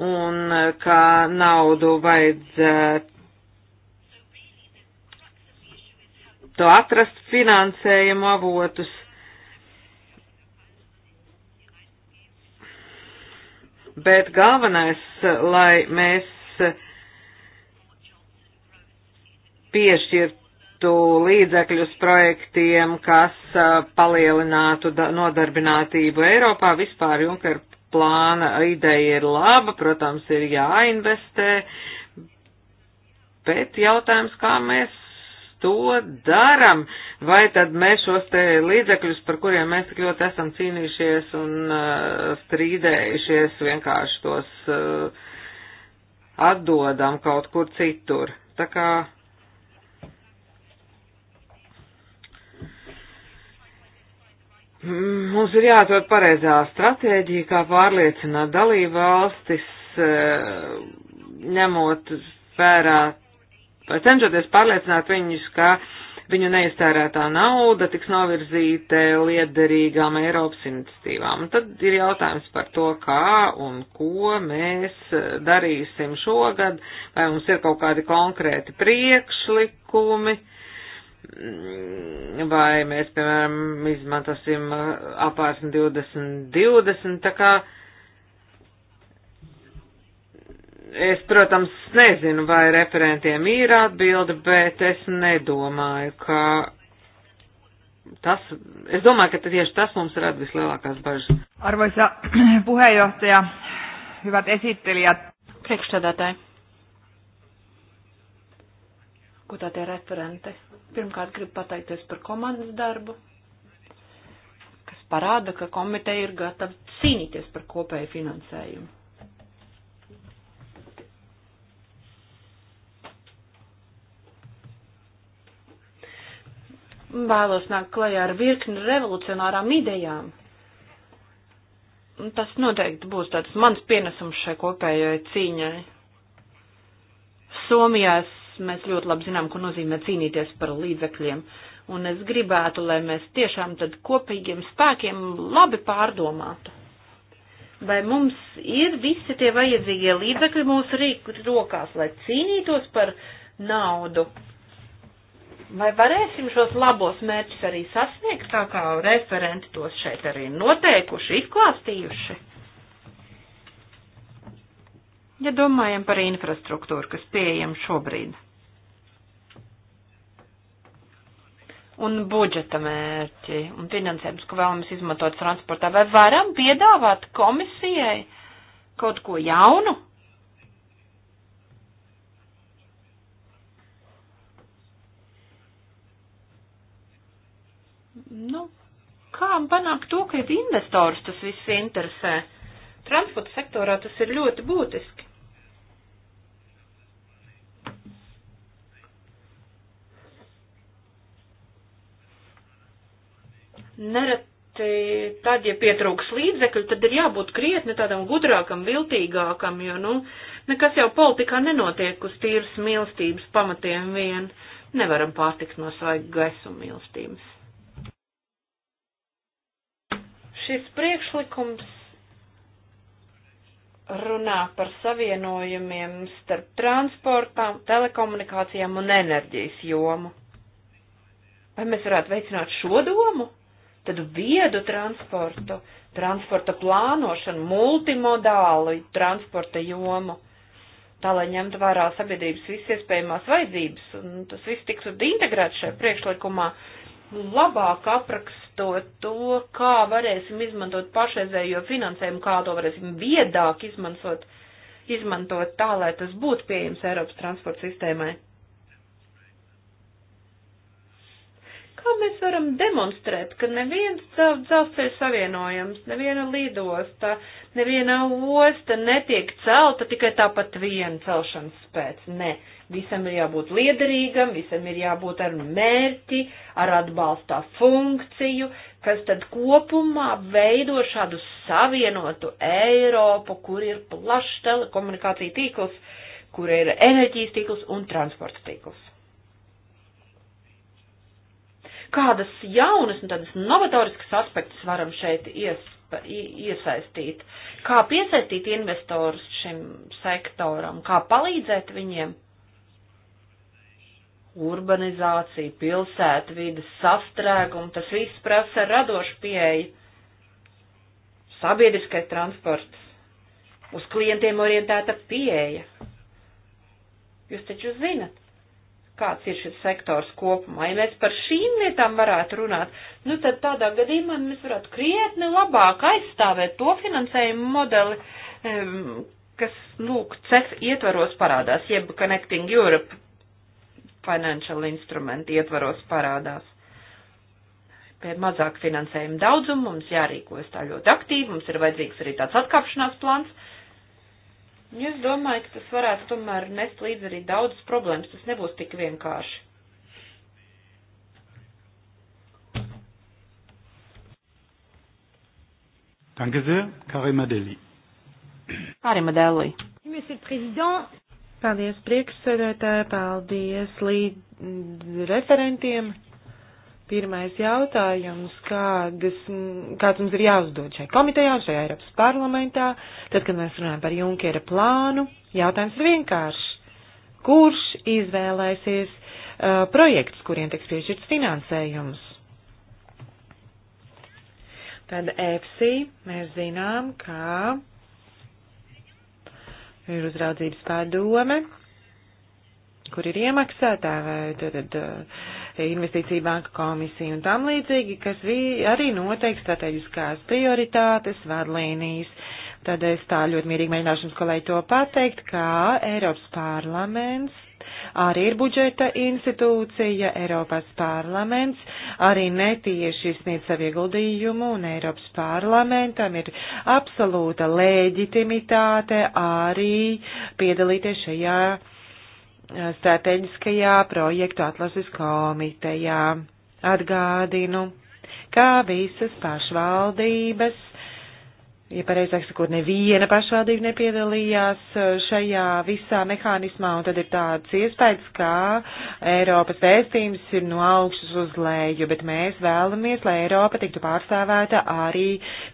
un ka naudu vajadzētu to atrast finansējumu avotus. Bet galvenais, lai mēs piešķirt paredzētu līdzekļus projektiem, kas palielinātu nodarbinātību Eiropā. Vispār Junker plāna ideja ir laba, protams, ir jāinvestē, bet jautājums, kā mēs to daram, vai tad mēs šos te līdzekļus, par kuriem mēs tik ļoti esam cīnījušies un uh, strīdējušies, vienkārši tos uh, atdodam kaut kur citur. Tā kā Mm, mums ir jāatrod pareizā stratēģija, kā pārliecināt dalību valstis, e, ņemot vērā, cenšoties pārliecināt viņus, ka viņu neiztērētā nauda tiks novirzīta liederīgām Eiropas iniciatīvām. Un tad ir jautājums par to, kā un ko mēs darīsim šogad, vai mums ir kaut kādi konkrēti priekšlikumi Mm, vai mēs, piemēram, izmantosim apārsni 20, 20, tā kā es, protams, nezinu, vai referentiem ir atbilde, bet es nedomāju, ka tas, es domāju, ka tieši tas mums rada vislielākās bažas. Arvoisa puheenjohtaja, hyvät esittelijät. Priekšstādātāji ko tā tie referente. Pirmkārt, gribu pateikties par komandas darbu, kas parāda, ka komiteja ir gatava cīnīties par kopēju finansējumu. Vēlos nākt klajā ar virkni revolucionārām idejām, Tas noteikti būs tāds mans pienesums šai kopējai cīņai. Somijā es Mēs ļoti labi zinām, ko nozīmē cīnīties par līdzekļiem. Un es gribētu, lai mēs tiešām tad kopīgiem spēkiem labi pārdomātu. Vai mums ir visi tie vajadzīgie līdzekļi mūsu rīku rokās, lai cīnītos par naudu? Vai varēsim šos labos mērķus arī sasniegt, tā kā referenti tos šeit arī noteikuši, izklāstījuši? ja domājam par infrastruktūru, kas pieejam šobrīd. un budžeta mērķi un finansējums, ko vēlamies izmantot transportā. Vai varam piedāvāt komisijai kaut ko jaunu? Nu, kā panākt to, ka investors tas viss interesē? Transporta sektorā tas ir ļoti būtiski. Nereti tad, ja pietrūks līdzekļu, tad ir jābūt krietni tādam gudrākam, viltīgākam, jo, nu, nekas jau politikā nenotiek uz tīras mīlestības pamatiem vien. Nevaram pārtikt no svaiga gaisa un mīlestības. Šis priekšlikums runā par savienojumiem starp transportām, telekomunikācijām un enerģijas jomu. Vai mēs varētu veicināt šo domu? tad viedu transportu, transporta plānošanu, multimodālu transporta jomu, tā lai ņemtu vērā sabiedrības viss iespējamās vajadzības, un tas viss tiks integrēts šajā priekšlikumā, labāk aprakstot to, kā varēsim izmantot pašreizējo finansējumu, kā to varēsim viedāk izmantot, izmantot tā, lai tas būtu pieejams Eiropas transporta sistēmai. Kā mēs varam demonstrēt, ka neviens dzelzceļa savienojums, neviena lidosta, neviena osta netiek celta tikai tāpat viena celšanas pēc? Nē, visam ir jābūt liederīgam, visam ir jābūt ar mērķi, ar atbalstā funkciju, kas tad kopumā veido šādu savienotu Eiropu, kur ir plašs telekomunikācija tīkls, kur ir enerģijas tīkls un transporta tīkls kādas jaunas un tādas novatoriskas aspektus varam šeit ies, iesaistīt, kā piesaistīt investorus šim sektoram, kā palīdzēt viņiem. Urbanizācija, pilsētvidas, sastrēguma, tas viss prasa radošu pieeju. Sabiedriskais transports, uz klientiem orientēta pieeja. Jūs taču zinat, kāds ir šis sektors kopumā. Ja mēs par šīm lietām varētu runāt, nu tad tādā gadījumā mēs varētu krietni labāk aizstāvēt to finansējumu modeli, kas, lūk, CEF ietvaros parādās, jeb Connecting Europe Financial Instrument ietvaros parādās. Pie mazāk finansējuma daudzumu mums jārīkojas tā ļoti aktīvi, mums ir vajadzīgs arī tāds atkāpšanās plāns Ja es domāju, ka tas varētu tomēr nest līdz arī daudzas problēmas, tas nebūs tik vienkārši. Danke sehr, Karima Deli. Karima Deli. Monsieur le Président. Paldies priekšsēdētāji, paldies līdz referentiem. Pirmais jautājums, kādas, kāds mums ir jāuzdod šai komitejā, šajā Eiropas parlamentā, tad, kad mēs runājam par Junkera plānu, jautājums ir vienkāršs. Kurš izvēlēsies uh, projekts, kuriem tiks piešķirts finansējums? Tad EFSI mēs zinām, ka ir uzraudzības padome, kur ir iemaksātāji vai tad. tad uh, investīcija banka komisija un tam līdzīgi, kas arī noteikti strateģiskās prioritātes, vadlīnijas. Tad es tā ļoti mierīgi mēģināšu jums, kolēģi, to pateikt, kā Eiropas parlaments arī ir budžeta institūcija, Eiropas parlaments arī netieši sniedz savu ieguldījumu, un Eiropas parlamentam ir absolūta leģitimitāte arī piedalīties šajā strateģiskajā projektu atlases komitejā. Atgādinu, kā visas pašvaldības, ja pareizāk sakot, neviena pašvaldība nepiedalījās šajā visā mehānismā, un tad ir tāds iespējas, kā Eiropas vēstījums ir no augšas uz leju, bet mēs vēlamies, lai Eiropa tiktu pārstāvēta arī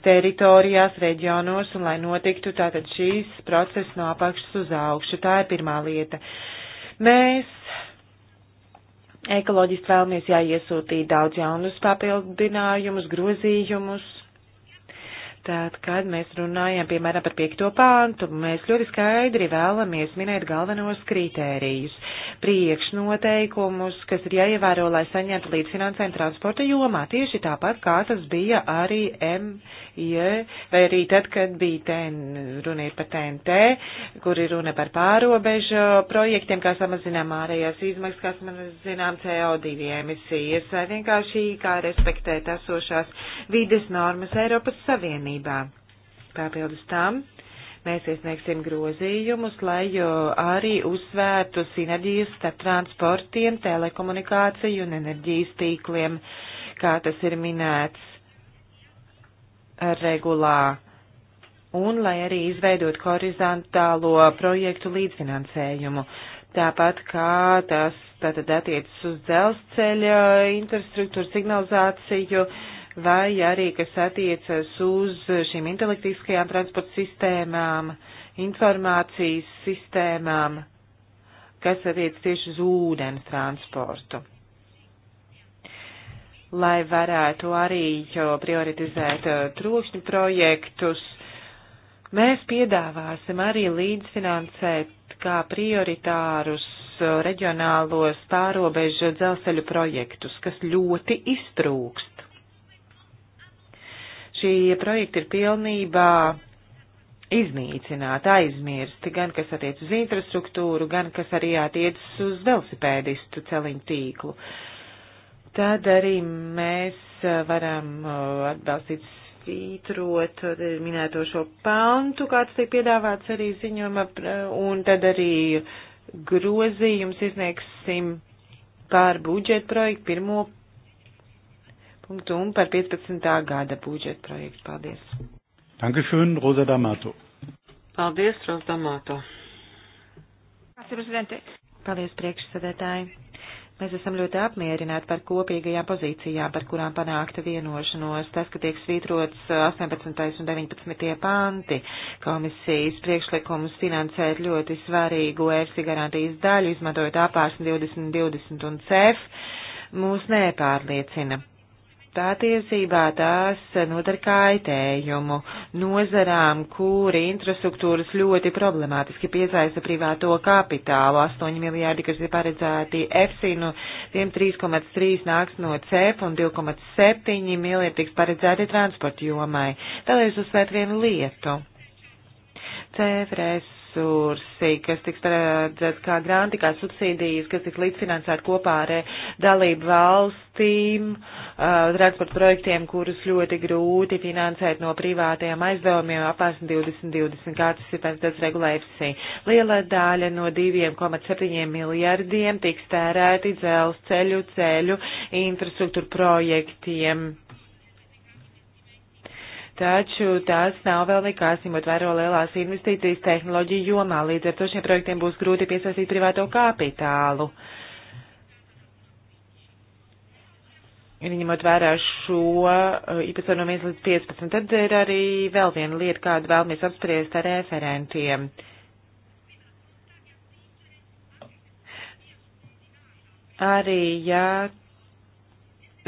teritorijās, reģionos, un lai notiktu tātad šīs process no apakšas uz augšu. Tā ir pirmā lieta. Uh, Mēs ekoloģiski vēlamies jāiesūtīt daudz jaunus papildinājumus, grozījumus, Tātad, kad mēs runājam, piemēram, par piekto pāntu, mēs ļoti skaidri vēlamies minēt galvenos kritērijus, priekšnoteikumus, kas ir jāievēro, lai saņemtu līdzfinansējumu transporta jomā. Tieši tāpat, kā tas bija arī MIE, vai arī tad, kad bija ten, runa ir par TNT, kur ir runa par pārobežu projektiem, kā samazinām ārējās izmaksas, kā samazinām CO2 emisijas, vai vienkārši kā respektēt esošās vides normas Eiropas Savienībā. Savienībā. Papildus tam mēs iesniegsim grozījumus, lai arī uzsvērtu sinerģijas starp transportiem, telekomunikāciju un enerģijas tīkliem, kā tas ir minēts regulā, un lai arī izveidot horizontālo projektu līdzfinansējumu. Tāpat kā tas tātad attiecas uz dzelzceļa infrastruktūru signalizāciju, uh, vai arī, kas attiecas uz šīm intelektiskajām transporta sistēmām, informācijas sistēmām, kas attiec tieši uz ūdens transportu. Lai varētu arī prioritizēt eh, trokšņu projektus, mēs piedāvāsim arī līdzfinansēt kā prioritārus eh, reģionālos pārobežu dzelzceļu projektus, kas ļoti iztrūkst šie projekti ir pilnībā iznīcināti, aizmirsti, gan kas attiec uz infrastruktūru, gan kas arī attiec uz velosipēdistu celiņu tīklu. Tad arī mēs uh, varam uh, atbalstīt svītrot minēto šo pantu, kāds tiek piedāvāts arī ziņojumā, un tad arī grozījums izniegsim pār budžetu projektu pirmo punktu un par 15. gada budžeta projektu. Paldies! Dankeschön, Rosa D'Amato. Paldies, Rosa D'Amato. Paldies, priekšsēdētāji. Mēs esam ļoti apmierināti par kopīgajām pozīcijām, par kurām panākta vienošanos. Tas, ka tiek svītrots 18. un 19. panti, komisijas priekšlikums finansēt ļoti svarīgu EFSI garantijas daļu, izmantojot apārsni 2020 un CEF, mūs nepārliecina tā tiesībā tās nodar kaitējumu nozarām, kur infrastruktūras ļoti problemātiski piesaista privāto kapitālu. 8 miljārdi, kas ir paredzēti EFSI, nu tiem 3,3 nāks no CEP un 2,7 miljardi tiks paredzēti transporta jomai. Tālēļ uzsvērt vienu lietu. CFRS resursi, kas tiks paredzēts kā granti, kā subsīdijas, kas tiks līdzfinansēti kopā ar eh, dalību valstīm, uh, transporta projektiem, kurus ļoti grūti finansēt no privātajiem aizdevumiem apmēram 2020, kā tas ir paredzēts regulējumsī. Liela daļa no 2,7 miljardiem tiks tērēti dzelzceļu, ceļu, infrastruktūru projektiem Taču tās nav vēl nekas, ņemot vērā lielās investīcijas tehnoloģiju jomā, līdz ar to šiem projektiem būs grūti piesaistīt privāto kapitālu. Ņemot vērā šo uh, īpatsvaru no 1 līdz 15, tad ir arī vēl viena lieta, kādu vēlamies apspriest ar referentiem. Arī, ja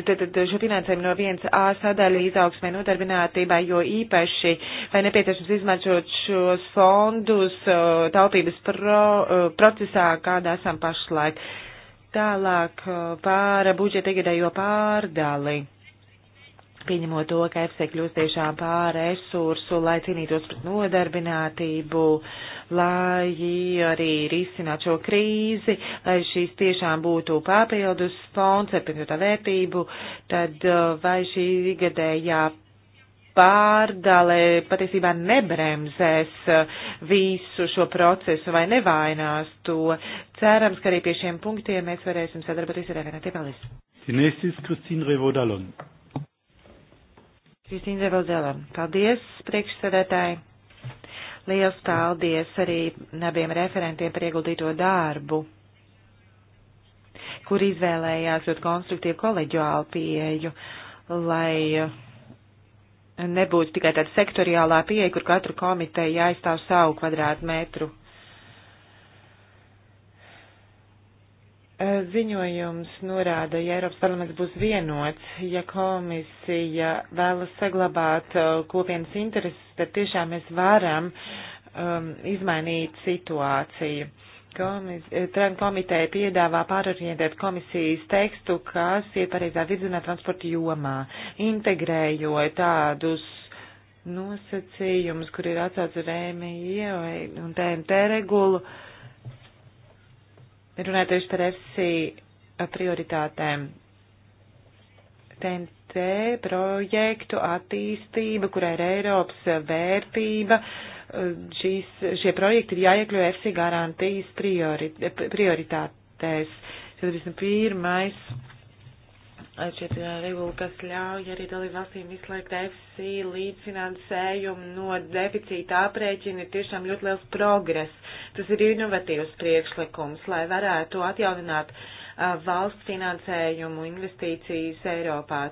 Tātad šo finansējumu no 1A sadaļa izaugsmē nodarbinātībai, jo īpaši vai nepieciešams izmantot šos fondus taupības pro, procesā, kādā esam pašlaik. Tālāk pāra budžeta igadējo pārdali pieņemot to, ka FC e kļūst tiešām pār resursu, lai cīnītos pret nodarbinātību, lai arī risinātu šo krīzi, lai šīs tiešām būtu papildus fonds ar pievienotā vērtību, tad uh, vai šī gadējā pārdale patiesībā nebremzēs uh, visu šo procesu vai nevainās to. Cerams, ka arī pie šiem punktiem mēs varēsim sadarboties ar Renāti Palis. Zunächst ist Christine Revaud-Dallon. Kristīna Zevaldēla. Paldies, priekšsēdētāji. Liels paldies arī abiem referentiem par ieguldīto darbu, kur izvēlējās ļoti konstruktīvu koleģiālu pieeju, lai nebūtu tikai tāda sektoriālā pieeja, kur katru komiteju aizstāv savu kvadrātmetru Ziņojums norāda, ja Eiropas parlaments būs vienots, ja komisija vēlas saglabāt kopienas intereses, tad tiešām mēs varam um, izmainīt situāciju. Komis, Tran komiteja piedāvā pārorientēt komisijas tekstu, kas iet pareizā virzienā transporta jomā, integrējot tādus nosacījumus, kur ir atsāca RMI un TNT regulu. Uh, Runājot tieši par FC prioritātēm. TNT projektu attīstība, kurā ir Eiropas vērtība, šīs, šie projekti ir jāiekļo FC garantijas priori, prioritātēs. 41 šeit uh, regula, kas ļauj arī dalībvalstīm izslēgt FC līdzfinansējumu no deficīta aprēķina, ir tiešām ļoti liels progress. Tas ir inovatīvs priekšlikums, lai varētu atjaunināt uh, valsts finansējumu investīcijas Eiropā.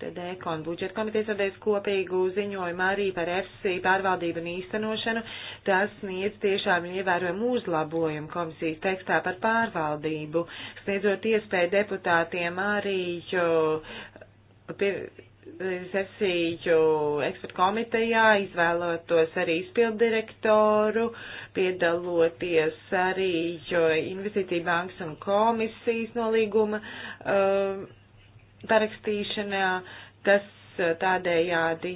Tad ekon budžeta komiteja sadēs kopīgu ziņojumu arī par FC pārvaldību un īstenošanu. Tas sniedz tiešām ievērojumu uzlabojumu komisijas tekstā par pārvaldību, sniedzot iespēju deputātiem arī pie, sesiju ekspertu komitejā izvēlotos arī izpildirektoru, piedaloties arī investīcija bankas un komisijas nolīguma. Um, parakstīšanā, kas eh, tādējādi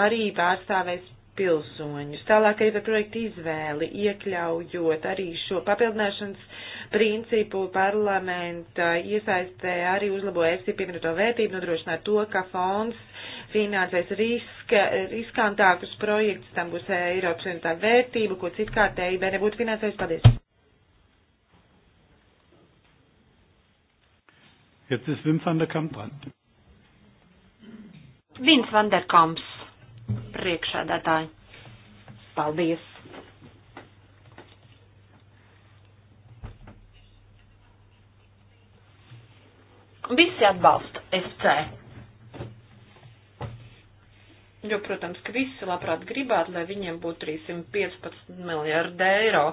arī pārstāvēs pilsoņus. Tālāk arī par projektu izvēli, iekļaujot arī šo papildināšanas principu parlamenta iesaistē arī uzlabo esi pievienoto vērtību, nodrošināt to, ka fonds finansēs riska, riskantākus projektus, tam būs Eiropas vienotā vērtība, ko citkārt EIB nebūtu finansējis. Paldies! Jetzt ist Wim van der Kamp dran. Vins van der Kamps, priekšādātāji. Paldies! Visi atbalsta FC. Jo, protams, ka visi labprāt gribētu, lai viņiem būtu 315 miljārdi eiro.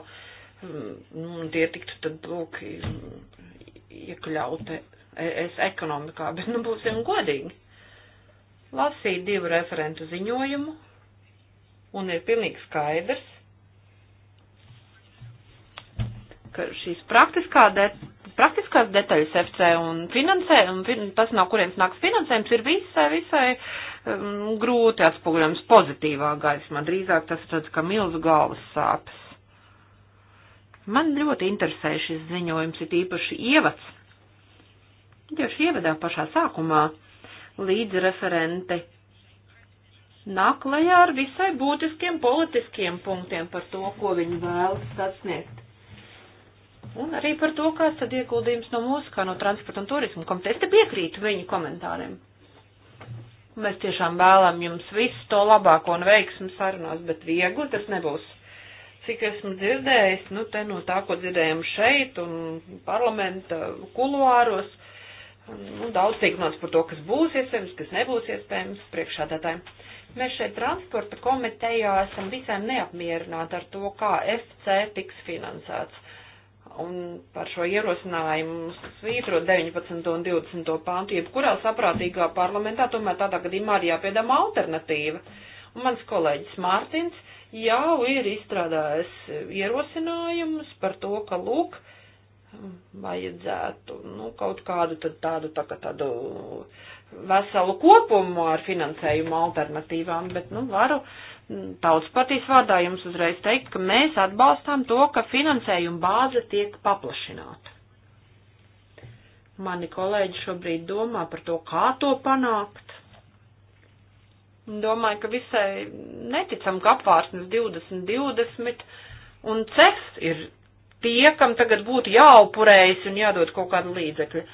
Mm, nu, un tie tiktu tad, lūk, iekļauti es ekonomikā, bet nu būsim godīgi. Lasīju divu referentu ziņojumu un ir pilnīgi skaidrs, ka šīs praktiskā de, praktiskās detaļas FC un finansē, un fin, tas, no kurienes nāks finansējums, ir visai, visai um, grūti atspoguļams pozitīvā gaismā. Drīzāk tas redz, ka milzu galvas sāpes. Man ļoti interesē šis ziņojums, ir īpaši ievads Tieši ievadā pašā sākumā līdz referente nāk lejā ar visai būtiskiem politiskiem punktiem par to, ko viņi vēlas sasniegt. Un arī par to, kāds tad ieguldījums no mūsu, kā no transporta un turismu komitejas. Te piekrītu viņu komentāriem. Mēs tiešām vēlam jums visu to labāko un veiksmu sarunās, bet viegli tas nebūs. Cik esmu dzirdējis, nu te no tā, ko dzirdējam šeit un parlamenta kuluāros, uh, nu, daudz tiek runāts par to, kas būs iespējams, kas nebūs iespējams priekšādātājiem. Mēs šeit transporta komitejā esam visiem neapmierināti ar to, kā FC tiks finansēts. Un par šo ierosinājumu svītro 19. un 20. pāntu, jebkurā saprātīgā parlamentā, tomēr tādā gadījumā ir jāpiedāvā alternatīva. Un mans kolēģis Mārtins jau ir izstrādājis ierosinājumus par to, ka, lūk, uh, vajadzētu nu, kaut kādu tādu, tā, tādu veselu kopumu ar finansējumu alternatīvām, bet nu, varu mm, tautas partijas vārdā jums uzreiz teikt, ka mēs atbalstām to, ka finansējuma bāze tiek paplašināta. Mani kolēģi šobrīd domā par to, kā to panākt. Domāju, ka visai neticam, ka apvārsnes 2020 un CEF ir tie, kam tagad būtu jāupurējas un jādod kaut kāda līdzekļa.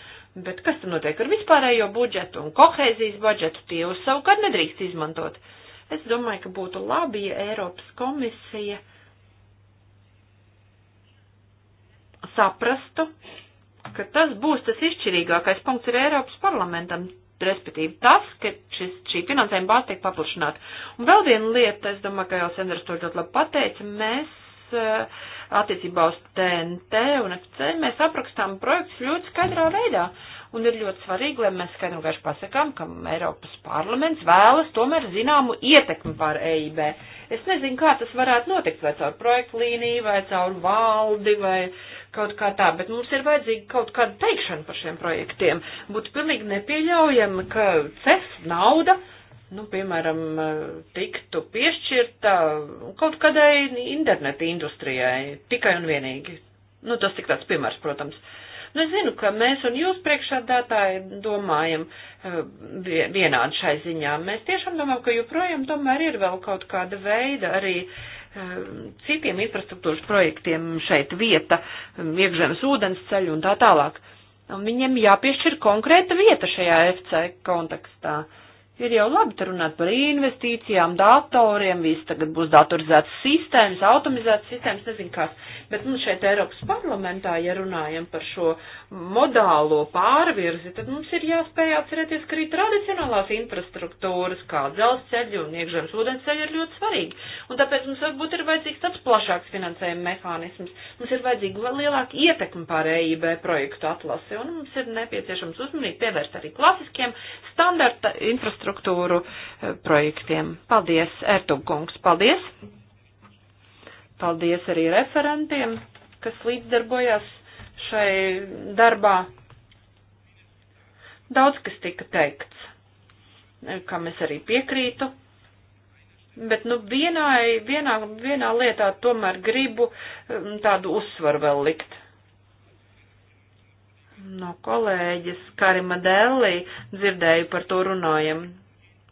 Bet kas tad notiek ar vispārējo budžetu un kohēzijas budžetu? Tie uz savukārt nedrīkst izmantot. Es domāju, ka būtu labi, ja Eiropas komisija saprastu, ka tas būs tas izšķirīgākais punkts ir Eiropas parlamentam, respektīvi tas, ka šis, šī finansējuma bāze tiek paplašināta. Un vēl viena lieta, es domāju, ka jau Sanders to ļoti labi pateica, mēs uh, attiecībā uz TNT un FC, mēs aprakstām projektus ļoti skaidrā veidā. Un ir ļoti svarīgi, lai mēs skaidru un gaišu pasakām, ka Eiropas parlaments vēlas tomēr zināmu ietekmi pār EIB. Es nezinu, kā tas varētu notikt, vai caur projektu līniju, vai caur valdi, vai kaut kā tā, bet mums ir vajadzīga kaut kāda teikšana par šiem projektiem. Būtu pilnīgi nepieļaujami, ka CEF nauda nu, piemēram, tiktu piešķirta kaut kādai interneta industrijai tikai un vienīgi. Nu, tas tik tāds piemērs, protams. Nu, es zinu, ka mēs un jūs priekšādātāji domājam eh, vienādi šai ziņā. Mēs tiešām domājam, ka joprojām tomēr ir vēl kaut kāda veida arī eh, citiem infrastruktūras projektiem šeit vieta, iekšzemes ūdens ceļu un tā tālāk. Un viņiem jāpiešķir konkrēta vieta šajā FC kontekstā. Uh, ir jau labi te runāt par investīcijām, datoriem, viss tagad būs datorizētas sistēmas, automizētas sistēmas, nezinu kas. Bet mums nu, šeit Eiropas parlamentā, ja runājam par šo modālo pārvirzi, tad mums ir jāspēj atcerēties, ka arī tradicionālās infrastruktūras, kā dzelzceļi un iekšzemes ūdensceļi ir ļoti svarīgi. Un tāpēc mums varbūt ir vajadzīgs tāds plašāks finansējuma mehānisms. Mums ir vajadzīga lielāka ietekme pār EIB projektu atlasi, un mums ir nepieciešams uzmanīgi pievērst arī klasiskiem standarta infrastruktūras infrastruktūru eh, projektiem. Paldies, Ertugkungs, paldies! Paldies arī referentiem, kas līdzdarbojās šai darbā. Daudz kas tika teikts, eh, kam es arī piekrītu. Bet, nu, vienā, vienā, vienā lietā tomēr gribu eh, tādu uzsvaru vēl likt no kolēģis Karima Dellī dzirdēju par to runājam.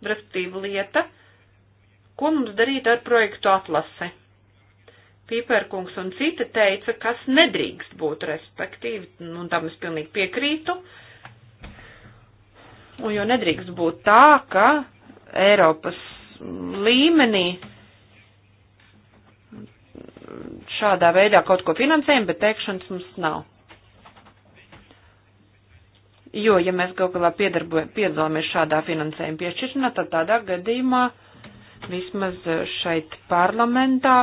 Respektīvi lieta, ko mums darīt ar projektu atlasi? Pīpērkungs un citi teica, kas nedrīkst būt, respektīvi, un tam es pilnīgi piekrītu, un jo nedrīkst būt tā, ka Eiropas līmenī šādā veidā kaut ko finansējam, bet teikšanas mums nav. Jo, ja mēs kaut kādā piedalāmies šādā finansējuma piešķiršanā, tad tādā gadījumā vismaz eh, šeit parlamentā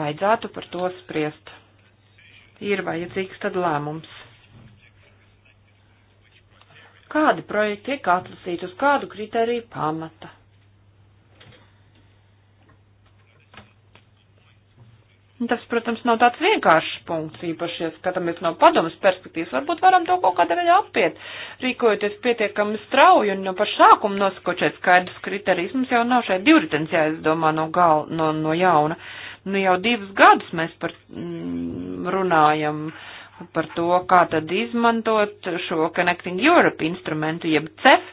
vajadzētu par to spriest. Ir vajadzīgs tad lēmums. Kādi projekti tiek atlasīti uz kādu kriteriju pamata? Nu, tas, protams, nav tāds vienkāršs punkts, īpaši, ja skatāmies no padomas perspektīvas. Varbūt varam to kaut kādā veidā apiet, rīkojoties pietiekami strauji un no paša sākuma nosakot šeit skaidrs kriterijs. Mums jau nav šeit divritens jāizdomā no, gal, no, no jauna. Nu, jau divus gadus mēs par, mm, runājam par to, kā tad izmantot šo Connecting Europe instrumentu, jeb CEF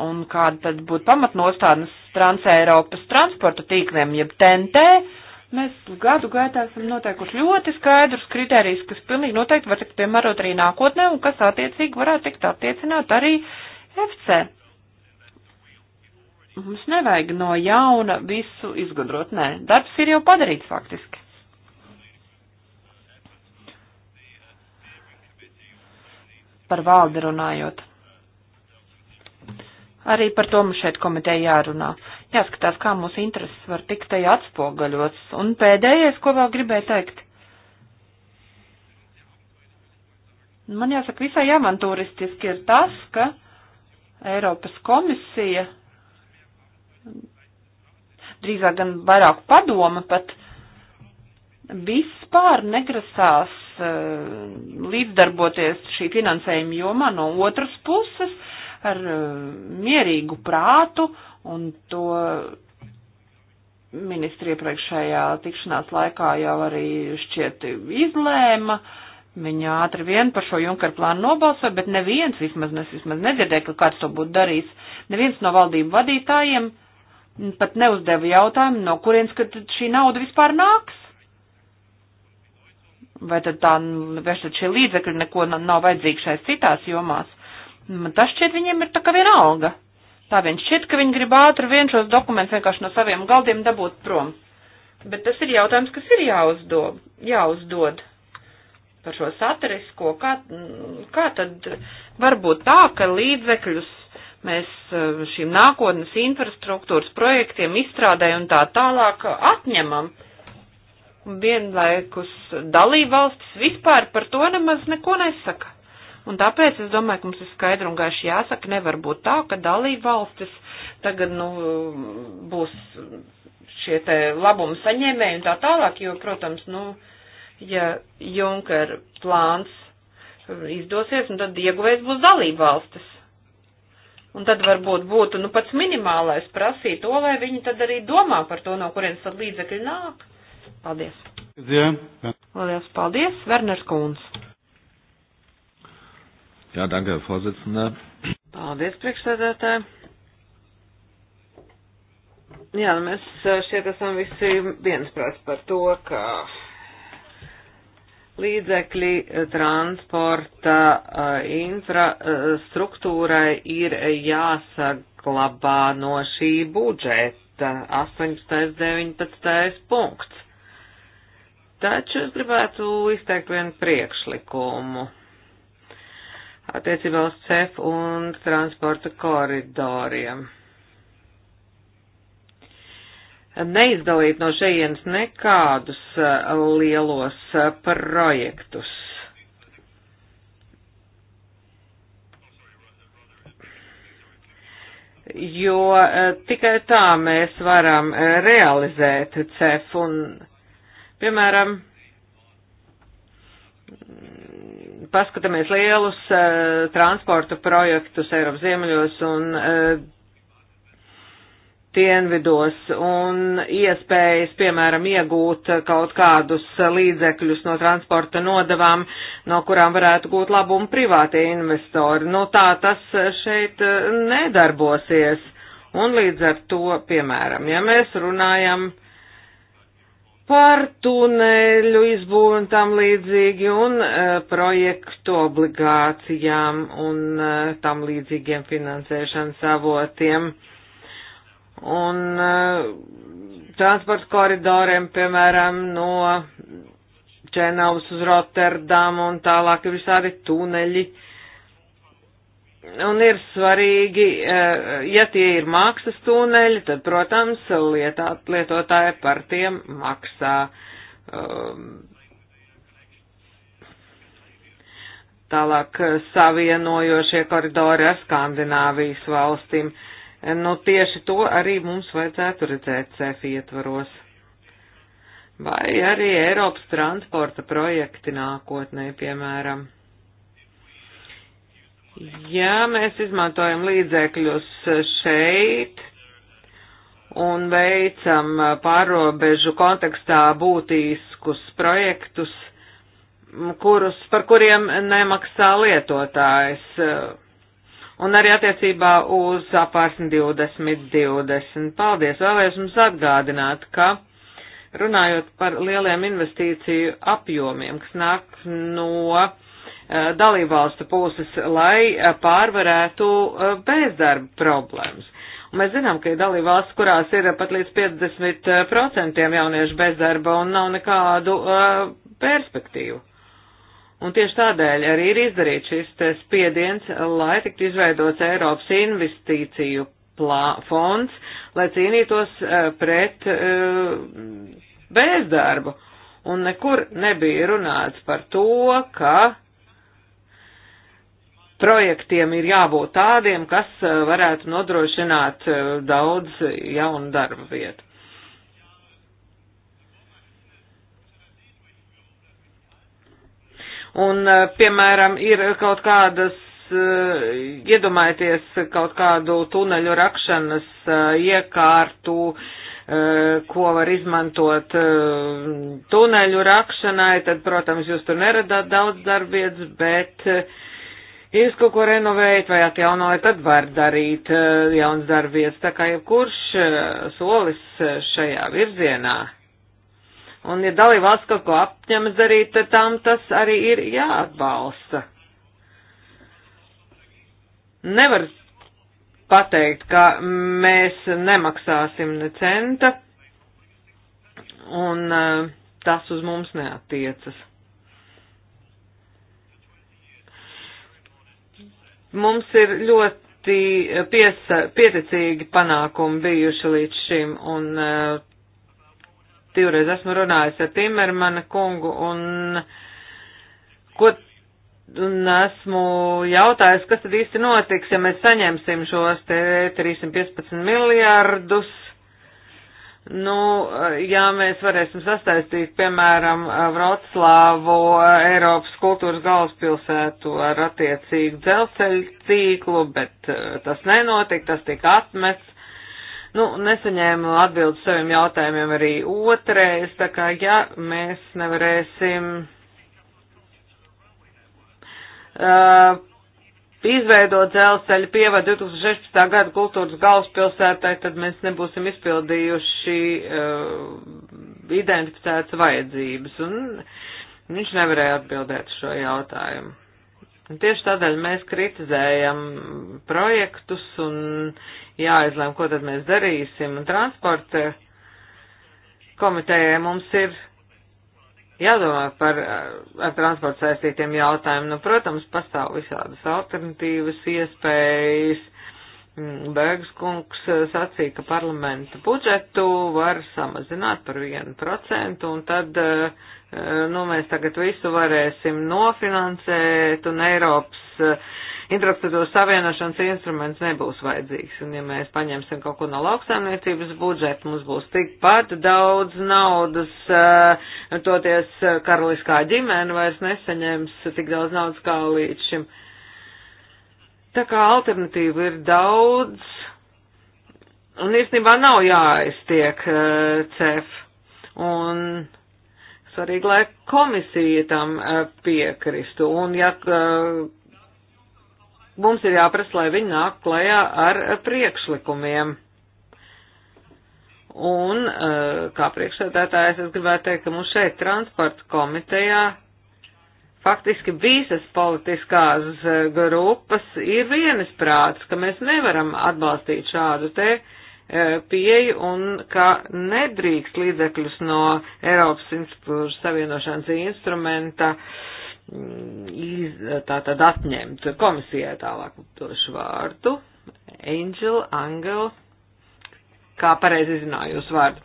un kāda tad būtu pamatnostādnes Transeiropas transporta tīkliem, jeb TNT, mēs gadu gaitā esam noteikuši ļoti skaidrus kriterijus, kas pilnīgi noteikti var tikt piemērot arī nākotnē un kas attiecīgi varētu tikt attiecināt arī FC. Mums nevajag no jauna visu izgudrot, nē, darbs ir jau padarīts faktiski. Par valdi runājot. Arī par to mums šeit komiteja jārunā. Jāskatās, kā mūsu intereses var tikt tajā atspogaļots. Un pēdējais, ko vēl gribēju teikt. Man jāsaka, visai avantūristiski ir tas, ka Eiropas komisija, drīzāk gan vairāk padoma pat, vispār negrasās uh, līdzdarboties šī finansējuma jomā no otras puses. Uh, ar eh, mierīgu prātu, un to ministri iepriekšējā tikšanās laikā jau arī šķiet izlēma. Viņa ātri vien par šo Junker plānu nobalsoja, bet neviens, vismaz es vismaz nedzirdēju, ka kāds to būtu darījis, neviens no valdību vadītājiem pat neuzdeva jautājumu, no kurienes, ka šī nauda vispār nāks. Vai tad tā, vai tad šie līdzekļi neko nav vajadzīgi šais citās jomās? Man tas šķiet viņiem ir tā kā viena alga. Tā viņš šķiet, ka viņi grib ātri vien šos dokumentus vienkārši no saviem galdiem dabūt prom. Bet tas ir jautājums, kas ir jāuzdod, jāuzdod par šo satirisko, kā, kā tad var būt tā, ka līdzekļus mēs eh, šīm nākotnes infrastruktūras projektiem izstrādē un tā tālāk atņemam. Vienlaikus dalībvalstis vispār par to nemaz neko nesaka. Un tāpēc es domāju, ka mums ir skaidri un gaiši jāsaka, nevar būt tā, ka dalība valstis tagad, nu, būs šie te labumu saņēmēji un tā tālāk, jo, protams, nu, ja Junker plāns izdosies, un nu, tad ieguvējs būs dalība valstis. Un tad varbūt būtu, nu, pats minimālais prasīt to, lai viņi tad arī domā par to, no kurienes tad līdzekļi nāk. Paldies. Jā. Lielas paldies, Verners Kūns. Jā, danke, Herr Vorsitzender. Paldies, priekšsēdētāji. Jā, nu mēs eh, šeit esam visi viensprāts par to, ka līdzekļi eh, transporta eh, infrastruktūrai ir jāsaglabā no šī budžeta 18. 19. punkts. Taču es gribētu izteikt vienu priekšlikumu attiecībā uz CEF un transporta koridoriem. Neizdalīt no šejienes nekādus uh, lielos uh, projektus. Jo uh, tikai tā mēs varam realizēt CEF un, piemēram, paskatāmies lielus uh, transporta projektus Eiropas ziemeļos un uh, dienvidos un iespējas, piemēram, iegūt kaut kādus līdzekļus no transporta nodavām, no kurām varētu gūt labumu privātie investori. Nu, tā tas šeit eh, nedarbosies. Un līdz ar to, piemēram, ja mēs runājam par tuneļu izbūvi un tam līdzīgi un uh, projektu obligācijām un uh, tam līdzīgiem finansēšanas avotiem. Un uh, transporta koridoriem, piemēram, no Čenavas uz Rotterdamu un tālāk ir visādi tuneļi, uh, Un ir svarīgi, eh, ja tie ir maksas tūneļi, tad, protams, lietā, lietotāji par tiem maksā. Um, tālāk eh, savienojošie koridori ar Skandināvijas valstīm. Eh, nu, tieši to arī mums vajadzētu redzēt cefi ietvaros. Vai arī Eiropas transporta projekti nākotnē, piemēram. Ja mēs izmantojam līdzekļus šeit un veicam pārobežu kontekstā būtīskus projektus, kurus, par kuriem nemaksā lietotājs, un arī attiecībā uz apārsni 2020. Paldies! Vēlējos jums atgādināt, ka runājot par lieliem investīciju apjomiem, kas nāk no Uh, dalībvalstu puses, lai uh, pārvarētu uh, bezdarba problēmas. Un mēs zinām, ka ir dalībvalsts, kurās ir pat līdz 50% jauniešu bezdarba un nav nekādu perspektīvu. Un tieši tādēļ arī ir izdarīts šis spiediens, lai tiktu izveidots Eiropas investīciju plā, fonds, lai cīnītos pret bezdarbu. Un nekur nebija runāts par to, ka projektiem ir jābūt tādiem, kas eh, varētu nodrošināt eh, daudz jaunu darba vietu. Un, eh, piemēram, ir kaut kādas, iedomājieties, kaut kādu tuneļu rakšanas iekārtu, ko var izmantot tuneļu rakšanai, tad, protams, jūs tur neradāt daudz darbietas, bet uh, Ja jūs kaut ko renovējat vai atjaunojat, tad var darīt eh, jauns darbvietas, tā kā jebkurš eh, solis eh, šajā virzienā. Un ja dalībvalsts kaut ko apņemas darīt, tad tam tas arī ir jāatbalsta. Nevar pateikt, ka mēs nemaksāsim ne centa, un tas uz mums neatiecas. Mums ir ļoti eh, piesa, pieticīgi panākumi bijuši līdz šim, un eh, divreiz esmu runājis ar Timermana kungu, un, ko, un esmu jautājis, kas tad īsti notiks, ja mēs saņemsim šos te 315 miljārdus Nu, ja mēs varēsim sastaistīt, piemēram, Vroclāvu, Eiropas kultūras galvaspilsētu ar attiecīgu dzelzceļu tīklu, bet eh, tas nenotika, tas tika atmests. Nu, nesaņēmu atbildi saviem jautājumiem arī otrais, tā kā, ja mēs nevarēsim. Uh, izveidot dzelzceļa pievadu 2016. gada kultūras galvaspilsētai, tad mēs nebūsim izpildījuši uh, identificētas vajadzības. Un viņš nevarēja atbildēt šo jautājumu. Un tieši tādēļ mēs kritizējam projektus un jāizlēm, ko tad mēs darīsim. Un transporta komitējai mums ir jādomā par eh, ar transportu saistītiem jautājumiem. Nu, protams, pastāv visādas alternatīvas iespējas. Mm, Bēgas kungs eh, sacīja, ka parlamenta budžetu var samazināt par vienu procentu, un tad, eh, nu, mēs tagad visu varēsim nofinansēt, un Eiropas infrastruktūras savienošanas instruments nebūs vajadzīgs. Un ja mēs paņemsim kaut ko no lauksaimniecības budžeta, mums būs tikpat daudz naudas, eh, toties eh, karaliskā ģimene vairs nesaņems tik daudz naudas kā līdz šim. Tā kā alternatīva ir daudz, un īstenībā nav jāaiztiek eh, CEF. Un svarīgi, lai komisija tam piekristu. Un, ja mums ir jāprasa, lai viņi nāk klajā ar priekšlikumiem. Un, eh, kā priekšsēdētājs, es gribētu teikt, ka mums šeit transporta komitejā faktiski visas politiskās eh, grupas ir vienas prāts, ka mēs nevaram atbalstīt šādu te eh, pieeju un ka nedrīkst līdzekļus no Eiropas savienošanas instrumenta uh, Mm, iz, tā tad atņemt komisijai tālāk došu vārdu. Angel, Angel, kā pareizi izrunāju jūsu vārdu?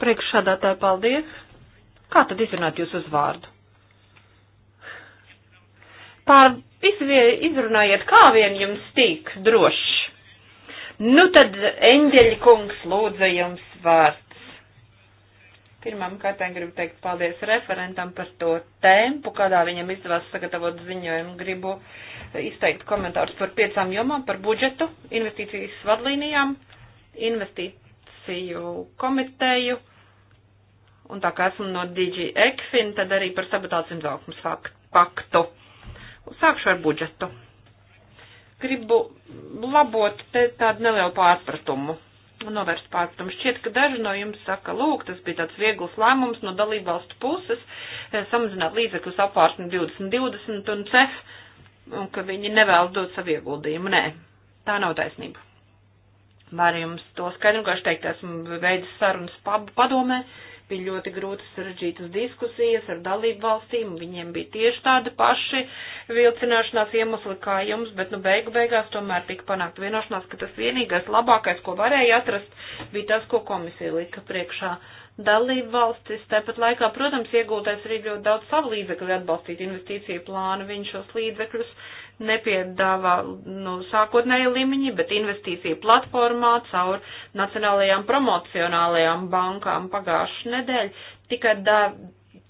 Priekšsādātāji, paldies. Kā tad izrunāt jūs uz vārdu? Pār visu izrunājiet, kā vien jums tīk droši. Nu tad, eņģeļi kungs, lūdzu jums vārds. Pirmām kārtām gribu teikt paldies referentam par to tempu, kādā viņam izdevās sagatavot ziņojumu. Gribu izteikt komentārus par piecām jomām, par budžetu, investīcijas vadlīnijām, investīciju komiteju, un tā kā esmu no DG Ekfin, tad arī par sabotāts un zauksmes paktu. Sākšu ar budžetu. Gribu labot tādu nelielu pārpratumu novērst pārstums. Šķiet, ka daži no jums saka, lūk, tas bija tāds viegls lēmums no dalībvalstu puses eh, samazināt līdzekļus apārsni 2020 un CEF, un ka viņi nevēlas dot savu ieguldījumu. Nē, tā nav taisnība. Var jums to skaidru, kā es teiktu, esmu veids sarunas padomē. Uh, bija ļoti grūti sarežģītas diskusijas ar dalību valstīm, viņiem bija tieši tādi paši vilcināšanās iemesli kā jums, bet nu beigu beigās tomēr tika panākt vienošanās, ka tas vienīgais labākais, ko varēja atrast, bija tas, ko komisija lika priekšā. Dalību valstis tāpat laikā, protams, iegūtais arī ļoti daudz savu līdzekļu atbalstīt investīciju plānu, viņš šos līdzekļus uh, nepiedāvā nu, sākotnēji līmeņi, bet investīcija platformā caur nacionālajām promocionālajām bankām pagājušu nedēļu. Tikai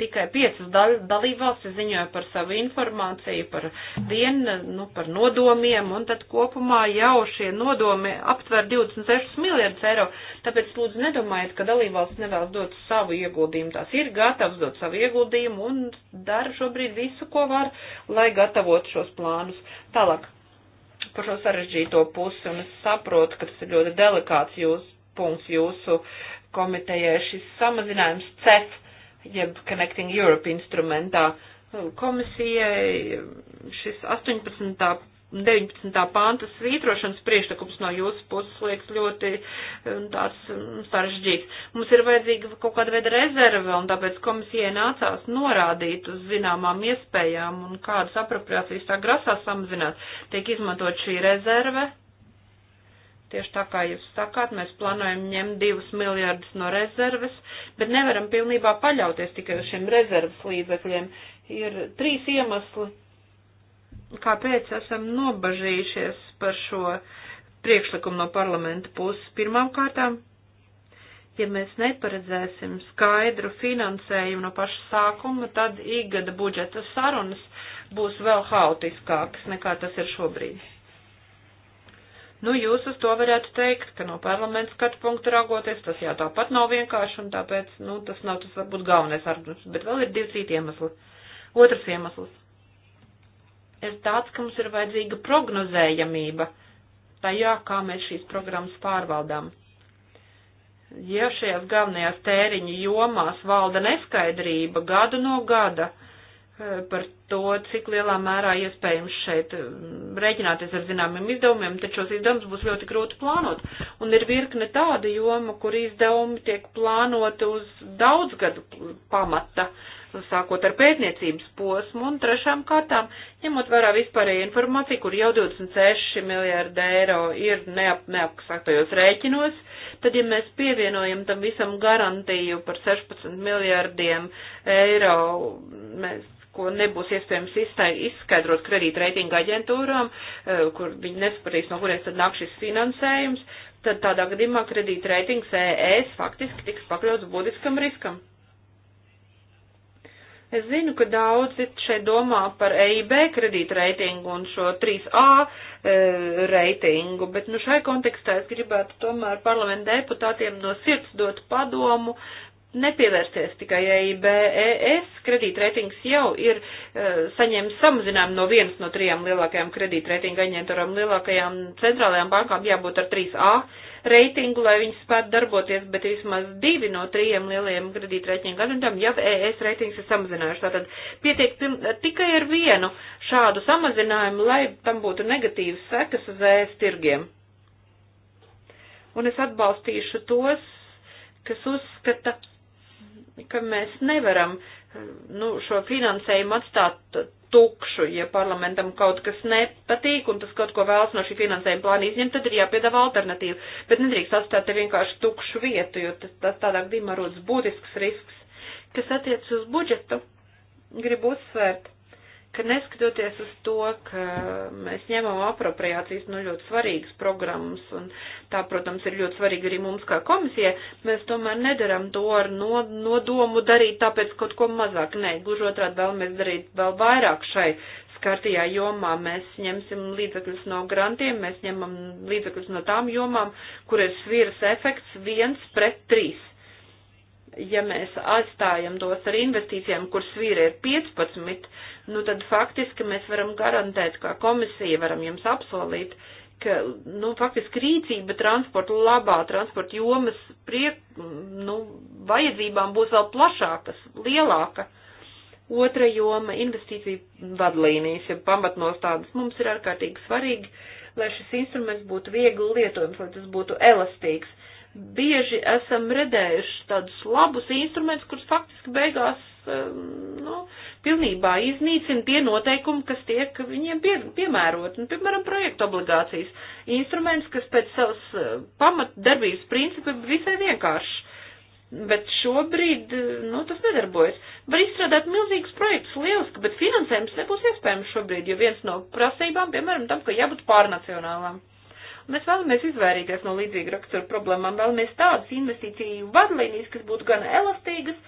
tikai piecas dal dalībvalstis ziņoja par savu informāciju, par dienu, nu, par nodomiem, un tad kopumā jau šie nodomi aptver 26 miljardus eiro. Tāpēc lūdzu nedomājiet, ka dalībvalsts nevēlas dot savu ieguldījumu. Tās ir gatavs dot savu ieguldījumu un dara šobrīd visu, ko var, lai gatavotu šos plānus. Tālāk par šo sarežģīto pusi, un es saprotu, ka tas ir ļoti delikāts jūs, punkts jūsu komitejai, šis samazinājums CEF jeb Connecting Europe instrumentā. Komisijai šis 18. 19. pānta svītrošanas priekšlikums no jūsu puses liekas ļoti um, tāds um, sarežģīts. Mums ir vajadzīga kaut kāda veida rezerve, un tāpēc komisijai nācās norādīt uz zināmām iespējām un kādas apropriācijas tā grasā samazināt. Tiek izmantot šī rezerve, Tieši tā kā jūs sakāt, mēs plānojam ņemt divus miljardus no rezerves, bet nevaram pilnībā paļauties tikai uz šiem rezerves līdzekļiem. Ir trīs iemesli, kāpēc esam nobažījušies par šo priekšlikumu no parlamenta puses. Pirmām kārtām, ja mēs neparedzēsim skaidru finansējumu no paša sākuma, tad īgada budžeta sarunas būs vēl haotiskākas nekā tas ir šobrīd. Nu, jūs uz to varētu teikt, ka no parlamenta skatu punktu raugoties, tas jā tāpat nav vienkārši, un tāpēc, nu, tas nav tas varbūt galvenais arguments, bet vēl ir divi citi iemesli. Otrs iemesls. Ir tāds, ka mums ir vajadzīga prognozējamība tajā, kā mēs šīs programmas pārvaldām. Ja šajās galvenajās tēriņa jomās valda neskaidrība gadu no gada, uh, par to, cik lielā mērā iespējams šeit mm, rēķināties ar zināmiem izdevumiem, taču šos izdevumus būs ļoti grūti plānot. Un ir virkne tāda joma, kur izdevumi tiek plānoti uz daudz gadu pamata, sākot ar pētniecības posmu un trešām kārtām, ņemot vērā vispārēju informāciju, kur jau 26 miljārdi eiro ir neap, neapsaktajos rēķinos, tad, ja mēs pievienojam tam visam garantiju par 16 miljārdiem eiro, mēs ko nebūs iespējams izskaidrot kredītreitinga aģentūrām, e, kur viņi nesapratīs, no kurienes tad nāk šis finansējums, tad tādā gadījumā kredītreitings ES faktiski tiks pakļauts būtiskam riskam. Es zinu, ka daudzi šeit domā par EIB kredītreitingu un šo 3A e, reitingu, bet nu šai kontekstā es gribētu tomēr parlamentu deputātiem no sirds dot padomu nepievērsties tikai EIB, ES kredītreitings jau ir uh, saņēmis samazinājumu no vienas no trijām lielākajām kredītreitinga aģentūrām, lielākajām centrālajām bankām jābūt ar 3A reitingu, lai viņas spētu darboties, bet vismaz divi no trijiem lielajiem kredītreitinga aģentūrām jau ES reitings ir samazinājuši. Tātad pietiek tikai ar vienu šādu samazinājumu, lai tam būtu negatīvas sekas uz ES tirgiem. Un es atbalstīšu tos, kas uzskata, ka mēs nevaram nu, šo finansējumu atstāt tukšu, ja parlamentam kaut kas nepatīk un tas kaut ko vēlas no šī finansējuma plāna izņemt, tad ir jāpiedāvā alternatīva. Bet nedrīkst atstāt te vienkārši tukšu vietu, jo tas, tas tādā gadījumā rodas būtisks risks. Kas attiec uz budžetu, gribu uzsvērt, ka neskatoties uz to, ka mēs ņemam apropriācijas no nu, ļoti svarīgas programmas, un tā, protams, ir ļoti svarīga arī mums kā komisija, mēs tomēr nedaram to ar no, nodomu darīt tāpēc kaut ko mazāk. Nē, gluži otrādi vēlamies darīt vēl vairāk šai skartajā jomā. Mēs ņemsim līdzekļus no grantiem, mēs ņemam līdzekļus no tām jomām, kur ir sviras efekts viens pret trīs ja mēs atstājam tos ar investīcijām, kur svīra ir 15, nu tad faktiski mēs varam garantēt, kā komisija varam jums apsolīt, ka, nu, faktiski rīcība transporta labā, transporta jomas priek, nu, vajadzībām būs vēl plašākas, lielāka. Otra joma - investīcija vadlīnijas, ja pamatnostādes mums ir ārkārtīgi svarīgi, lai šis instruments būtu viegli lietojams, lai tas būtu elastīgs bieži esam redējuši tādus labus instrumentus, kurus faktiski beigās, nu, pilnībā iznīcina tie noteikumi, kas tiek viņiem pie, piemērot. Nu, piemēram, projektu obligācijas instruments, kas pēc savas eh, pamatdarbības principa visai vienkāršs. Bet šobrīd, eh, nu, tas nedarbojas. Var izstrādāt milzīgus projektus, lieliski, bet finansējums nebūs iespējams šobrīd, jo viens no prasībām, piemēram, tam, ka jābūt pārnacionālām. Mēs vēlamies izvairīties no līdzīga rakstura problēmām, vēlamies tādas investīciju vadlīnijas, kas būtu gan elastīgas,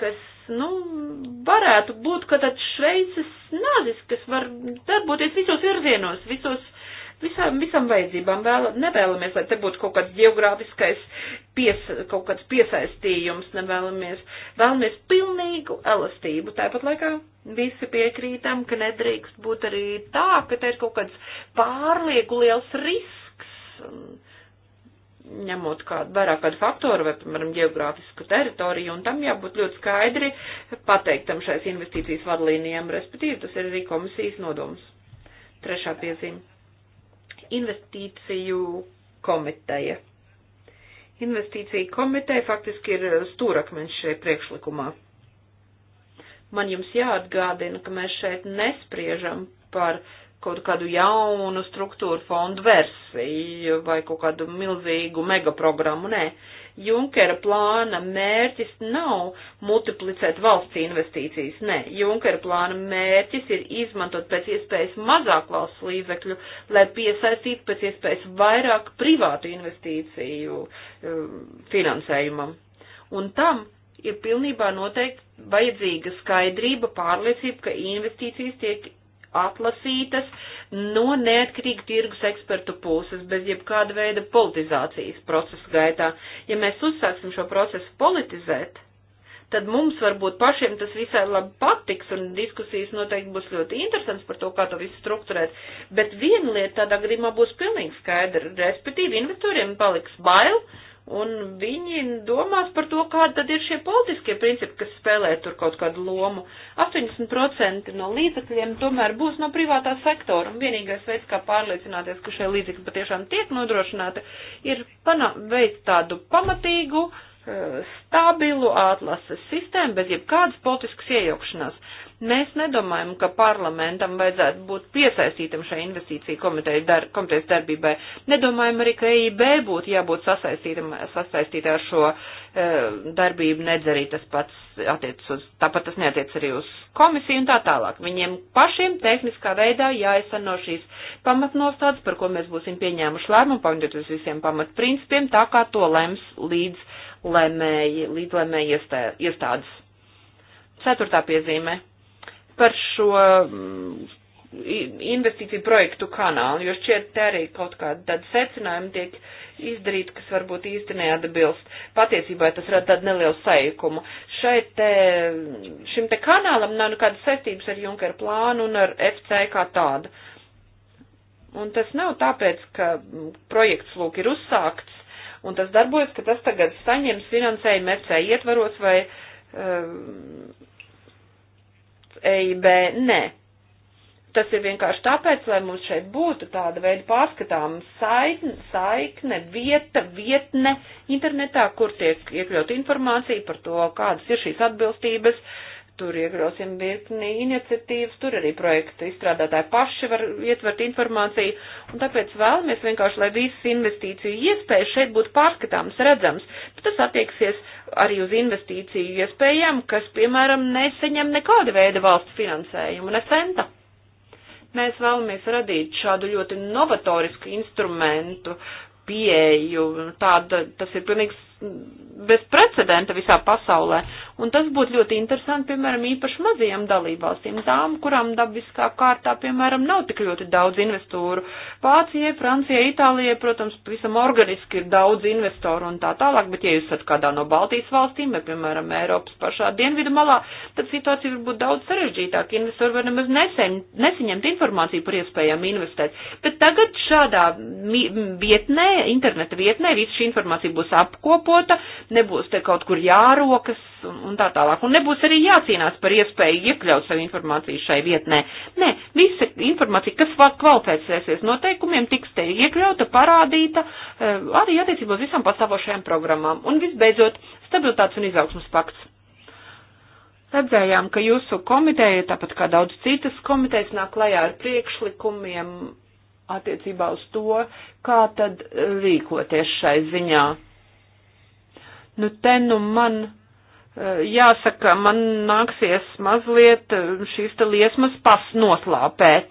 kas, nu, varētu būt kā tāds šveicis nāzis, kas var darboties visos virzienos, visos, visām, visām vajadzībām. Vēl, nevēlamies, lai te būtu kaut kāds geogrāfiskais pies, kaut kāds piesaistījums, nevēlamies. Vēlamies pilnīgu elastību. Tāpat laikā visi piekrītam, ka nedrīkst būt arī tā, ka te ir kaut kāds pārlieku liels risks Um, ņemot kādu vairāk kādu faktoru vai, piemēram, geogrāfisku teritoriju, un tam jābūt ļoti skaidri pateiktam šais investīcijas vadlīnijām, respektīvi tas ir arī komisijas nodoms. Trešā piezīme. Investīciju komiteja. Investīcija komiteja faktiski ir stūrakmeņš šajā priekšlikumā. Man jums jāatgādina, ka mēs šeit nespriežam par uh, kaut kādu jaunu struktūru fondu versiju vai kaut kādu milzīgu megaprogrammu. Nē, Junkera plāna mērķis nav multiplicēt valsts investīcijas. Nē, Junkera plāna mērķis ir izmantot pēc iespējas mazāk valsts līdzekļu, lai piesaistītu pēc iespējas vairāk privātu investīciju um, finansējumam. Un tam ir pilnībā noteikti vajadzīga skaidrība, pārliecība, ka investīcijas tiek atlasītas no neatkarīgu tirgus ekspertu puses, bez jebkāda veida politizācijas procesa gaitā. Ja mēs uzsāksim šo procesu politizēt, tad mums varbūt pašiem tas visai labi patiks, un diskusijas noteikti būs ļoti interesants par to, kā to visu strukturēt. Bet viena lieta tādā gadījumā būs pilnīgi skaidra, respektīvi investoriem paliks bail, uh, un viņi domās par to, kāda tad ir šie politiskie principi, kas spēlē tur kaut kādu lomu. 80% no līdzekļiem tomēr būs no privātā sektora, un vienīgais veids, kā pārliecināties, ka šie līdzekļi patiešām tiek nodrošināti, ir pana, veikt tādu pamatīgu, eh, stabilu atlases sistēmu bez jebkādas politiskas iejaukšanās. Mēs nedomājam, ka parlamentam vajadzētu būt piesaistītam šai investīciju komitejas, dar, komitejas darbībai. Nedomājam arī, ka EIB būtu jābūt sasaistītam, sasaistītā ar šo e, darbību, nedz arī tas pats attiecas uz, tāpat tas neatiec arī uz komisiju un tā tālāk. Viņiem pašiem tehniskā veidā jāizsano šīs pamatnostādes, par ko mēs būsim pieņēmuši lēmumu, pamatoties visiem pamatprincipiem, tā kā to lems līdz lēmēji, līdz lēmēji iestādes. Ceturtā piezīme par šo mm, investīciju projektu kanālu, jo šķiet te arī kaut kāda tāda secinājuma tiek izdarīt, kas varbūt īsti neatbilst. Patiesībā tas rada tādu nelielu sajukumu. Šeit te, šim te kanālam nav nekādas saistības ar Junker plānu un ar FC kā tādu. Un tas nav tāpēc, ka mm, projekts lūk ir uzsākts un tas darbojas, ka tas tagad saņems finansējumu FC ietvaros vai. Uh, um, EIB nē. Tas ir vienkārši tāpēc, lai mums šeit būtu tāda veida pārskatāma saikne, saikne, vieta, vietne internetā, kur tiek iekļaut informācija par to, kādas ir šīs atbilstības uh, tur iegrosim virkni iniciatīvas, tur arī projekta izstrādātāji paši var ietvert informāciju, un tāpēc vēlamies vienkārši, lai visas investīciju iespējas šeit būtu pārskatāmas, redzams, bet tas attieksies arī uz investīciju iespējām, kas, piemēram, neseņem nekāda veida valsts finansējumu, ne centa mēs vēlamies radīt šādu ļoti novatorisku instrumentu pieeju, tāda, tas ir pilnīgs bezprecedenta visā pasaulē, Un tas būtu ļoti interesanti, piemēram, īpaši mazajām dalībvalstīm, tām, kurām dabiskā kārtā, piemēram, nav tik ļoti daudz investūru. Vācijai, Francijai, Itālijai, protams, visam organiski ir daudz investoru un tā tālāk, bet ja jūs esat kādā no Baltijas valstīm, vai, piemēram, Eiropas pašā dienvidu malā, tad situācija var būt daudz sarežģītāka. Investori var nemaz nesaņemt informāciju par iespējām investēt. Bet tagad šādā vietnē, interneta vietnē, visa šī informācija būs apkopota, nebūs te kaut kur jārokas un, un tā tālāk. Un nebūs arī jācīnās par iespēju iekļaut savu informāciju šai vietnē. Nē, visa informācija, kas kvalificēsies noteikumiem, tiks te iekļauta, parādīta eh, arī attiecībā uz visām pastāvošajām programmām. Un visbeidzot, stabilitātes un izaugsmas pakts. Redzējām, ka jūsu komiteja, tāpat kā daudz citas komitejas, nāk klajā ar priekšlikumiem attiecībā uz to, kā tad rīkoties šai ziņā. Nu, te nu man Eh, jāsaka, man nāksies mazliet eh, šīs te liesmas pas noslāpēt.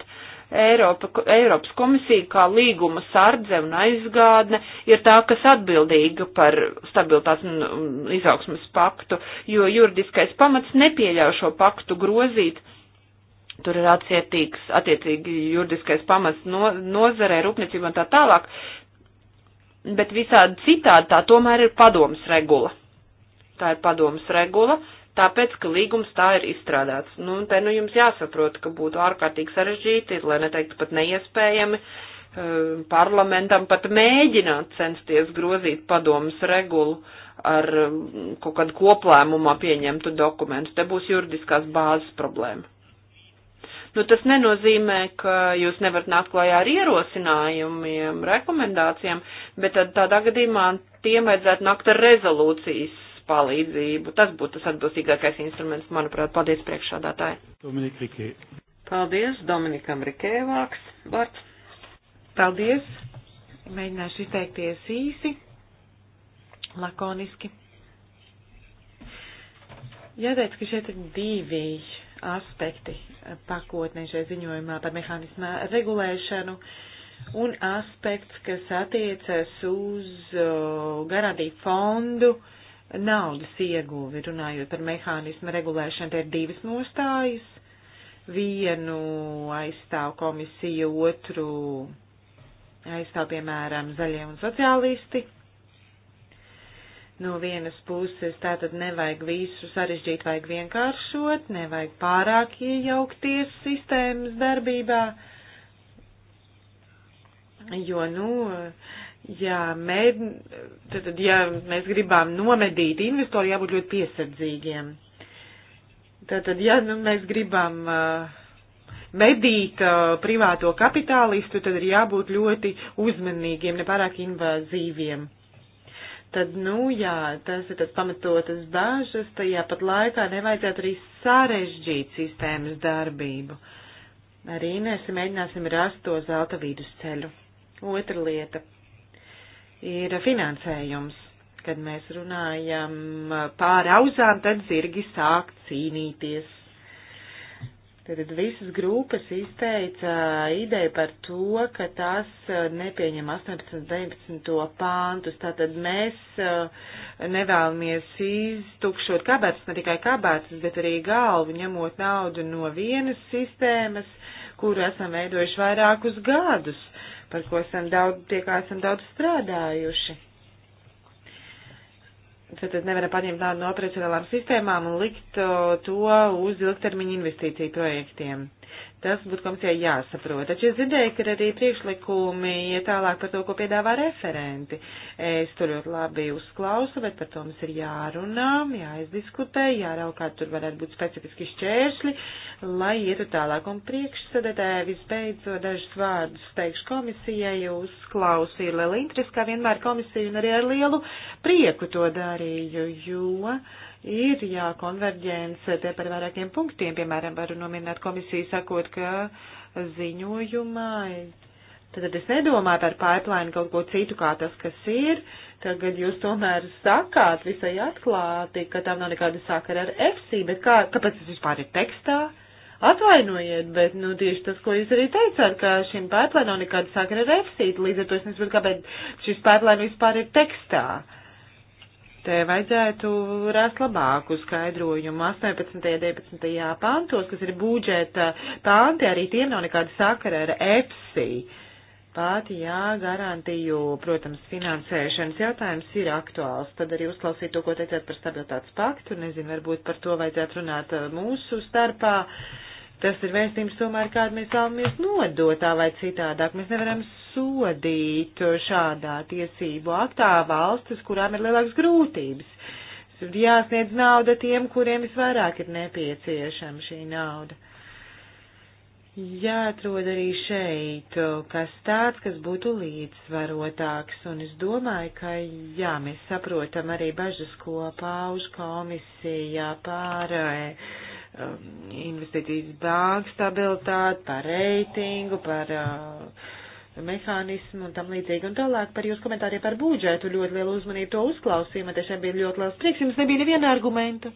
Eiropa, Eiropas komisija kā līguma sardze un aizgādne ir tā, kas atbildīga par stabilitātes un izaugsmas paktu, jo juridiskais pamats nepieļauj šo paktu grozīt. Tur ir attiecīgs, attiecīgi juridiskais pamats no, nozarē, rūpniecība un tā tālāk, bet visādi citādi tā tomēr ir padomas regula. Tā ir padomas regula, tāpēc, ka līgums tā ir izstrādāts. Nu, te nu jums jāsaprot, ka būtu ārkārtīgi sarežģīti, lai neteiktu pat neiespējami, eh, parlamentam pat mēģināt censties grozīt padomas regulu ar mm, kaut kādu koplēmumā pieņemtu dokumentu. Te būs juridiskās bāzes problēma. Nu, tas nenozīmē, ka jūs nevarat nākt klājā ar ierosinājumiem, rekomendācijām, bet tad tādā gadījumā tiem vajadzētu nākt ar rezolūcijas palīdzību. Tas būtu tas atbilstīgākais instruments, manuprāt. Paldies priekšādātāji. Dominika Rikē. Paldies, Dominikam Rikē vārds. vārds. Paldies. Mēģināšu izteikties īsi, lakoniski. Jāteic, ka šeit ir divi aspekti pakotnē šajā ziņojumā par mehānismu regulēšanu un aspekts, kas attiecas uz uh, garantiju fondu uh, naudas ieguvi, runājot par mehānismu regulēšanu, te ir divas nostājas. Vienu aizstāv komisija, otru aizstāv, piemēram, zaļie un sociālisti. No vienas puses tātad nevajag visu sarežģīt, vajag vienkāršot, nevajag pārāk iejaukties sistēmas darbībā, jo, nu, uh, Jā, mēd, tad, tad, ja mēs gribam nomedīt investoru, jābūt ļoti piesardzīgiem. Tātad, ja nu, mēs gribam uh, medīt uh, privāto kapitālistu, tad ir jābūt ļoti uzmanīgiem, nepārāk invazīviem. Tad, nu jā, tas ir tas pamatotas bāžas, tajā pat laikā nevajadzētu arī sarežģīt sistēmas darbību. Arī mēs mēģināsim rast to zelta vidusceļu. Otra lieta ir finansējums. Kad mēs runājam pār auzām, tad zirgi sāk cīnīties. Tad visas grupas izteica ideju par to, ka tās uh, nepieņem 18 un 19 pāntus. Tātad mēs uh, nevēlamies iztukšot kabatas, ne tikai kabatas, bet arī galvu, ņemot naudu no vienas sistēmas, kuru esam veidojuši vairākus gadus par ko esam daudz, pie kā esam daudz strādājuši. Tātad nevaram paņemt naudu no operacionālām sistēmām un likt uh, to uz ilgtermiņa investīciju projektiem. Tas būtu komisijai jāsaprot. Taču es dzirdēju, ka arī priekšlikumi iet tālāk par to, ko piedāvā referenti. Es to ļoti labi uzklausu, bet par to mums ir jārunā, jāizdiskutē, jārauk, kā tur varētu būt specifiski šķēršļi, lai ietu tālāk. Un priekšsēdētāji visbeidzot dažus vārdus teikšu komisijai, uzklausīju lielu interesi, kā vienmēr komisiju un arī ar lielu prieku to darīju, jo. Uh, ir jākonverģence te par vairākiem punktiem. Piemēram, varu nominēt komisiju sakot, ka ziņojumā. Tad es nedomāju par pipeline kaut ko citu kā tas, kas ir. Tagad jūs tomēr sakāt visai atklāti, ka tam nav nekāda sakara ar FC, bet kā, kāpēc tas vispār ir tekstā? Atvainojiet, bet, nu, tieši tas, ko jūs arī teicāt, ka šim pipeline nav nekāda sakara ar FC, līdz ar to es nesaprotu, kāpēc šis pipeline vispār ir tekstā. Uh, Te vajadzētu rast labāku skaidrojumu 18. un 19. pāntos, kas ir budžeta pānti, arī tiem nav nekāda sakara ar EPSI. Pāti, jā, garantiju, protams, finansēšanas jautājums ir aktuāls. Tad arī uzklausīt to, ko teicāt par stabilitātes paktu. Nezinu, varbūt par to vajadzētu runāt uh, mūsu starpā. Uh, Tas ir vēstījums tomēr, kādu mēs vēlamies nodot tā vai citādāk. Mēs nevaram sodīt šādā tiesību aktā valstis, kurām ir lielākas grūtības. Jāsniedz nauda tiem, kuriem visvairāk ir nepieciešama šī nauda. Jāatrod arī šeit kas tāds, kas būtu līdzsvarotāks, un es domāju, ka jā, mēs saprotam arī bažas, ko pauž komisijā pārējai eh, Um, investīcijas bāgu stabilitāti, par reitingu, par uh, mehānismu un tam līdzīgi. Un tālāk par jūsu komentāriem par budžetu ļoti lielu uzmanību to uzklausījām, tiešām bija ļoti liels prieks, jums nebija neviena argumenta.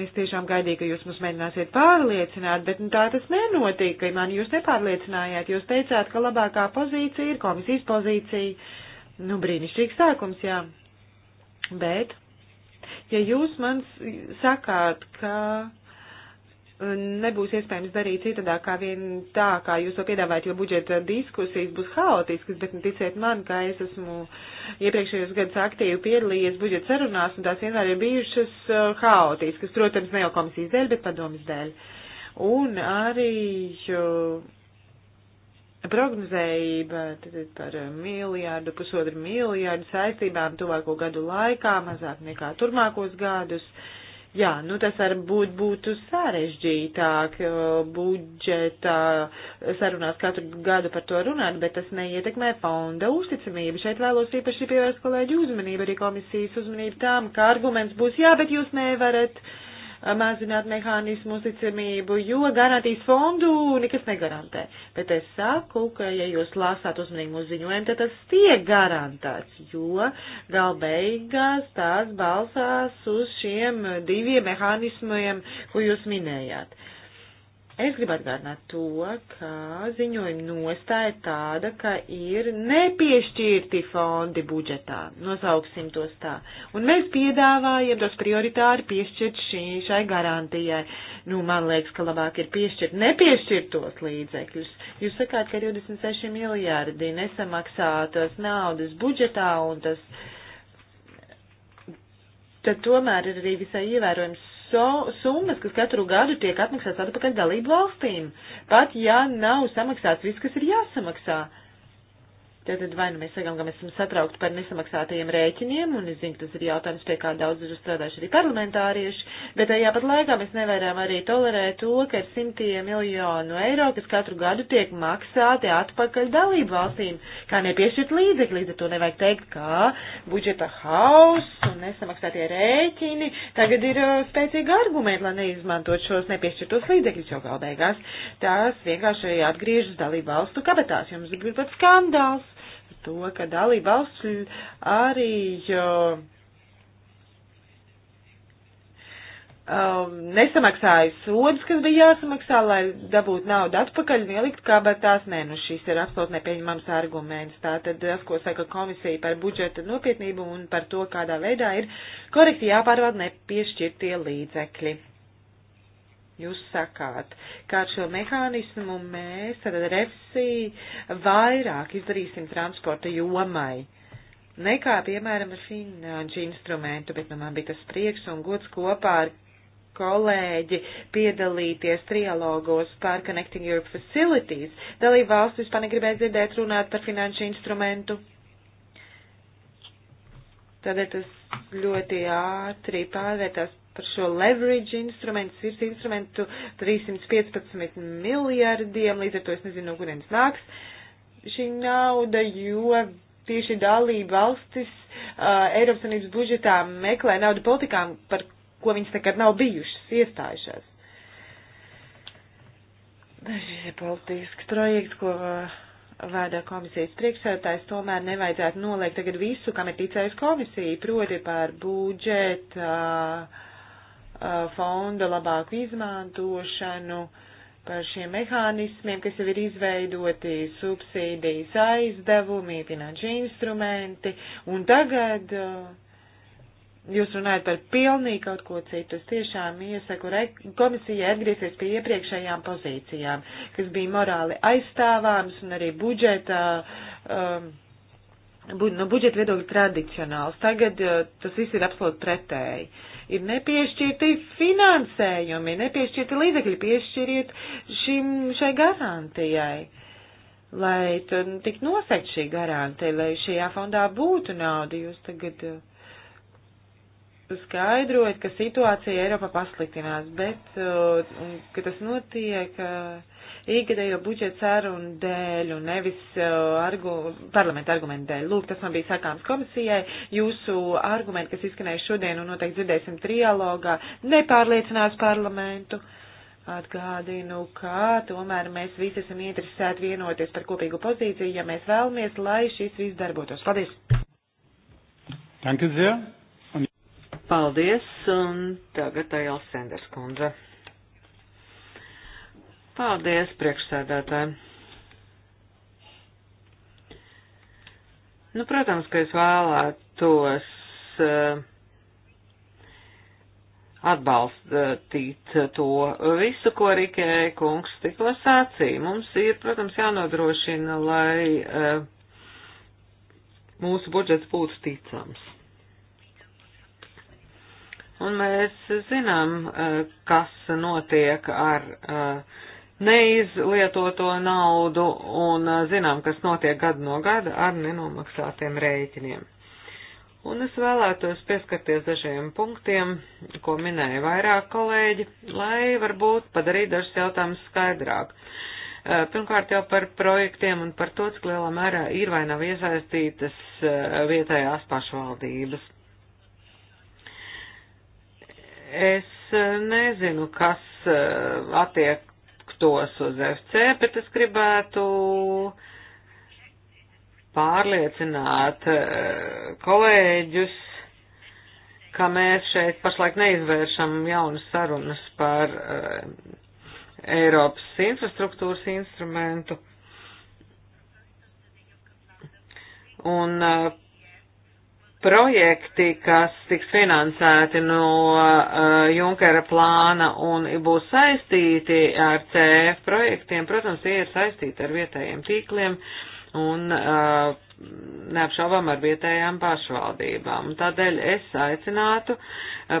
Es tiešām gaidīju, ka jūs mums mēģināsiet pārliecināt, bet nu, tā tas nenotika. Man jūs nepārliecinājāt. Jūs teicāt, ka labākā pozīcija ir komisijas pozīcija. Nu, brīnišķīgs sākums, jā. Bet Ja jūs man sakāt, ka e, nebūs iespējams darīt citādāk kā vien tā, kā jūs to piedāvājat, jo budžeta diskusijas būs haotiskas, bet ticiet man, ka es esmu iepriekšējos gadus aktīvi piedalījies budžeta sarunās, un tās vienmēr ir bijušas e, haotiskas, protams, ne jau komisijas dēļ, bet padomas dēļ. Un arī. Uh, prognozējība par eh, miljārdu, pusotru miljārdu saistībām tuvāko gadu laikā, mazāk nekā turmākos gadus. Jā, nu tas varbūt būtu sarežģītāk budžeta sarunās katru gadu par to runāt, bet tas neietekmē fonda uzticamību. Šeit vēlos īpaši pievērst kolēģi uzmanību, arī komisijas uzmanību tām, ka arguments būs jā, bet jūs nevarat uh, mazināt mehānismu uzticamību, jo garantijas fondu nekas negarantē. Bet es saku, ka ja jūs lasāt uzmanīgi mūsu ziņojumu, tad tas tiek garantēts, jo gal beigās tās balsās uz šiem diviem mehānismiem, ko jūs minējāt. Es gribu atgādināt to, ka ziņojuma nostāja tāda, ka ir nepiešķirti fondi budžetā, nosauksim tos tā. Un mēs piedāvājam tos prioritāri piešķirt šī, šai garantijai. Nu, man liekas, ka labāk ir piešķirt nepiešķirtos līdzekļus. Jūs sakāt, ka 26 miljārdi nesamaksātas naudas budžetā un tas tad tomēr ir arī visai ievērojams so, summas, kas katru gadu tiek atmaksāts atpakaļ dalību valstīm, pat ja nav samaksāts viss, kas ir jāsamaksā. Tātad vai nu mēs sakām, ka mēs esam satraukti par nesamaksātajiem rēķiniem, un es zinu, tas ir jautājums, pie kā daudz ir strādājuši arī parlamentārieši, bet tajā eh, pat laikā mēs nevaram arī tolerēt to, ka ir simtiem miljonu eiro, kas katru gadu tiek maksāti atpakaļ dalību valstīm, kā nepiešķirt līdzekļi, līdz ar to nevajag teikt, kā budžeta haus un nesamaksātie rēķini tagad ir eh, spēcīgi argumenti, lai neizmantot šos nepiešķirtos līdzekļus jau galbeigās. Tās vienkārši atgriežas dalību valstu kabatās, jums ir pat skandāls to, ka dalība valsts arī jo, um, nesamaksāja sodas, kas bija jāsamaksā, lai dabūtu naudu atpakaļ un ielikt kabatās. Nē, nu šis ir absolūti nepieņemams arguments. Tātad tas, ko saka komisija par budžeta nopietnību un par to, kādā veidā ir korekti jāpārvalda nepiešķirtie līdzekļi. Jūs sakāt, kā ar šo mehānismu mēs ar refsī vairāk izdarīsim transporta jomai nekā, piemēram, ar finanšu instrumentu, bet nu, man bija tas prieks un gods kopā ar kolēģi piedalīties trialogos par Connecting Europe Facilities. Dalība valsts vispār negribēja dzirdēt runāt par finanšu instrumentu. Tādēļ tas ļoti ātri pārvērtās par šo leverage instrumentu, sirds instrumentu 315 miljardiem, līdz ar to es nezinu, no kurienes nāks šī nauda, jo tieši dalība valstis uh, Eiropas Unības budžetā meklē naudu politikām, par ko viņas nekad nav bijušas iestājušās. Šis ir politisks projekts, ko uh, vēdā komisijas priekšsētājs tomēr nevajadzētu noliegt tagad visu, kam ir ticējusi komisija, proti par budžetu. Uh, Uh, fonda labāku izmantošanu, par šiem mehānismiem, kas jau ir izveidoti, subsīdijas aizdevumi, finanšu instrumenti, un tagad uh, jūs runājat par pilnīgi kaut ko citu. Es tiešām iesaku komisijai atgriezties pie iepriekšējām pozīcijām, kas bija morāli aizstāvāmas un arī budžeta. Um, No budžeta viedokļa tradicionāls. Tagad uh, tas viss ir absolūti pretēji. Uh, ir nepiešķirti finansējumi, nepiešķirti līdzekļi, piešķiriet šim, šai garantijai. Lai tik nosegt šī garantija, lai šajā fondā būtu nauda, jūs tagad uh, skaidrojat, ka situācija Eiropā pasliktinās, bet, uh, un, ka tas notiek. Uh, ikgadējo budžeta sarunu dēļ un nevis uh, argu, parlamenta argumentu dēļ. Lūk, tas man bija sakāms komisijai. Jūsu argumenti, kas izskanēja šodien un noteikti dzirdēsim trialogā, nepārliecinās parlamentu. Atgādinu, ka tomēr mēs visi esam interesēti vienoties par kopīgu pozīciju, ja mēs vēlamies, lai šis viss darbotos. Paldies! Danke sehr. Paldies, un tagad Ajāls Senders kundze. Paldies priekšsēdētājiem. Nu, protams, ka es vēlētos uh, atbalstīt eh, to visu, ko Rikē kungs tikko sācīja. Mums ir, protams, jānodrošina, lai uh, mūsu budžets būtu ticams. Un mēs zinām, uh, kas notiek ar uh, neizlietoto naudu un zinām, kas notiek gadu no gada ar nenomaksātiem rēķiniem. Un es vēlētos pieskarties dažiem punktiem, ko minēja vairāk kolēģi, lai varbūt padarītu dažus jautājumus skaidrāk. Pirmkārt jau par projektiem un par to, cik lielā mērā ir vai nav iesaistītas vietējās pašvaldības. Es nezinu, kas attiek skatos uz FC, bet es gribētu pārliecināt eh, kolēģus, ka mēs šeit pašlaik neizvēršam jaunas sarunas par eh, Eiropas infrastruktūras instrumentu. Un eh, projekti, kas tiks finansēti no uh, Junkera plāna un būs saistīti ar CF projektiem, protams, tie ir saistīti ar vietējiem tīkliem un uh, neapšaubām ar vietējām pašvaldībām. Tādēļ es aicinātu uh,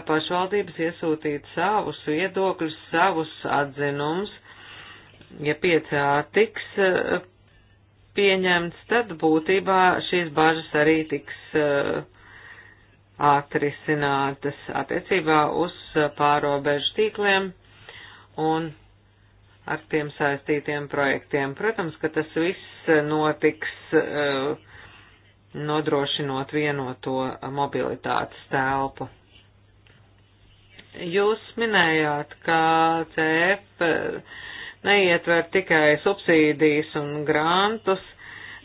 pašvaldības iesūtīt savus viedokļus, savus atzinumus, ja piecā tiks uh, pieņemts, tad būtībā šīs bažas arī tiks uh, atrisinātas attiecībā uz uh, pārobežu tīkliem un ar tiem saistītiem projektiem. Protams, ka tas viss uh, notiks uh, nodrošinot vienoto mobilitātes telpu. Jūs minējāt, ka CF uh, neietver tikai subsīdijas un grantus.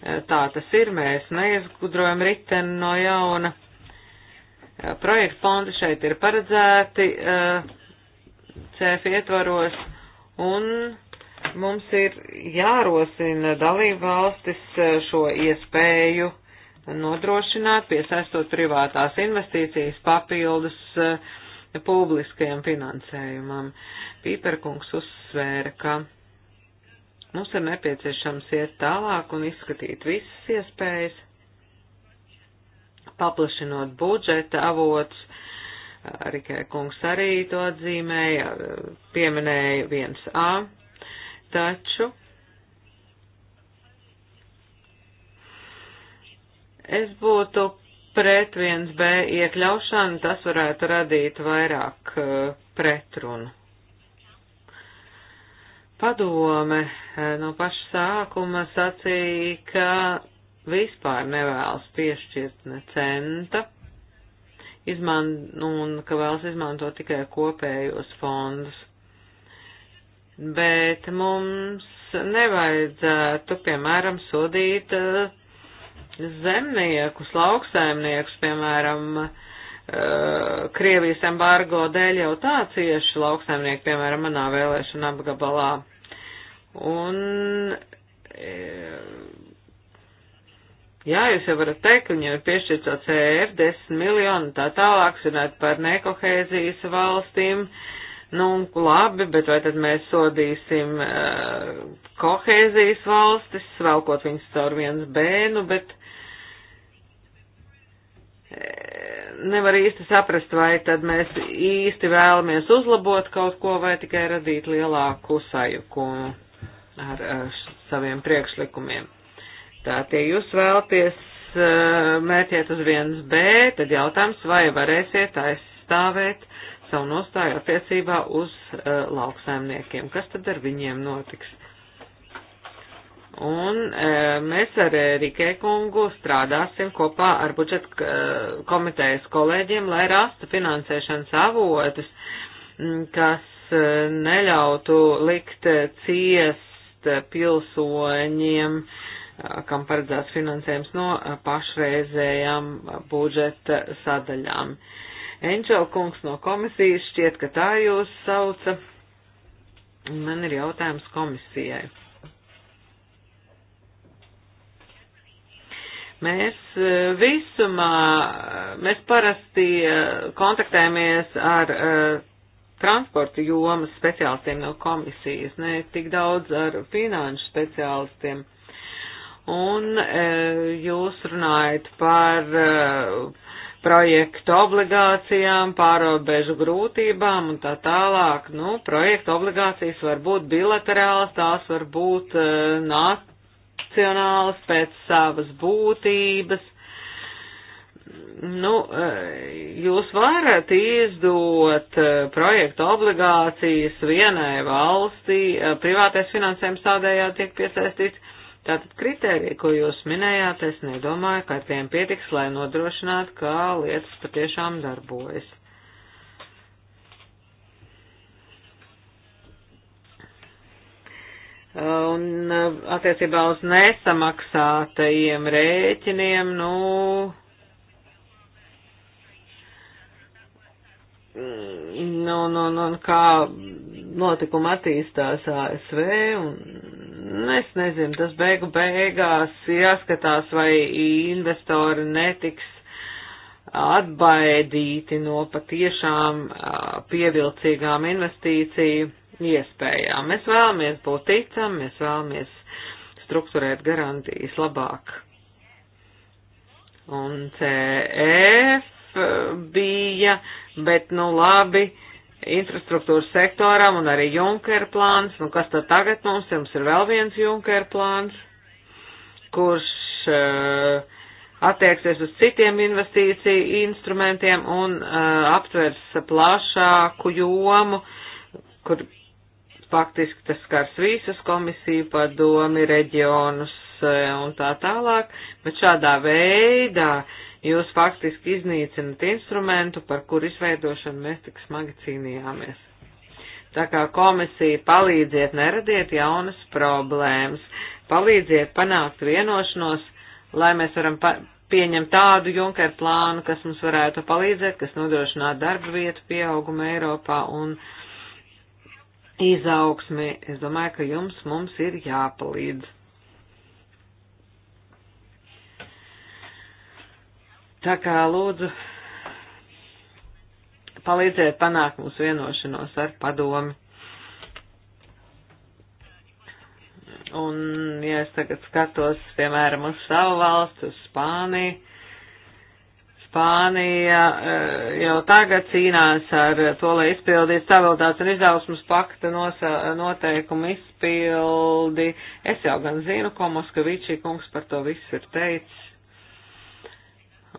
E, Tā tas ir, mēs neizgudrojam riteni no jauna. E, Projekta fondi šeit ir paredzēti e, CF ietvaros un mums ir jārosina dalību valstis šo iespēju nodrošināt, piesaistot privātās investīcijas papildus uh, publiskajam finansējumam. Pīperkungs uzsvēra, ka mums ir nepieciešams iet tālāk un izskatīt visas iespējas, paplašinot budžeta avots. Rikai kungs arī to atzīmēja, pieminēja 1A, taču es būtu pret 1B iekļaušanu, tas varētu radīt vairāk eh, pretrunu. Padome eh, no paša sākuma sacīja, ka vispār nevēlas piešķirt ne centa, izman, un ka vēlas izmantot tikai kopējos fondus. Bet mums nevajadzētu, piemēram, sodīt uh, zemniekus, lauksaimniekus, piemēram, eh, Krievijas embargo dēļ jau tā cieši lauksaimnieki, piemēram, manā vēlēšana apgabalā. Un, eh, jā, jūs jau varat teikt, ka viņiem ir piešķirts CR ER 10 miljonu, tā tālāk, zināt, par nekohēzijas valstīm. Uh, Nu, labi, bet vai tad mēs sodīsim uh, kohēzijas valstis, svelkot viņus caur viens bēnu, bet uh, nevar īsti saprast, vai tad mēs īsti vēlamies uzlabot kaut ko, vai tikai radīt lielāku sajukumu ar uh, saviem priekšlikumiem. Tātad, ja jūs vēlaties uh, mērķēt uz viens B, tad jautājums, vai varēsiet aizstāvēt uh, savu nostāju attiecībā uz uh, lauksaimniekiem. Kas tad ar viņiem notiks? Un uh, mēs ar Rikē kungu strādāsim kopā ar budžeta uh, e, komitejas kolēģiem, lai rastu finansēšanas avotus, kas uh, neļautu likt ciest pilsoņiem uh, kam paredzēts finansējums no pašreizējām budžeta sadaļām. Uh, Enčel kungs no komisijas šķiet, ka tā jūs sauca. Man ir jautājums komisijai. Mēs e, visumā, mēs parasti e, kontaktējamies ar e, transporta jomas speciālistiem no komisijas, ne tik daudz ar finanšu speciālistiem. Un jūs runājat par projektu obligācijām, pārobežu grūtībām un tā tālāk. Nu, projektu obligācijas var būt bilaterālas, tās var būt uh, nacionālas pēc savas būtības. Nu, eh, jūs varat izdot eh, projektu obligācijas vienai valstī, privātais finansējums tādējādi tiek piesaistīts Tātad kritērija, ko jūs minējāt, es nedomāju, ka ar tiem pietiks, lai nodrošinātu, kā lietas patiešām darbojas. Un uh, attiecībā uz nesamaksātajiem rēķiniem, nu, mm, nu, nu, nu, kā notikuma attīstās ASV un Nu, es nezinu, tas beigu beigās jāskatās, vai investori netiks atbaidīti no patiešām pievilcīgām investīciju iespējām. Mēs vēlamies būt ticam, mēs vēlamies strukturēt garantijas labāk. Un CF bija, bet nu labi infrastruktūras sektoram un arī Junker plāns. Nu, kas tad tagad mums? Mums ir vēl viens Junker plāns, kurš uh, attieksies uz citiem investīciju instrumentiem un uh, aptvers plašāku jomu, kur faktiski tas skars visas komisiju, padomi, reģionus uh, un tā tālāk. Bet šādā veidā Jūs faktiski iznīcinat instrumentu, par kur izveidošanu mēs tik smagi cīnījāmies. Tā kā komisija palīdziet neradiet jaunas problēmas, palīdziet panākt vienošanos, lai mēs varam pieņemt tādu Junker plānu, kas mums varētu palīdzēt, kas nodrošinātu darba vietu pieaugumu Eiropā un izaugsmi. Es domāju, ka jums mums ir jāpalīdz. Tā kā lūdzu palīdzēt panākt mūsu vienošanos ar padomi. Un, ja es tagad skatos, piemēram, uz savu valstu, uz Spāniju, Spānija eh, jau tagad cīnās ar to, lai izpildītu stabilitātes un izaugsmas pakta nosa, noteikumu izpildi. Es jau gan zinu, ko Moskavičī kungs par to viss ir teicis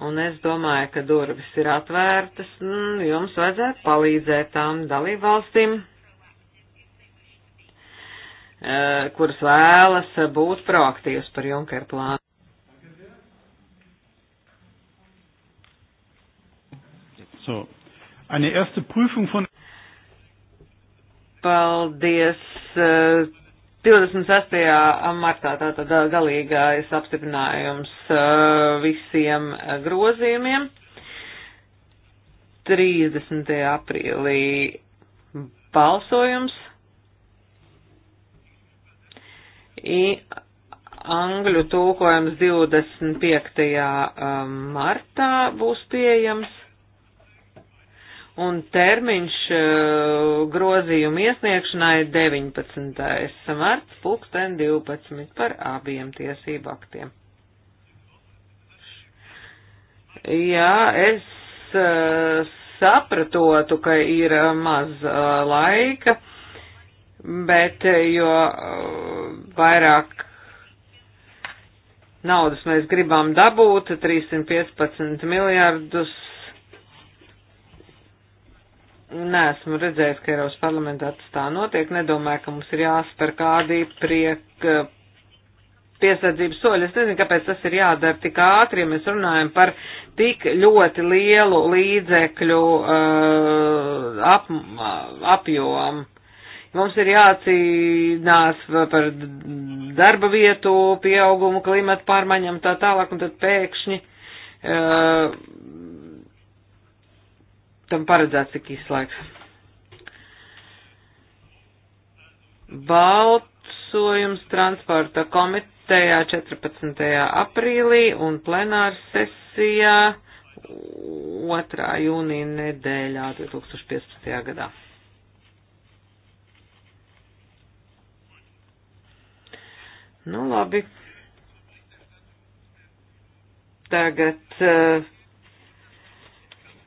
un es domāju, ka durvis ir atvērtas, un mm, jums vajadzētu palīdzēt tām dalībvalstīm, eh, kuras vēlas būt proaktīvas par Junker plānu. So, eine erste Prüfung von Paldies. Uh, 26. martā tātad galīgais apstiprinājums visiem grozījumiem. 30. aprīlī balsojums. I, angļu tūkojums 25. martā būs pieejams un termiņš eh, grozījuma iesniegšanai 19. marts, pulksten 12 par abiem tiesību aktiem. Jā, es eh, sapratotu, ka ir eh, maz laika, bet jo vairāk naudas mēs gribam dabūt, 315 miljārdus neesmu redzējis, ka Eiropas parlamentā tas tā notiek. Nedomāju, ka mums ir jāspēr kādi priek piesardzības eh, soļi. Es nezinu, kāpēc tas ir jādara tik ātri, ja mēs runājam par tik ļoti lielu līdzekļu uh, ap, apjomu. Mums ir jācīnās par darba vietu, pieaugumu, klimatu pārmaiņam tā tālāk, un tad pēkšņi uh, tam paredzēts tik izslēgts. Balsojums transporta komitejā 14. aprīlī un plenāra sesijā 2. jūnija nedēļā 2015. gadā. Nu, labi. Tagad uh,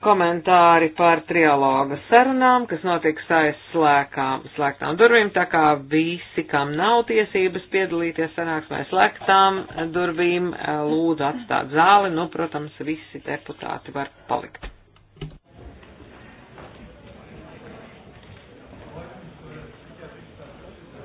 komentāri par trialoga sarunām, kas notiks aizslēgtām slēgtām durvīm, tā kā visi, kam nav tiesības piedalīties sanāksmē slēgtām durvīm, lūdzu atstāt zāli, nu, protams, visi deputāti var palikt.